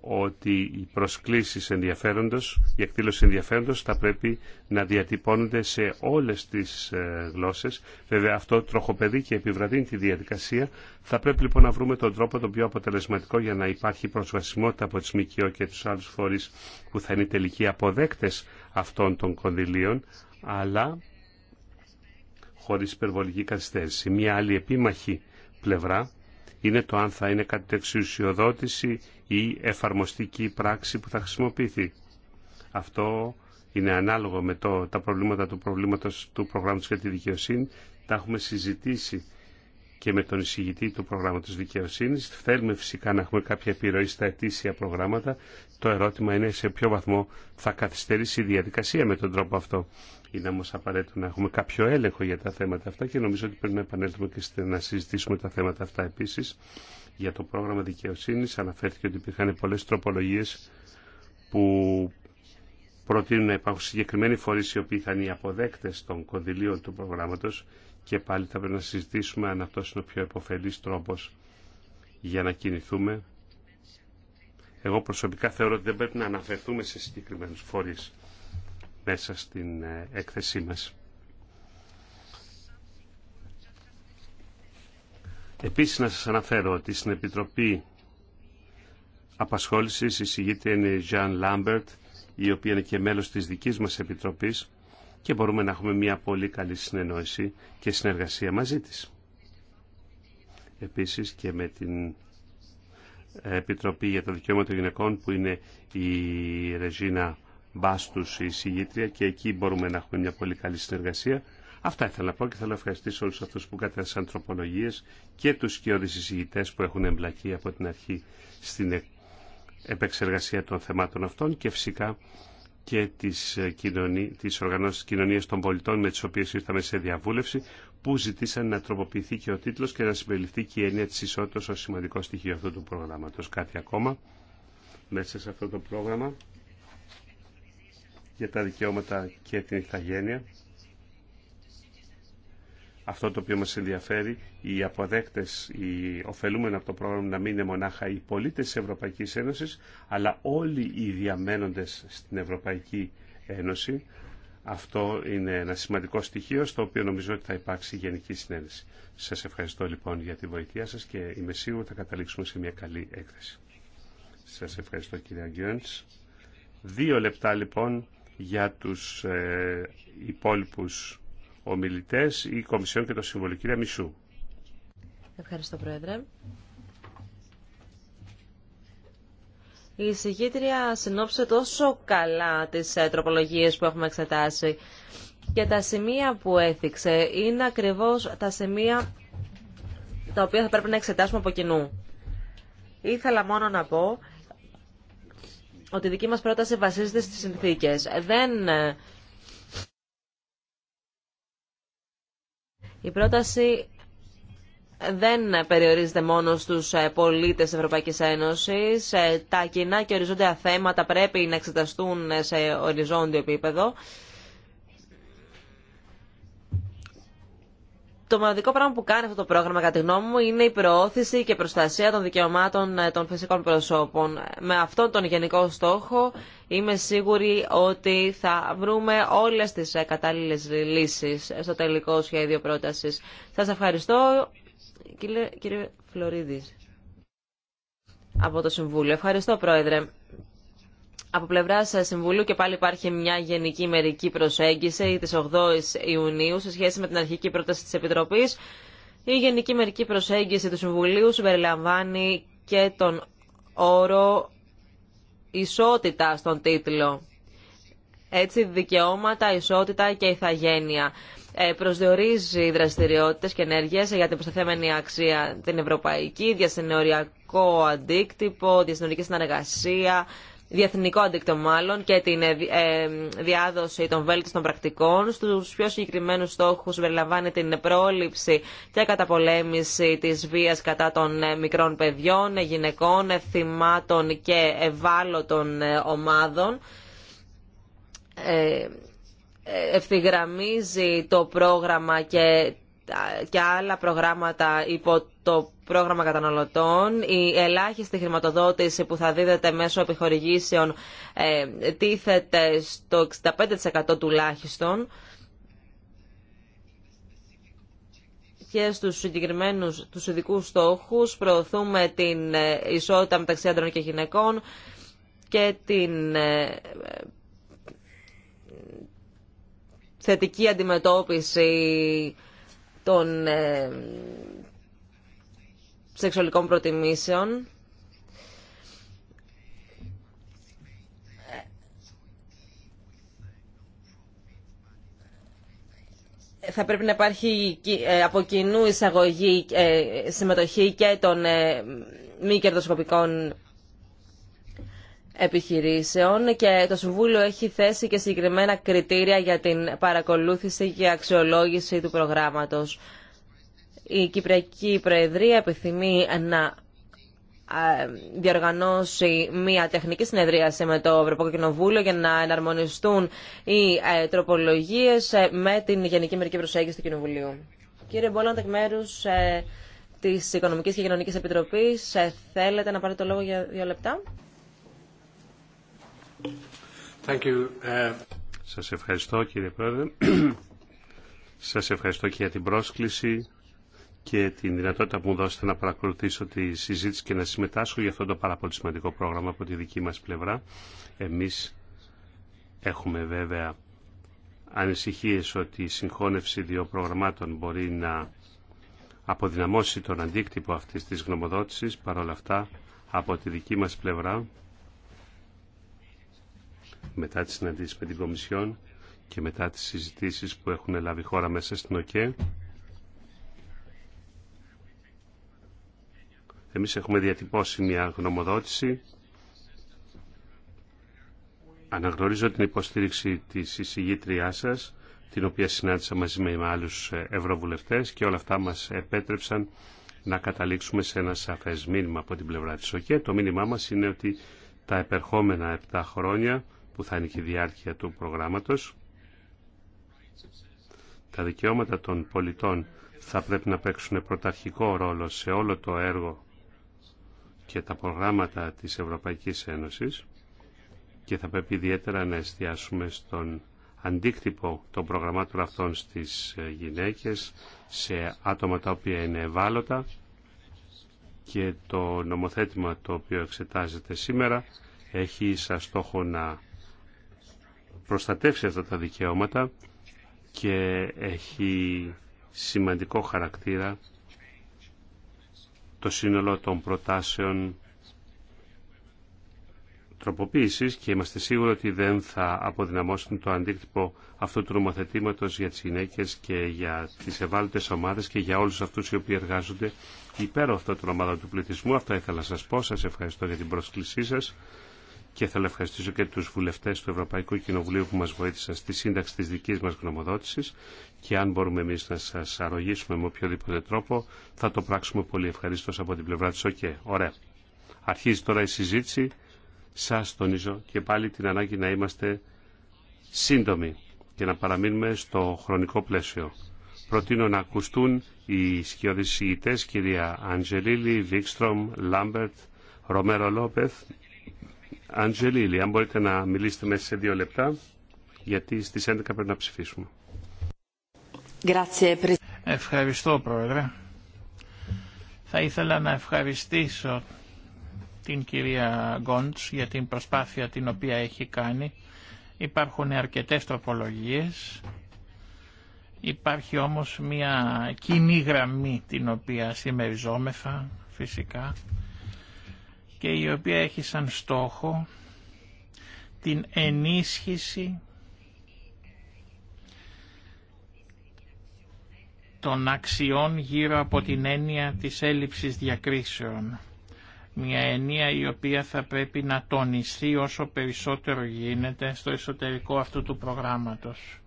ότι οι προσκλήσεις ενδιαφέροντος, η εκδήλωση ενδιαφέροντος θα πρέπει να διατυπώνονται σε όλες τις ε, γλώσσες. Βέβαια αυτό τροχοπεδεί και επιβραδύνει τη διαδικασία. Θα πρέπει λοιπόν να βρούμε τον τρόπο τον πιο αποτελεσματικό για να υπάρχει προσβασιμότητα από τις ΜΚΟ και τους άλλους φορείς που θα είναι τελικοί αποδέκτες αυτών των κονδυλίων, αλλά χωρίς υπερβολική καθυστέρηση. Μια άλλη επίμαχη πλευρά είναι το αν θα είναι εξουσιοδότηση ή εφαρμοστική πράξη που θα χρησιμοποιηθεί. Αυτό είναι ανάλογο με το, τα προβλήματα του προβλήματος του προγράμματος για τη δικαιοσύνη. Τα έχουμε συζητήσει και με τον εισηγητή του προγράμματος δικαιοσύνης. Θέλουμε φυσικά να έχουμε κάποια επιρροή στα ετήσια προγράμματα. Το ερώτημα είναι σε ποιο βαθμό θα καθυστερήσει η διαδικασία με τον τρόπο αυτό. Είναι όμω απαραίτητο να έχουμε κάποιο έλεγχο για τα θέματα αυτά και νομίζω ότι πρέπει να επανέλθουμε και να συζητήσουμε τα θέματα αυτά επίση. Για το πρόγραμμα δικαιοσύνη αναφέρθηκε ότι υπήρχαν πολλέ τροπολογίε που προτείνουν να υπάρχουν συγκεκριμένοι φορεί οι οποίοι θα είναι οι αποδέκτε των κονδυλίων του προγράμματο και πάλι θα πρέπει να συζητήσουμε αν αυτό είναι ο πιο επωφελή τρόπο για να κινηθούμε. Εγώ προσωπικά θεωρώ ότι δεν πρέπει να αναφερθούμε σε συγκεκριμένους φορείς μέσα στην ε, έκθεσή μας. Επίσης να σας αναφέρω ότι στην Επιτροπή Απασχόλησης εισηγείται είναι η Jean Λάμπερτ, η οποία είναι και μέλος της δικής μας Επιτροπής και μπορούμε να έχουμε μια πολύ καλή συνεννόηση και συνεργασία μαζί της. Επίσης και με την ε, Επιτροπή για τα Δικαιώματα των Γυναικών που είναι η Ρεζίνα μπάστου η συγγήτρια και εκεί μπορούμε να έχουμε μια πολύ καλή συνεργασία. Αυτά ήθελα να πω και θέλω να ευχαριστήσω όλου αυτού που κατέθεσαν τροπολογίε και του κοιόδη συγγητέ που έχουν εμπλακεί από την αρχή στην επεξεργασία των θεμάτων αυτών και φυσικά και τι ε, οργανώσει τις οργανώσεις των πολιτών με τις οποίες ήρθαμε σε διαβούλευση που ζητήσαν να τροποποιηθεί και ο τίτλος και να συμπεριληφθεί και η έννοια της ισότητας ως σημαντικό στοιχείο αυτού του προγράμματος. Κάτι ακόμα μέσα σε αυτό το πρόγραμμα για τα δικαιώματα και την ηθαγένεια. Αυτό το οποίο μας ενδιαφέρει, οι αποδέκτες, οι ωφελούμενοι από το πρόγραμμα να μην είναι μονάχα οι πολίτες της Ευρωπαϊκής Ένωσης, αλλά όλοι οι διαμένοντες στην Ευρωπαϊκή Ένωση. Αυτό είναι ένα σημαντικό στοιχείο στο οποίο νομίζω ότι θα υπάρξει γενική συνένεση. Σας ευχαριστώ λοιπόν για τη βοήθειά σας και είμαι σίγουρο ότι θα καταλήξουμε σε μια καλή έκθεση. Σας ευχαριστώ κύριε Αγγιόντς. Δύο λεπτά λοιπόν για τους ε, υπόλοιπους ομιλητές, η Κομισιόν και το συμβολικό Κύριε Μισού. Ευχαριστώ, Πρόεδρε. Η εισηγήτρια συνόψε τόσο καλά τις ε, τροπολογίες που έχουμε εξετάσει και τα σημεία που έθιξε είναι ακριβώς τα σημεία τα οποία θα πρέπει να εξετάσουμε από κοινού. Ήθελα μόνο να πω ότι η δική μας πρόταση βασίζεται στις συνθήκες. Δεν... Ε, η πρόταση δεν περιορίζεται μόνο στους ε, πολίτες Ευρωπαϊκής Ένωσης. Ε, τα κοινά και οριζόντια θέματα πρέπει να εξεταστούν σε οριζόντιο επίπεδο. Το μοναδικό πράγμα που κάνει αυτό το πρόγραμμα, κατά τη γνώμη μου, είναι η προώθηση και προστασία των δικαιωμάτων ε, των φυσικών προσώπων. Με αυτόν τον γενικό στόχο είμαι σίγουρη ότι θα βρούμε όλες τις ε, κατάλληλε λύσεις ε, στο τελικό σχέδιο πρόταση. Σας ευχαριστώ, κύριε, κύριε από το Συμβούλιο. Ευχαριστώ, Πρόεδρε. Από πλευρά ε, Συμβουλίου και πάλι υπάρχει μια γενική μερική προσέγγιση τη 8η Ιουνίου σε σχέση με την αρχική πρόταση τη Επιτροπή. Η γενική μερική προσέγγιση του Συμβουλίου συμπεριλαμβάνει και τον όρο ισότητα στον τίτλο. Έτσι, δικαιώματα, ισότητα και ηθαγένεια. Ε, προσδιορίζει δραστηριότητες και ενέργειες για την προσταθέμενη αξία την ευρωπαϊκή, διασυνοριακό αντίκτυπο, διασυνορική συνεργασία, διεθνικό αντίκτυπο μάλλον και την ε, ε, διάδοση των βέλτιστων πρακτικών. Στους πιο συγκεκριμένου στόχου, περιλαμβάνει την πρόληψη και καταπολέμηση της βίας κατά των ε, μικρών παιδιών, γυναικών, θυμάτων και ευάλωτων ομάδων ευθυγραμμίζει το πρόγραμμα και, και άλλα προγράμματα υπό το πρόγραμμα καταναλωτών, η ελάχιστη χρηματοδότηση που θα δίδεται μέσω επιχορηγήσεων ε, τίθεται στο 65% τουλάχιστον και στους συγκεκριμένους, τους ειδικούς στόχους προωθούμε την ε, ισότητα μεταξύ άντρων και γυναικών και την ε, θετική αντιμετώπιση των σεξουαλικών προτιμήσεων. θα πρέπει να υπάρχει ε, από κοινού εισαγωγή, ε, συμμετοχή και των ε, μη κερδοσκοπικών επιχειρήσεων και το Συμβούλιο έχει θέσει και συγκεκριμένα κριτήρια για την παρακολούθηση και αξιολόγηση του προγράμματος. Η Κυπριακή Προεδρία επιθυμεί να διοργανώσει μια τεχνική συνεδρίαση με το Ευρωπαϊκό Κοινοβούλιο για να εναρμονιστούν οι ε, τροπολογίες ε, με την Γενική Μερική Προσέγγιση του Κοινοβουλίου. Κύριε Μπόλαν, εκ μέρου ε, τη Οικονομική και Κοινωνική Επιτροπή, θέλετε να πάρετε το λόγο για δύο λεπτά. Thank you. Σας ευχαριστώ κύριε Πρόεδρε. *clears throat* Σας ευχαριστώ και για την πρόσκληση και την δυνατότητα που μου δώσετε να παρακολουθήσω τη συζήτηση και να συμμετάσχω για αυτό το πάρα πολύ σημαντικό πρόγραμμα από τη δική μας πλευρά. Εμείς έχουμε βέβαια ανησυχίες ότι η συγχώνευση δύο προγραμμάτων μπορεί να αποδυναμώσει τον αντίκτυπο αυτής της γνωμοδότησης. Παρ' όλα αυτά, από τη δική μας πλευρά, μετά τις συναντήσεις με την Κομισιόν και μετά τις συζητήσεις που έχουν λάβει χώρα μέσα στην ΟΚΕ, Εμείς έχουμε διατυπώσει μια γνωμοδότηση. Αναγνωρίζω την υποστήριξη της εισηγήτριάς σας, την οποία συνάντησα μαζί με άλλους ευρωβουλευτές και όλα αυτά μας επέτρεψαν να καταλήξουμε σε ένα σαφές μήνυμα από την πλευρά της ΟΚΕ. Το μήνυμά μας είναι ότι τα επερχόμενα 7 χρόνια που θα είναι και η διάρκεια του προγράμματος τα δικαιώματα των πολιτών θα πρέπει να παίξουν πρωταρχικό ρόλο σε όλο το έργο και τα προγράμματα της Ευρωπαϊκής Ένωσης και θα πρέπει ιδιαίτερα να εστιάσουμε στον αντίκτυπο των προγραμμάτων αυτών στις ε, γυναίκες, σε άτομα τα οποία είναι ευάλωτα και το νομοθέτημα το οποίο εξετάζεται σήμερα έχει σαν στόχο να προστατεύσει αυτά τα δικαιώματα και έχει σημαντικό χαρακτήρα το σύνολο των προτάσεων τροποποίησης και είμαστε σίγουροι ότι δεν θα αποδυναμώσουν το αντίκτυπο αυτού του νομοθετήματος για τις γυναίκες και για τις ευάλωτες ομάδες και για όλους αυτούς οι οποίοι εργάζονται υπέρ αυτών των ομάδων του πληθυσμού. Αυτά ήθελα να σας πω. Σας ευχαριστώ για την πρόσκλησή σας και θέλω να ευχαριστήσω και τους βουλευτές του Ευρωπαϊκού Κοινοβουλίου που μας βοήθησαν στη σύνταξη της δικής μας γνωμοδότησης και αν μπορούμε εμείς να σας αρρωγήσουμε με οποιοδήποτε τρόπο θα το πράξουμε πολύ ευχαριστώ από την πλευρά της ΟΚΕ. Ωραία. Αρχίζει τώρα η συζήτηση. Σας τονίζω και πάλι την ανάγκη να είμαστε σύντομοι και να παραμείνουμε στο χρονικό πλαίσιο. Προτείνω να ακουστούν οι σκιοδησιητές κυρία Αντζελίλη, Βίξτρομ, Λάμπερτ, Ρομέρο Λόπεθ, Αντζελίλη, αν μπορείτε να μιλήσετε μέσα σε δύο λεπτά, γιατί στις 11 πρέπει να ψηφίσουμε. Ευχαριστώ, Πρόεδρε. Θα ήθελα να ευχαριστήσω την κυρία Γκόντς για την προσπάθεια την οποία έχει κάνει. Υπάρχουν αρκετές τροπολογίες. Υπάρχει όμως μια κοινή γραμμή την οποία συμμεριζόμεθα φυσικά και η οποία έχει σαν στόχο την ενίσχυση των αξιών γύρω από την έννοια της έλλειψης διακρίσεων. Μια έννοια η οποία θα πρέπει να τονιστεί όσο περισσότερο γίνεται στο εσωτερικό αυτού του προγράμματος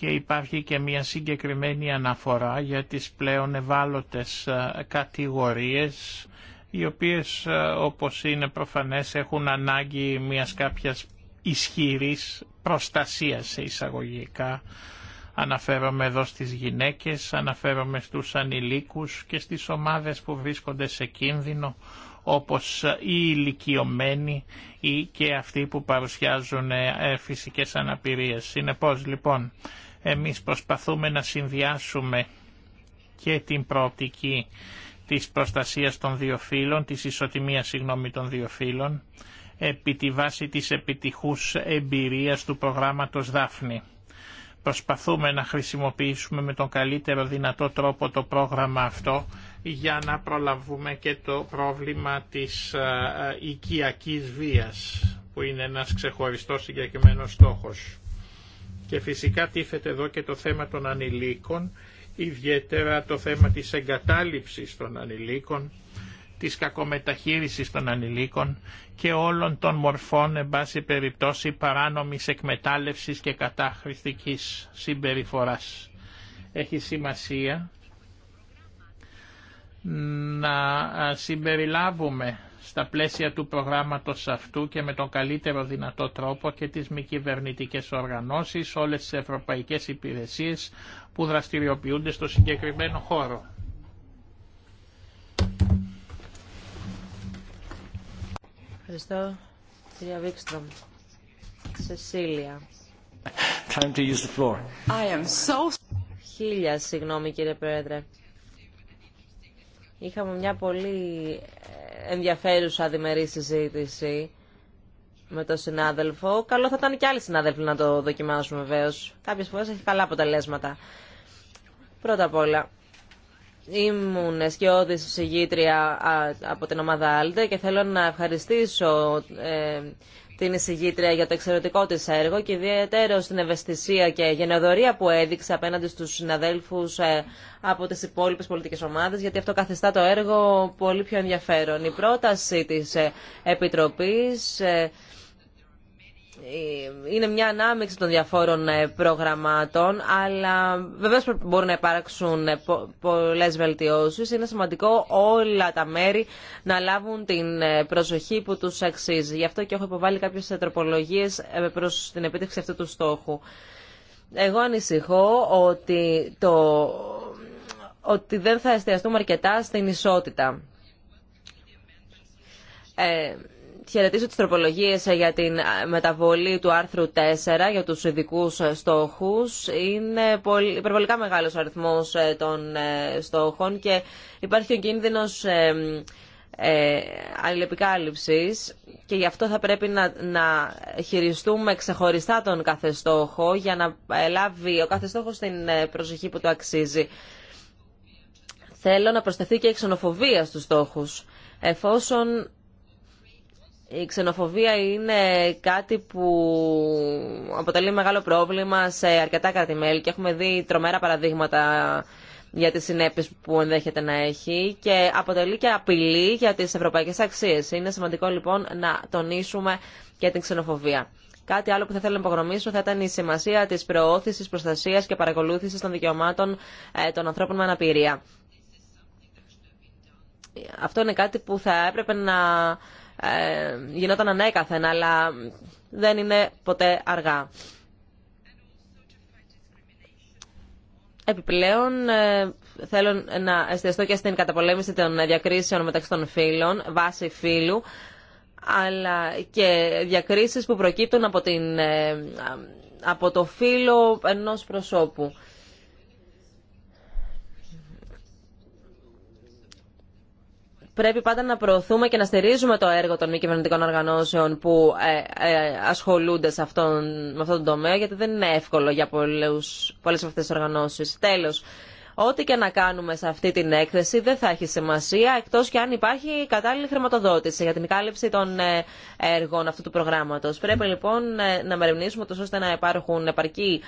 και υπάρχει και μια συγκεκριμένη αναφορά για τις πλέον ευάλωτες ε, κατηγορίες οι οποίες ε, όπως είναι προφανές έχουν ανάγκη μιας κάποιας ισχυρής προστασίας σε εισαγωγικά. Αναφέρομαι εδώ στις γυναίκες, αναφέρομαι στους ανηλίκους και στις ομάδες που βρίσκονται σε κίνδυνο όπως ε, οι ηλικιωμένοι ή και αυτοί που παρουσιάζουν φυσικές αναπηρίες. Συνεπώς λοιπόν εμείς προσπαθούμε να συνδυάσουμε και την προοπτική της προστασίας των δύο φύλων, της ισοτιμίας συγγνώμη των δύο φύλων, επί τη βάση της επιτυχούς εμπειρίας του προγράμματος Δάφνη. Προσπαθούμε να χρησιμοποιήσουμε με τον καλύτερο δυνατό τρόπο το πρόγραμμα αυτό για να προλαβούμε και το πρόβλημα της ε, ε, οικιακής βίας που είναι ένας ξεχωριστός συγκεκριμένος στόχος. Και φυσικά τίθεται εδώ και το θέμα των ανηλίκων, ιδιαίτερα το θέμα της εγκατάλειψης των ανηλίκων, της κακομεταχείρισης των ανηλίκων και όλων των μορφών, εν πάση περιπτώσει, παράνομης εκμετάλλευσης και κατάχρηστικής συμπεριφοράς. Έχει σημασία να συμπεριλάβουμε στα πλαίσια του προγράμματος αυτού και με τον καλύτερο δυνατό τρόπο και τις μη κυβερνητικέ οργανώσεις, όλες τις ευρωπαϊκές υπηρεσίες που δραστηριοποιούνται στο συγκεκριμένο χώρο. Ευχαριστώ, κυρία Βίξτρομ. Σεσίλια. Time to use the floor. I am so... Χίλια, συγγνώμη κύριε Πρόεδρε. Είχαμε μια πολύ ε, ενδιαφέρουσα διμερή συζήτηση με τον συνάδελφο. Καλό θα ήταν και άλλοι συνάδελφοι να το δοκιμάσουμε βεβαίω. Κάποιε φορέ έχει καλά αποτελέσματα. Πρώτα απ' όλα, ήμουν σκιώδη συγγήτρια από την ομάδα Άλντε και θέλω να ευχαριστήσω ε, την εισηγήτρια για το εξαιρετικό της έργο και ιδιαίτερο στην ευαισθησία και γενεοδορία που έδειξε απέναντι στους συναδέλφους ε, από τις υπόλοιπες πολιτικές ομάδες, γιατί αυτό καθιστά το έργο πολύ πιο ενδιαφέρον. Η πρόταση της ε, Επιτροπής ε, ε, είναι μια ανάμειξη των διαφόρων ε, προγραμμάτων, αλλά βεβαίως μπορούν να υπάρξουν ε, πολλές βελτιώσεις. Είναι σημαντικό όλα τα μέρη να λάβουν την προσοχή που τους αξίζει. Γι' αυτό και έχω υποβάλει κάποιες τροπολογίες προς την επίτευξη αυτού του στόχου. Εγώ ανησυχώ ότι, το... ότι δεν θα εστιαστούμε αρκετά στην ισότητα χαιρετήσω τι τροπολογίε ε, για την ε, μεταβολή του άρθρου 4 για του ειδικού ε, στόχους. Είναι υπερβολικά μεγάλος ο αριθμός των στόχων και υπάρχει ο κίνδυνος ε, αλληλεπικάλυψης και γι' αυτό θα πρέπει να, να χειριστούμε ξεχωριστά τον κάθε στόχο για να ελάβει ο κάθε στόχος την προσοχή που του αξίζει. Θέλω να προσθεθεί και η ξενοφοβία στους στόχους. Εφόσον η ξενοφοβία είναι κάτι που αποτελεί μεγάλο πρόβλημα σε αρκετά κράτη-μέλη και έχουμε δει τρομερά παραδείγματα για τις συνέπειες που ενδέχεται να έχει και αποτελεί και απειλή για τις ευρωπαϊκές αξίες. Είναι σημαντικό λοιπόν να τονίσουμε και την ξενοφοβία. Κάτι άλλο που θα ήθελα να υπογραμμίσω θα ήταν η σημασία της προώθησης, προστασίας και παρακολούθησης των δικαιωμάτων ε, των ανθρώπων με αναπηρία. Αυτό είναι κάτι που θα έπρεπε να ε, γινόταν ανέκαθεν, αλλά δεν είναι ποτέ αργά. Επιπλέον, ε, θέλω να εστιαστώ και στην καταπολέμηση των διακρίσεων μεταξύ των φίλων, βάση φύλου, αλλά και διακρίσεις που προκύπτουν από, ε, από το φίλο ενός προσώπου. πρέπει πάντα να προωθούμε και να στηρίζουμε το έργο των μη κυβερνητικών οργανώσεων που ε, ε, ασχολούνται σε αυτόν, με αυτόν τον τομέα, γιατί δεν είναι εύκολο για πολλούς, πολλές αυτές τις οργανώσεις. Τέλος, ό,τι και να κάνουμε σε αυτή την έκθεση δεν θα έχει σημασία, εκτός και αν υπάρχει κατάλληλη χρηματοδότηση για την κάλυψη των ε, έργων αυτού του προγράμματος. Πρέπει λοιπόν να μερευνήσουμε τόσο ώστε να υπάρχουν επαρκή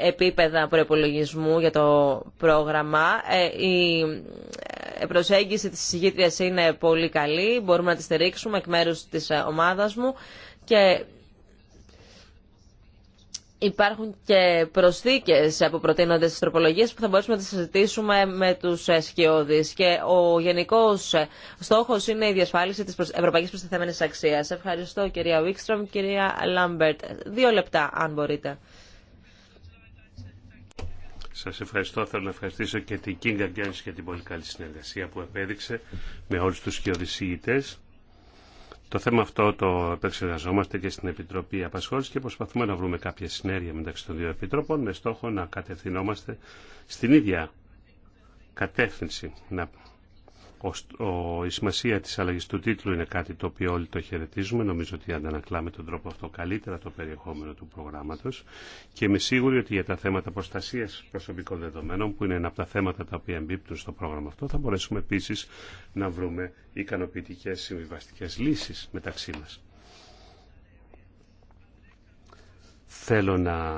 επίπεδα προπολογισμού για το πρόγραμμα. Η προσέγγιση της συγγήτριας είναι πολύ καλή. Μπορούμε να τη στηρίξουμε εκ μέρους της ε, ομάδας μου και υπάρχουν και προσθήκες από προτείνονται στις τροπολογίες που θα μπορέσουμε να τις συζητήσουμε με τους ε, σκιώδεις. Και ο γενικός ε, στόχος είναι η διασφάλιση της ευρωπαϊκής προστιθέμενης αξίας. Ευχαριστώ κυρία Βίξτρομ, κυρία Λάμπερτ. Δύο λεπτά αν μπορείτε. Σα ευχαριστώ. Θέλω να ευχαριστήσω και την Κίνγκα Γκένς για την πολύ καλή συνεργασία που επέδειξε με όλους τους σκιοδησιητές. Το θέμα αυτό το επεξεργαζόμαστε και στην Επιτροπή Απασχόληση και προσπαθούμε να βρούμε κάποια συνέργεια μεταξύ των δύο επιτρόπων με στόχο να κατευθυνόμαστε στην ίδια κατεύθυνση. Να η σημασία της αλλαγής του τίτλου είναι κάτι το οποίο όλοι το χαιρετίζουμε. Νομίζω ότι αντανακλάμε τον τρόπο αυτό καλύτερα το περιεχόμενο του προγράμματος και είμαι σίγουρη ότι για τα θέματα προστασία προσωπικών δεδομένων που είναι ένα από τα θέματα τα οποία εμπίπτουν στο πρόγραμμα αυτό θα μπορέσουμε επίσης να βρούμε ικανοποιητικές συμβιβαστικέ λύσεις μεταξύ μας. Θέλω να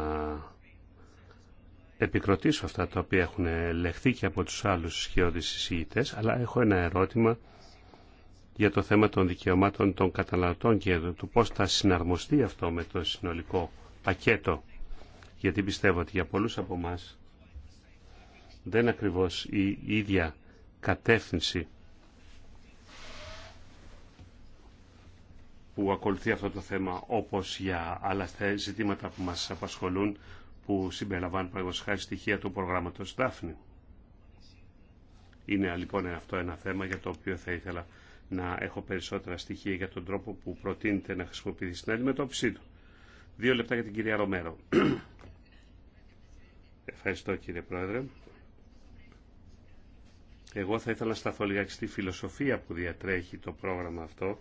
επικροτήσω αυτά τα οποία έχουν λεχθεί και από τους άλλους σχεδόντες εισηγητές, αλλά έχω ένα ερώτημα για το θέμα των δικαιωμάτων των καταναλωτών και του πώς θα συναρμοστεί αυτό με το συνολικό πακέτο. Γιατί πιστεύω ότι για πολλούς από εμά δεν είναι ακριβώς η ίδια κατεύθυνση που ακολουθεί αυτό το θέμα όπως για άλλα ζητήματα που μας απασχολούν που συμπεριλαμβάνει παραδείγματο χάρη στοιχεία του προγράμματο Δάφνη. Είναι λοιπόν αυτό ένα θέμα για το οποίο θα ήθελα να έχω περισσότερα στοιχεία για τον τρόπο που προτείνεται να χρησιμοποιηθεί στην αντιμετώπιση του. Δύο λεπτά για την κυρία Ρομέρο. *clears throat* Ευχαριστώ κύριε Πρόεδρε. Εγώ θα ήθελα να σταθώ λιγάκι στη φιλοσοφία που διατρέχει το πρόγραμμα αυτό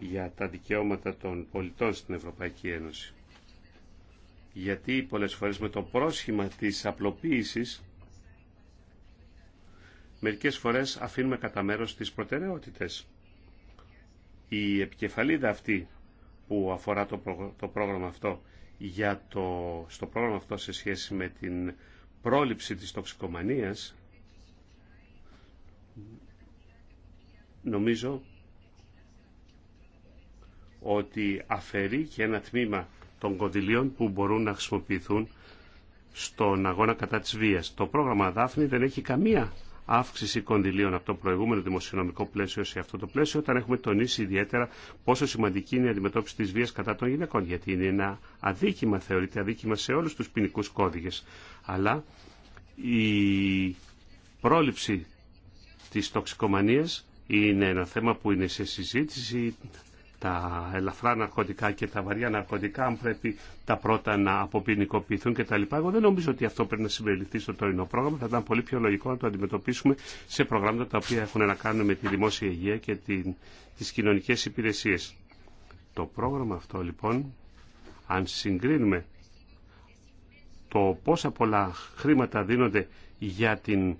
για τα δικαιώματα των πολιτών στην Ευρωπαϊκή Ένωση γιατί πολλές φορές με το πρόσχημα της απλοποίησης μερικές φορές αφήνουμε κατά μέρος τις προτεραιότητες. Η επικεφαλίδα αυτή που αφορά το, το πρόγραμμα αυτό για το, στο πρόγραμμα αυτό σε σχέση με την πρόληψη της τοξικομανίας νομίζω ότι αφαιρεί και ένα τμήμα των κονδυλίων που μπορούν να χρησιμοποιηθούν στον αγώνα κατά της βίας. Το πρόγραμμα Δάφνη δεν έχει καμία αύξηση κονδυλίων από το προηγούμενο δημοσιονομικό πλαίσιο σε αυτό το πλαίσιο, όταν έχουμε τονίσει ιδιαίτερα πόσο σημαντική είναι η αντιμετώπιση της βίας κατά των γυναικών. Γιατί είναι ένα αδίκημα, θεωρείται αδίκημα σε όλου του ποινικού κώδικε. Αλλά η πρόληψη τη τοξικομανίας είναι ένα θέμα που είναι σε συζήτηση τα ελαφρά ναρκωτικά και τα βαριά ναρκωτικά, αν πρέπει τα πρώτα να αποποινικοποιηθούν κτλ. Εγώ δεν νομίζω ότι αυτό πρέπει να συμπεριληφθεί στο τωρινό πρόγραμμα. Θα ήταν πολύ πιο λογικό να το αντιμετωπίσουμε σε προγράμματα τα οποία έχουν να κάνουν με τη δημόσια υγεία και τι τις κοινωνικές Το πρόγραμμα αυτό λοιπόν, αν συγκρίνουμε το πόσα πολλά χρήματα δίνονται για την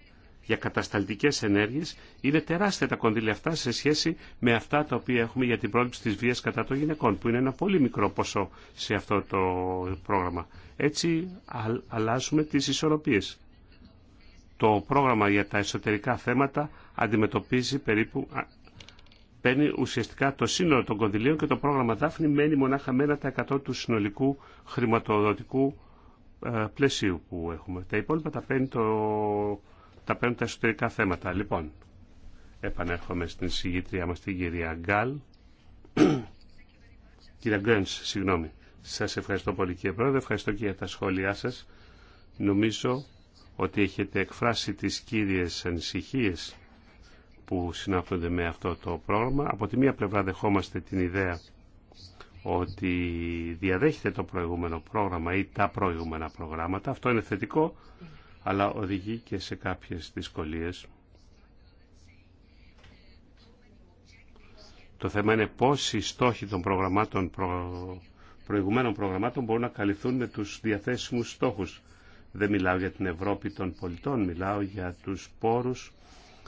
για κατασταλτικές ενέργειες είναι τεράστια τα κονδύλια αυτά σε σχέση με αυτά τα οποία έχουμε για την πρόληψη της βίας κατά των γυναικών που είναι ένα πολύ μικρό ποσό σε αυτό το πρόγραμμα. Έτσι αλλάζουμε τις ισορροπίες. Το πρόγραμμα για τα εσωτερικά θέματα αντιμετωπίζει περίπου παίρνει ουσιαστικά το σύνολο των κονδυλίων και το πρόγραμμα Δάφνη μένει μονάχα με ένα τα 100 του συνολικού χρηματοδοτικού ε, πλαισίου που έχουμε. Τα υπόλοιπα τα παίρνει το τα παίρνουν τα εσωτερικά θέματα. Λοιπόν, επανέρχομαι στην συγγήτρια μας την κυρία Γκάλ. *clears throat* κυρία Γκρέντς, συγγνώμη. Σας ευχαριστώ πολύ κύριε Πρόεδρε, ευχαριστώ και για τα σχόλιά σας. Νομίζω ότι έχετε εκφράσει τις κύριες ανησυχίες που συνάπτονται με αυτό το πρόγραμμα. Από τη μία πλευρά δεχόμαστε την ιδέα ότι διαδέχεται το προηγούμενο πρόγραμμα ή τα προηγούμενα προγράμματα. Αυτό είναι θετικό αλλά οδηγεί και σε κάποιες δυσκολίες. Το θέμα είναι οι στόχοι των προγραμμάτων προ... προηγουμένων προγραμμάτων μπορούν να καλυφθούν με τους διαθέσιμους στόχους. Δεν μιλάω για την Ευρώπη των πολιτών, μιλάω για τους πόρους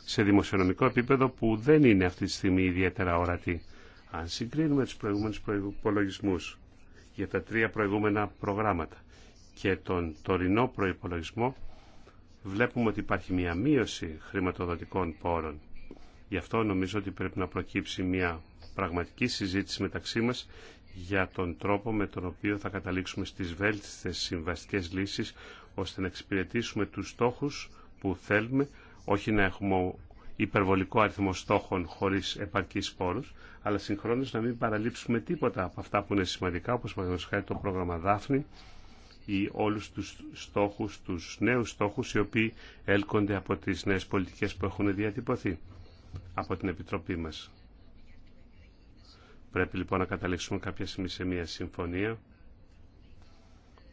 σε δημοσιονομικό επίπεδο που δεν είναι αυτή τη στιγμή ιδιαίτερα ορατή. Αν συγκρίνουμε τους προηγούμενους προπολογισμού για τα τρία προηγούμενα προγράμματα και τον τωρινό προϋπολογισμό, βλέπουμε ότι υπάρχει μια μείωση χρηματοδοτικών πόρων. Γι' αυτό νομίζω ότι πρέπει να προκύψει μια πραγματική συζήτηση μεταξύ μας για τον τρόπο με τον οποίο θα καταλήξουμε στις βέλτιστες συμβαστικές λύσεις ώστε να εξυπηρετήσουμε τους στόχους που θέλουμε, όχι να έχουμε υπερβολικό αριθμό στόχων χωρίς επαρκείς πόρους, αλλά συγχρόνως να μην παραλείψουμε τίποτα από αυτά που είναι σημαντικά, όπως παραδείγματος χάρη το πρόγραμμα Δάφνη, ή όλους τους στόχους, τους νέους στόχους οι οποίοι έλκονται από τις νέες πολιτικές που έχουν διατυπωθεί από την Επιτροπή μας. Πρέπει λοιπόν να καταλήξουμε κάποια στιγμή σε μια συμφωνία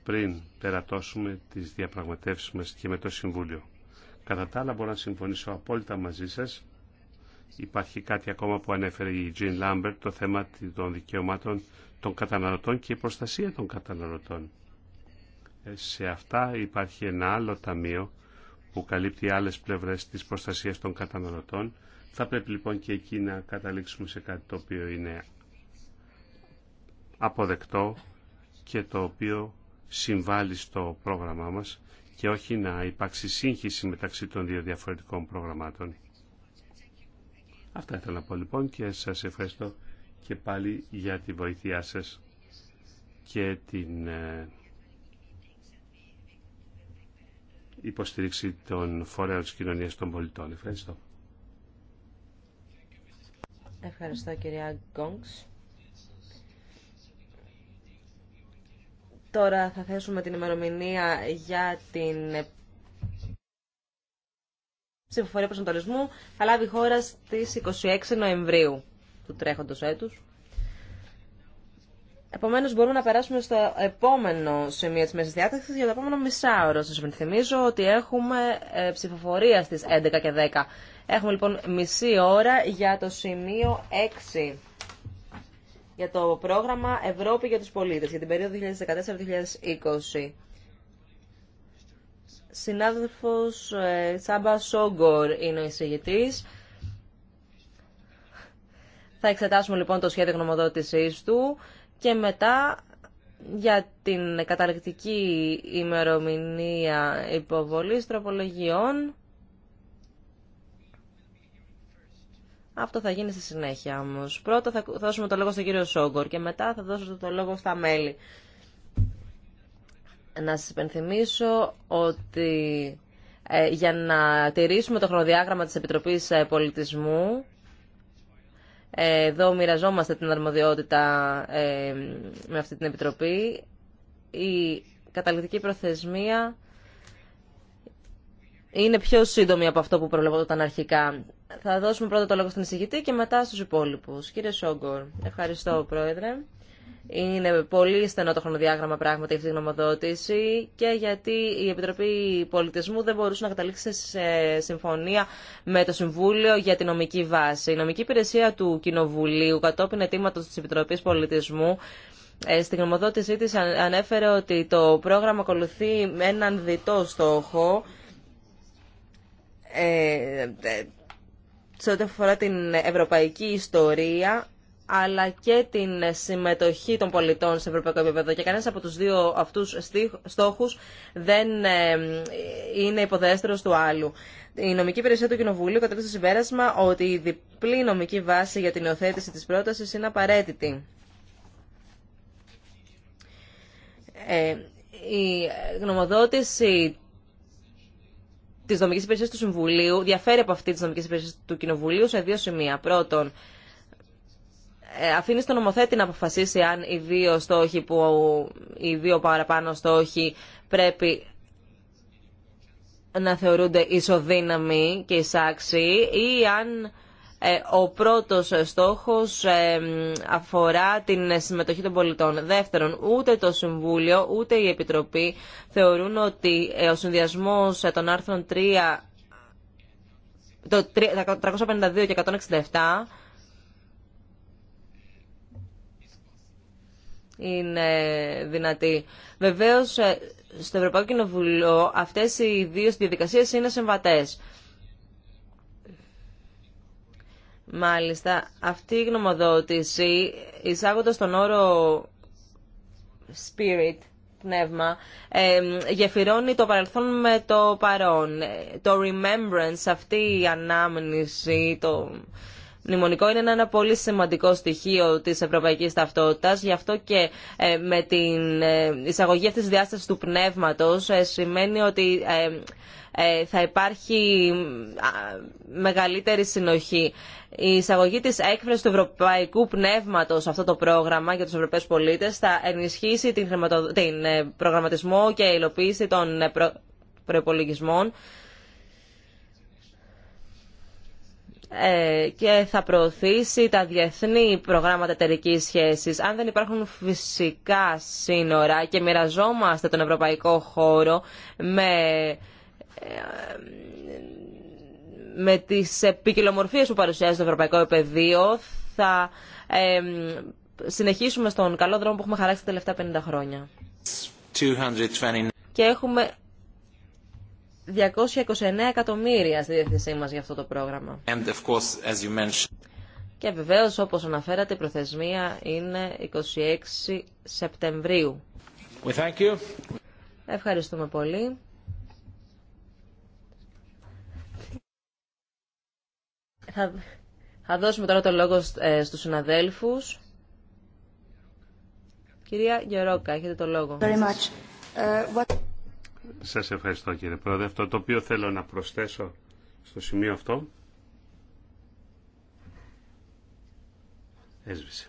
πριν περατώσουμε τις διαπραγματεύσεις μας και με το Συμβούλιο. Κατά τα άλλα μπορώ να συμφωνήσω απόλυτα μαζί σας. Υπάρχει κάτι ακόμα που ανέφερε η Jean Lambert, το θέμα των δικαιωμάτων των καταναλωτών και η προστασία των καταναλωτών σε αυτά υπάρχει ένα άλλο ταμείο που καλύπτει άλλες πλευρές της προστασίας των καταναλωτών. Θα πρέπει λοιπόν και εκεί να καταλήξουμε σε κάτι το οποίο είναι αποδεκτό και το οποίο συμβάλλει στο πρόγραμμά μας και όχι να υπάρξει σύγχυση μεταξύ των δύο διαφορετικών προγραμμάτων. Αυτά ήθελα να πω λοιπόν και σας ευχαριστώ και πάλι για τη βοήθειά σας και την ε, υποστήριξη των φορέων της κοινωνίας των πολιτών. Ευχαριστώ. Ευχαριστώ κυρία Γκόγκ. Τώρα θα θέσουμε την ημερομηνία για την ψηφοφορία προσανατολισμού. Θα λάβει η χώρα στι 26 Νοεμβρίου του τρέχοντος έτους. Επομένω, μπορούμε να περάσουμε στο επόμενο σημείο τη μέση διάταξη για το επόμενο μισάωρο. Σα υπενθυμίζω ότι έχουμε ε, ψηφοφορία στι 11 και 10. Έχουμε λοιπόν μισή ώρα για το σημείο 6 για το πρόγραμμα Ευρώπη για τους πολίτες για την περίοδο 2014-2020. Συνάδελφος ε, Σάμπα Σόγκορ είναι ο εισηγητής. Θα εξετάσουμε λοιπόν το σχέδιο γνωμοδότησής του και μετά για την καταληκτική ημερομηνία υποβολής τροπολογιών. Αυτό θα γίνει στη συνέχεια όμω. Πρώτα θα δώσουμε το λόγο στον κύριο Σόγκορ και μετά θα δώσω το λόγο στα μέλη. Να σας υπενθυμίσω ότι ε, για να τηρήσουμε το χρονοδιάγραμμα της Επιτροπής ε, Πολιτισμού εδώ μοιραζόμαστε την αρμοδιότητα ε, με αυτή την Επιτροπή. Η καταληκτική προθεσμία είναι πιο σύντομη από αυτό που προβλεπόταν αρχικά. Θα δώσουμε πρώτα το λόγο στον εισηγητή και μετά στους υπόλοιπους. Κύριε Σόγκορ, ευχαριστώ Πρόεδρε. Είναι πολύ στενό το χρονοδιάγραμμα πράγματι αυτή η γνωμοδότηση και γιατί η Επιτροπή Πολιτισμού δεν μπορούσε να καταλήξει σε συμφωνία με το Συμβούλιο για τη νομική βάση. Η νομική υπηρεσία του Κοινοβουλίου κατόπιν αιτήματο τη Επιτροπή Πολιτισμού ε, στην γνωμοδότησή της ανέφερε ότι το πρόγραμμα ακολουθεί με έναν διτό στόχο ε, ε, σε ό,τι αφορά την ευρωπαϊκή ιστορία αλλά και την συμμετοχή των πολιτών σε ευρωπαϊκό επίπεδο. Και κανένας από τους δύο αυτούς στόχους δεν ε, είναι υποδέστερο του άλλου. Η νομική υπηρεσία του Κοινοβουλίου κατέληξε στο συμπέρασμα ότι η διπλή νομική βάση για την υιοθέτηση της πρότασης είναι απαραίτητη. Ε, η γνωμοδότηση της νομικής υπηρεσίας του Συμβουλίου διαφέρει από αυτή της νομικής υπηρεσίας του Κοινοβουλίου σε δύο σημεία. Πρώτον, ε, αφήνει στον νομοθέτη να αποφασίσει αν οι δύο στόχοι που οι δύο παραπάνω στόχοι πρέπει να θεωρούνται ισοδύναμοι και ισάξιοι... ή αν ε, ο πρώτος στόχος ε, αφορά την συμμετοχή των πολιτών. Δεύτερον, ούτε το Συμβούλιο ούτε η Επιτροπή θεωρούν ότι ο συνδυασμός των άρθρων 3, το 352 και 167 είναι δυνατή. Βεβαίω, ε, στο Ευρωπαϊκό Κοινοβουλίο αυτέ οι δύο διαδικασίε είναι συμβατέ. Μάλιστα, αυτή η γνωμοδότηση, εισάγοντα τον όρο spirit, πνεύμα, γεφυρώνει το παρελθόν με το παρόν. Ε, το remembrance, αυτή η ανάμνηση, το, Νημονικό είναι ένα πολύ σημαντικό στοιχείο της ευρωπαϊκής Ταυτότητα, γι' αυτό και ε, με την ε, εισαγωγή αυτή της διάσταση του πνεύματος ε, σημαίνει ότι θα υπάρχει μεγαλύτερη συνοχή. Η εισαγωγή της έκφρασης του ευρωπαϊκού πνεύματος σε αυτό το πρόγραμμα για τους Ευρωπαίους πολίτες θα ενισχύσει την προγραμματισμό και υλοποίηση των προϋπολογισμών Ε, και θα προωθήσει τα διεθνή προγράμματα εταιρική σχέση. Αν δεν υπάρχουν φυσικά σύνορα και μοιραζόμαστε τον ευρωπαϊκό χώρο με ε, με τις που παρουσιάζει το ευρωπαϊκό πεδίο θα ε, συνεχίσουμε στον καλό δρόμο που έχουμε χαράξει τα τελευταία 50 χρόνια. Και έχουμε 229 εκατομμύρια στη διευθυνσία μας για αυτό το πρόγραμμα. Και βεβαίως, όπως αναφέρατε, η προθεσμία είναι 26 Σεπτεμβρίου. Ευχαριστούμε πολύ. Θα, θα δώσουμε τώρα το λόγο ε, στους συναδέλφους. Κυρία Γερόκα, έχετε το λόγο. Ε, what... Σας ευχαριστώ κύριε Πρόεδρε. Αυτό το οποίο θέλω να προσθέσω στο σημείο αυτό έσβησε.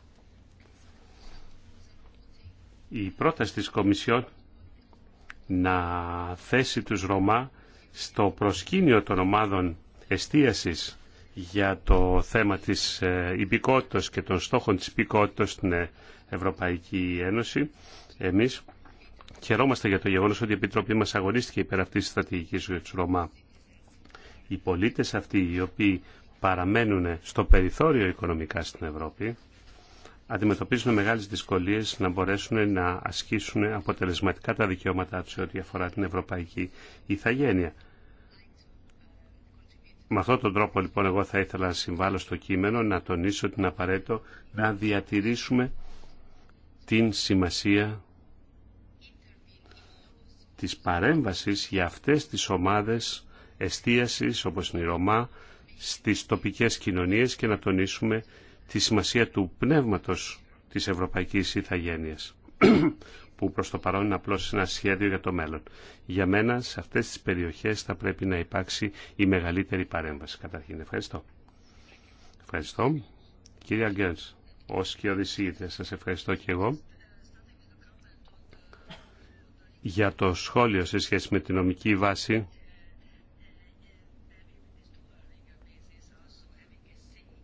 Η πρόταση της Κομισιόν να θέσει τους Ρωμά στο προσκήνιο των ομάδων εστίασης για το θέμα της ε, υπηκότητας και των στόχων της υπηκότητας στην ε, Ευρωπαϊκή Ένωση. Εμείς Χαιρόμαστε για το γεγονός ότι η Επιτροπή μας αγωνίστηκε υπέρ αυτής της στρατηγικής για τους Ρωμά. Οι πολίτες αυτοί οι οποίοι παραμένουν στο περιθώριο οικονομικά στην Ευρώπη αντιμετωπίζουν μεγάλες δυσκολίες να μπορέσουν να ασκήσουν αποτελεσματικά τα δικαιώματά τους ό,τι αφορά την ευρωπαϊκή ηθαγένεια. Με αυτόν τον τρόπο λοιπόν εγώ θα ήθελα να συμβάλλω στο κείμενο να τονίσω την απαραίτητο να διατηρήσουμε την σημασία της παρέμβασης για αυτές τις ομάδες εστίασης όπως είναι η Ρωμά στις τοπικές κοινωνίες και να τονίσουμε τη σημασία του πνεύματος της Ευρωπαϊκής Ιθαγένειας *clears throat* που προς το παρόν είναι απλώς ένα σχέδιο για το μέλλον. Για μένα σε αυτές τις περιοχές θα πρέπει να υπάρξει η μεγαλύτερη παρέμβαση. Καταρχήν ευχαριστώ. Ευχαριστώ. Κύριε Αγγέλς, ως και οδησίητε σας ευχαριστώ και εγώ για το σχόλιο σε σχέση με την νομική βάση.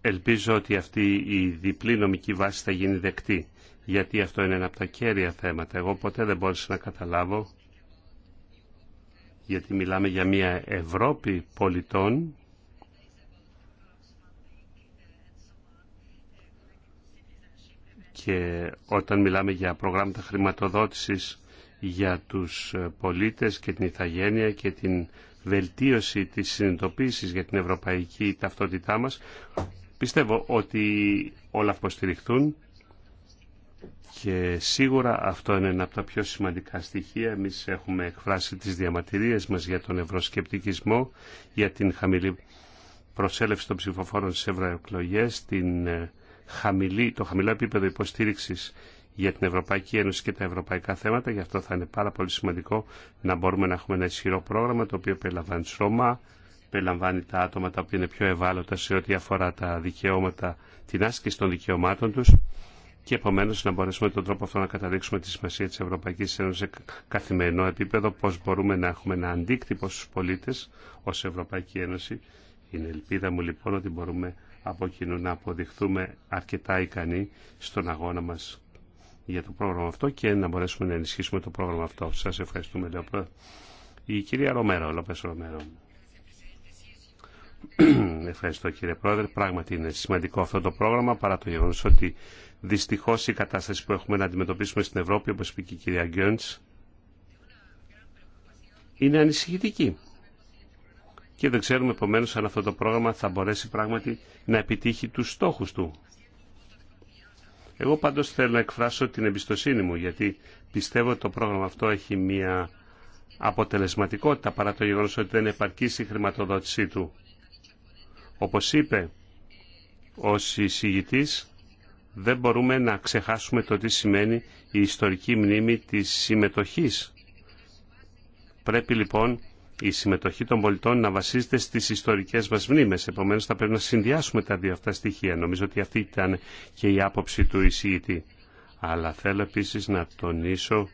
Ελπίζω ότι αυτή η διπλή νομική βάση θα γίνει δεκτή, γιατί αυτό είναι ένα από τα κέρια θέματα. Εγώ ποτέ δεν μπόρεσα να καταλάβω, γιατί μιλάμε για μια Ευρώπη πολιτών, και όταν μιλάμε για προγράμματα χρηματοδότησης για τους ε, πολίτες και την ηθαγένεια και την βελτίωση της συνειδητοποίησης για την ευρωπαϊκή ταυτότητά μας. Πιστεύω ότι όλα υποστηρίχτούν και σίγουρα αυτό είναι ένα από τα πιο σημαντικά στοιχεία. Εμείς έχουμε εκφράσει τις διαμαρτυρίες μας για τον ευρωσκεπτικισμό, για την χαμηλή προσέλευση των ψηφοφόρων στις ευρωεκλογές, την ε, το χαμηλό επίπεδο υποστήριξης για την Ευρωπαϊκή Ένωση και τα ευρωπαϊκά θέματα. Γι' αυτό θα είναι πάρα πολύ σημαντικό να μπορούμε να έχουμε ένα ισχυρό πρόγραμμα το οποίο περιλαμβάνει σώμα, Ρώμα, περιλαμβάνει τα άτομα τα οποία είναι πιο ευάλωτα σε ό,τι αφορά τα δικαιώματα, την άσκηση των δικαιωμάτων του. και επομένω να μπορέσουμε με τον τρόπο αυτό να καταδείξουμε τη σημασία τη Ευρωπαϊκή Ένωση σε καθημερινό επίπεδο, πώ μπορούμε να έχουμε ένα αντίκτυπο στου πολίτε ω Ευρωπαϊκή Ένωση. Είναι ελπίδα μου λοιπόν ότι μπορούμε από κοινού να αποδειχθούμε αρκετά ικανοί στον αγώνα μας για το πρόγραμμα αυτό και να μπορέσουμε να ενισχύσουμε το πρόγραμμα αυτό. Σας ευχαριστούμε, Η κυρία Ρομέρο, Λόπες Ρομέρο. Ευχαριστώ κύριε Πρόεδρε. Πράγματι είναι σημαντικό αυτό το πρόγραμμα παρά το γεγονό ότι δυστυχώ η κατάσταση που έχουμε να αντιμετωπίσουμε στην Ευρώπη, όπω είπε και η κυρία Γκιόντ, είναι ανησυχητική. Και δεν ξέρουμε επομένω αν αυτό το πρόγραμμα θα μπορέσει πράγματι να επιτύχει τους στόχους του. Εγώ πάντως θέλω να εκφράσω την εμπιστοσύνη μου γιατί πιστεύω ότι το πρόγραμμα αυτό έχει μια αποτελεσματικότητα παρά το γεγονός ότι δεν επαρκείς η χρηματοδότησή του. Όπως είπε ο εισηγητής, δεν μπορούμε να ξεχάσουμε το τι σημαίνει η ιστορική μνήμη της συμμετοχής. Πρέπει λοιπόν η συμμετοχή των πολιτών να βασίζεται στις ιστορικές μας μνήμες. Επομένως θα πρέπει να συνδυάσουμε τα δύο αυτά στοιχεία. Νομίζω ότι αυτή ήταν και η άποψη του εισηγητή. Αλλά θέλω επίσης να τονίσω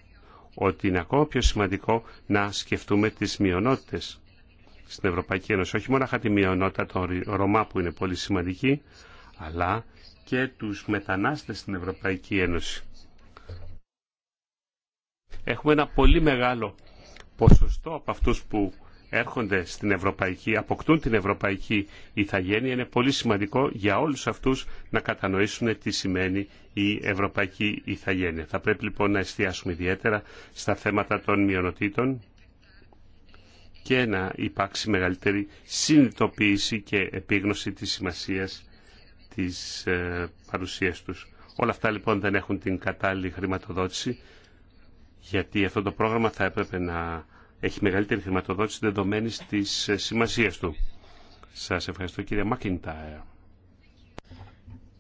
ότι είναι ακόμα πιο σημαντικό να σκεφτούμε τις μειονότητες στην Ευρωπαϊκή Ένωση. Όχι μόνο τη μειονότητα των Ρωμά που είναι πολύ σημαντική, αλλά και τους μετανάστες στην Ευρωπαϊκή Ένωση. Έχουμε ένα πολύ μεγάλο ποσοστό από αυτούς που έρχονται στην Ευρωπαϊκή, αποκτούν την Ευρωπαϊκή Ιθαγένεια, είναι πολύ σημαντικό για όλους αυτούς να κατανοήσουν τι σημαίνει η Ευρωπαϊκή Ιθαγένεια. Θα πρέπει λοιπόν να εστιάσουμε ιδιαίτερα στα θέματα των μειονοτήτων και να υπάρξει μεγαλύτερη συνειδητοποίηση και επίγνωση της σημασίας της ε, παρουσίας τους. Όλα αυτά λοιπόν δεν έχουν την κατάλληλη χρηματοδότηση γιατί αυτό το πρόγραμμα θα έπρεπε να έχει μεγαλύτερη χρηματοδότηση δεδομένη τη ε, σημασία του. Σα ευχαριστώ κύριε Μάκιντάερ.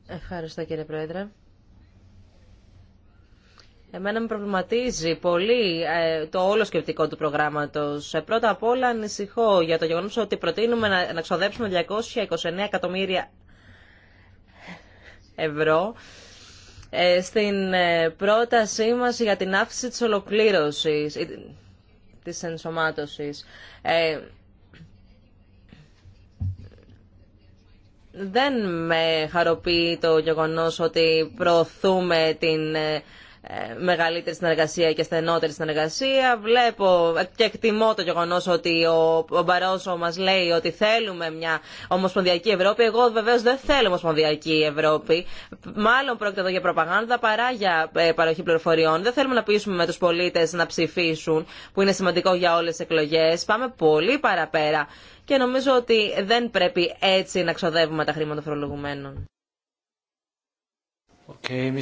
Ευχαριστώ κύριε Πρόεδρε. Εμένα με προβληματίζει πολύ ε, το όλο σκεπτικό του προγράμματος. Ε, πρώτα απ' όλα ανησυχώ για το γεγονός ότι προτείνουμε να, να ξοδέψουμε 229 εκατομμύρια ευρώ ε, στην ε, πρότασή μας για την αύξηση της ολοκλήρωσης, της ενσωμάτωσης. Ε, δεν με χαροποιεί το γεγονός ότι προωθούμε την ε, μεγαλύτερη συνεργασία και στενότερη συνεργασία. Βλέπω και εκτιμώ το γεγονό ότι ο, ο Μπαρόσο μα λέει ότι θέλουμε μια ομοσπονδιακή Ευρώπη. Εγώ βεβαίω δεν θέλω ομοσπονδιακή Ευρώπη. Μάλλον πρόκειται εδώ για προπαγάνδα παρά για ε, παροχή πληροφοριών. Δεν θέλουμε να πείσουμε με του πολίτε να ψηφίσουν, που είναι σημαντικό για όλε τι εκλογέ. Πάμε πολύ παραπέρα. Και νομίζω ότι δεν πρέπει έτσι να ξοδεύουμε τα χρήματα φορολογουμένων. Okay,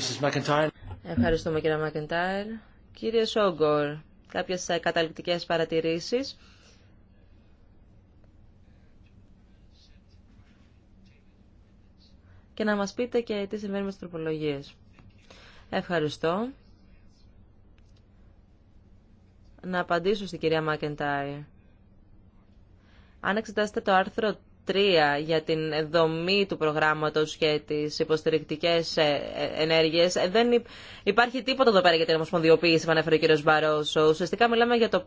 Ευχαριστούμε κύριε Μακεντάιρ. Κύριε Σόγκορ, κάποιες ε, καταληκτικές παρατηρήσεις. Και να μας πείτε και τι συμβαίνει με τις τροπολογίες. Ευχαριστώ. Να απαντήσω στην κυρία Μακεντάιρ. Αν εξετάσετε το άρθρο για την δομή του προγράμματος και τις υποστηρικτικές ε, ε, ενέργειες. Ε, δεν υπάρχει τίποτα εδώ πέρα για την ομοσπονδιοποίηση, που ανέφερε ο κύριος Μπαρόσο. Ουσιαστικά μιλάμε για το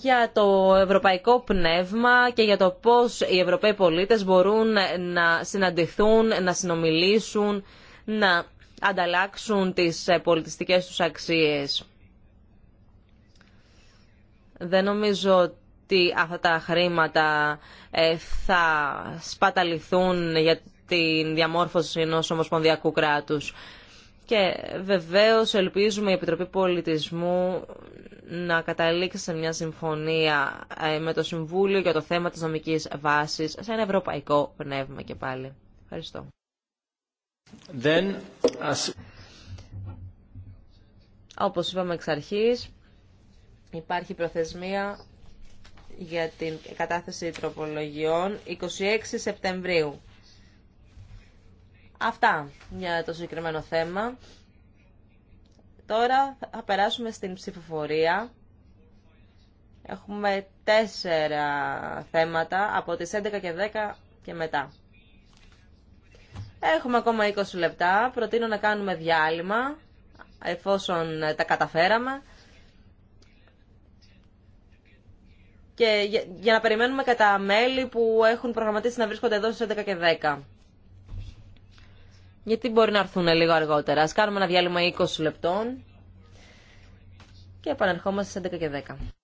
για το ευρωπαϊκό πνεύμα και για το πώς οι Ευρωπαίοι πολίτες μπορούν να συναντηθούν, να συνομιλήσουν, να ανταλλάξουν τις πολιτιστικές τους αξίες. Δεν νομίζω ότι αυτά τα χρήματα ε, θα σπαταληθούν για την διαμόρφωση ενός ομοσπονδιακού κράτους. Και βεβαίως ελπίζουμε η Επιτροπή Πολιτισμού να καταλήξει σε μια συμφωνία ε, με το Συμβούλιο για το θέμα της νομικής βάσης σε ένα ευρωπαϊκό πνεύμα και πάλι. Ευχαριστώ. Then, as... Όπως είπαμε εξ αρχής, Υπάρχει προθεσμία για την κατάθεση τροπολογιών 26 Σεπτεμβρίου. Αυτά για το συγκεκριμένο θέμα. Τώρα θα περάσουμε στην ψηφοφορία. Έχουμε τέσσερα θέματα από τις 11 και 10 και μετά. Έχουμε ακόμα 20 λεπτά. Προτείνω να κάνουμε διάλειμμα εφόσον τα καταφέραμε. και για να περιμένουμε κατά μέλη που έχουν προγραμματίσει να βρίσκονται εδώ στις 11 και 10. Γιατί μπορεί να έρθουν λίγο αργότερα. Ας κάνουμε ένα διάλειμμα 20 λεπτών και επαναρχόμαστε στις 11 και 10.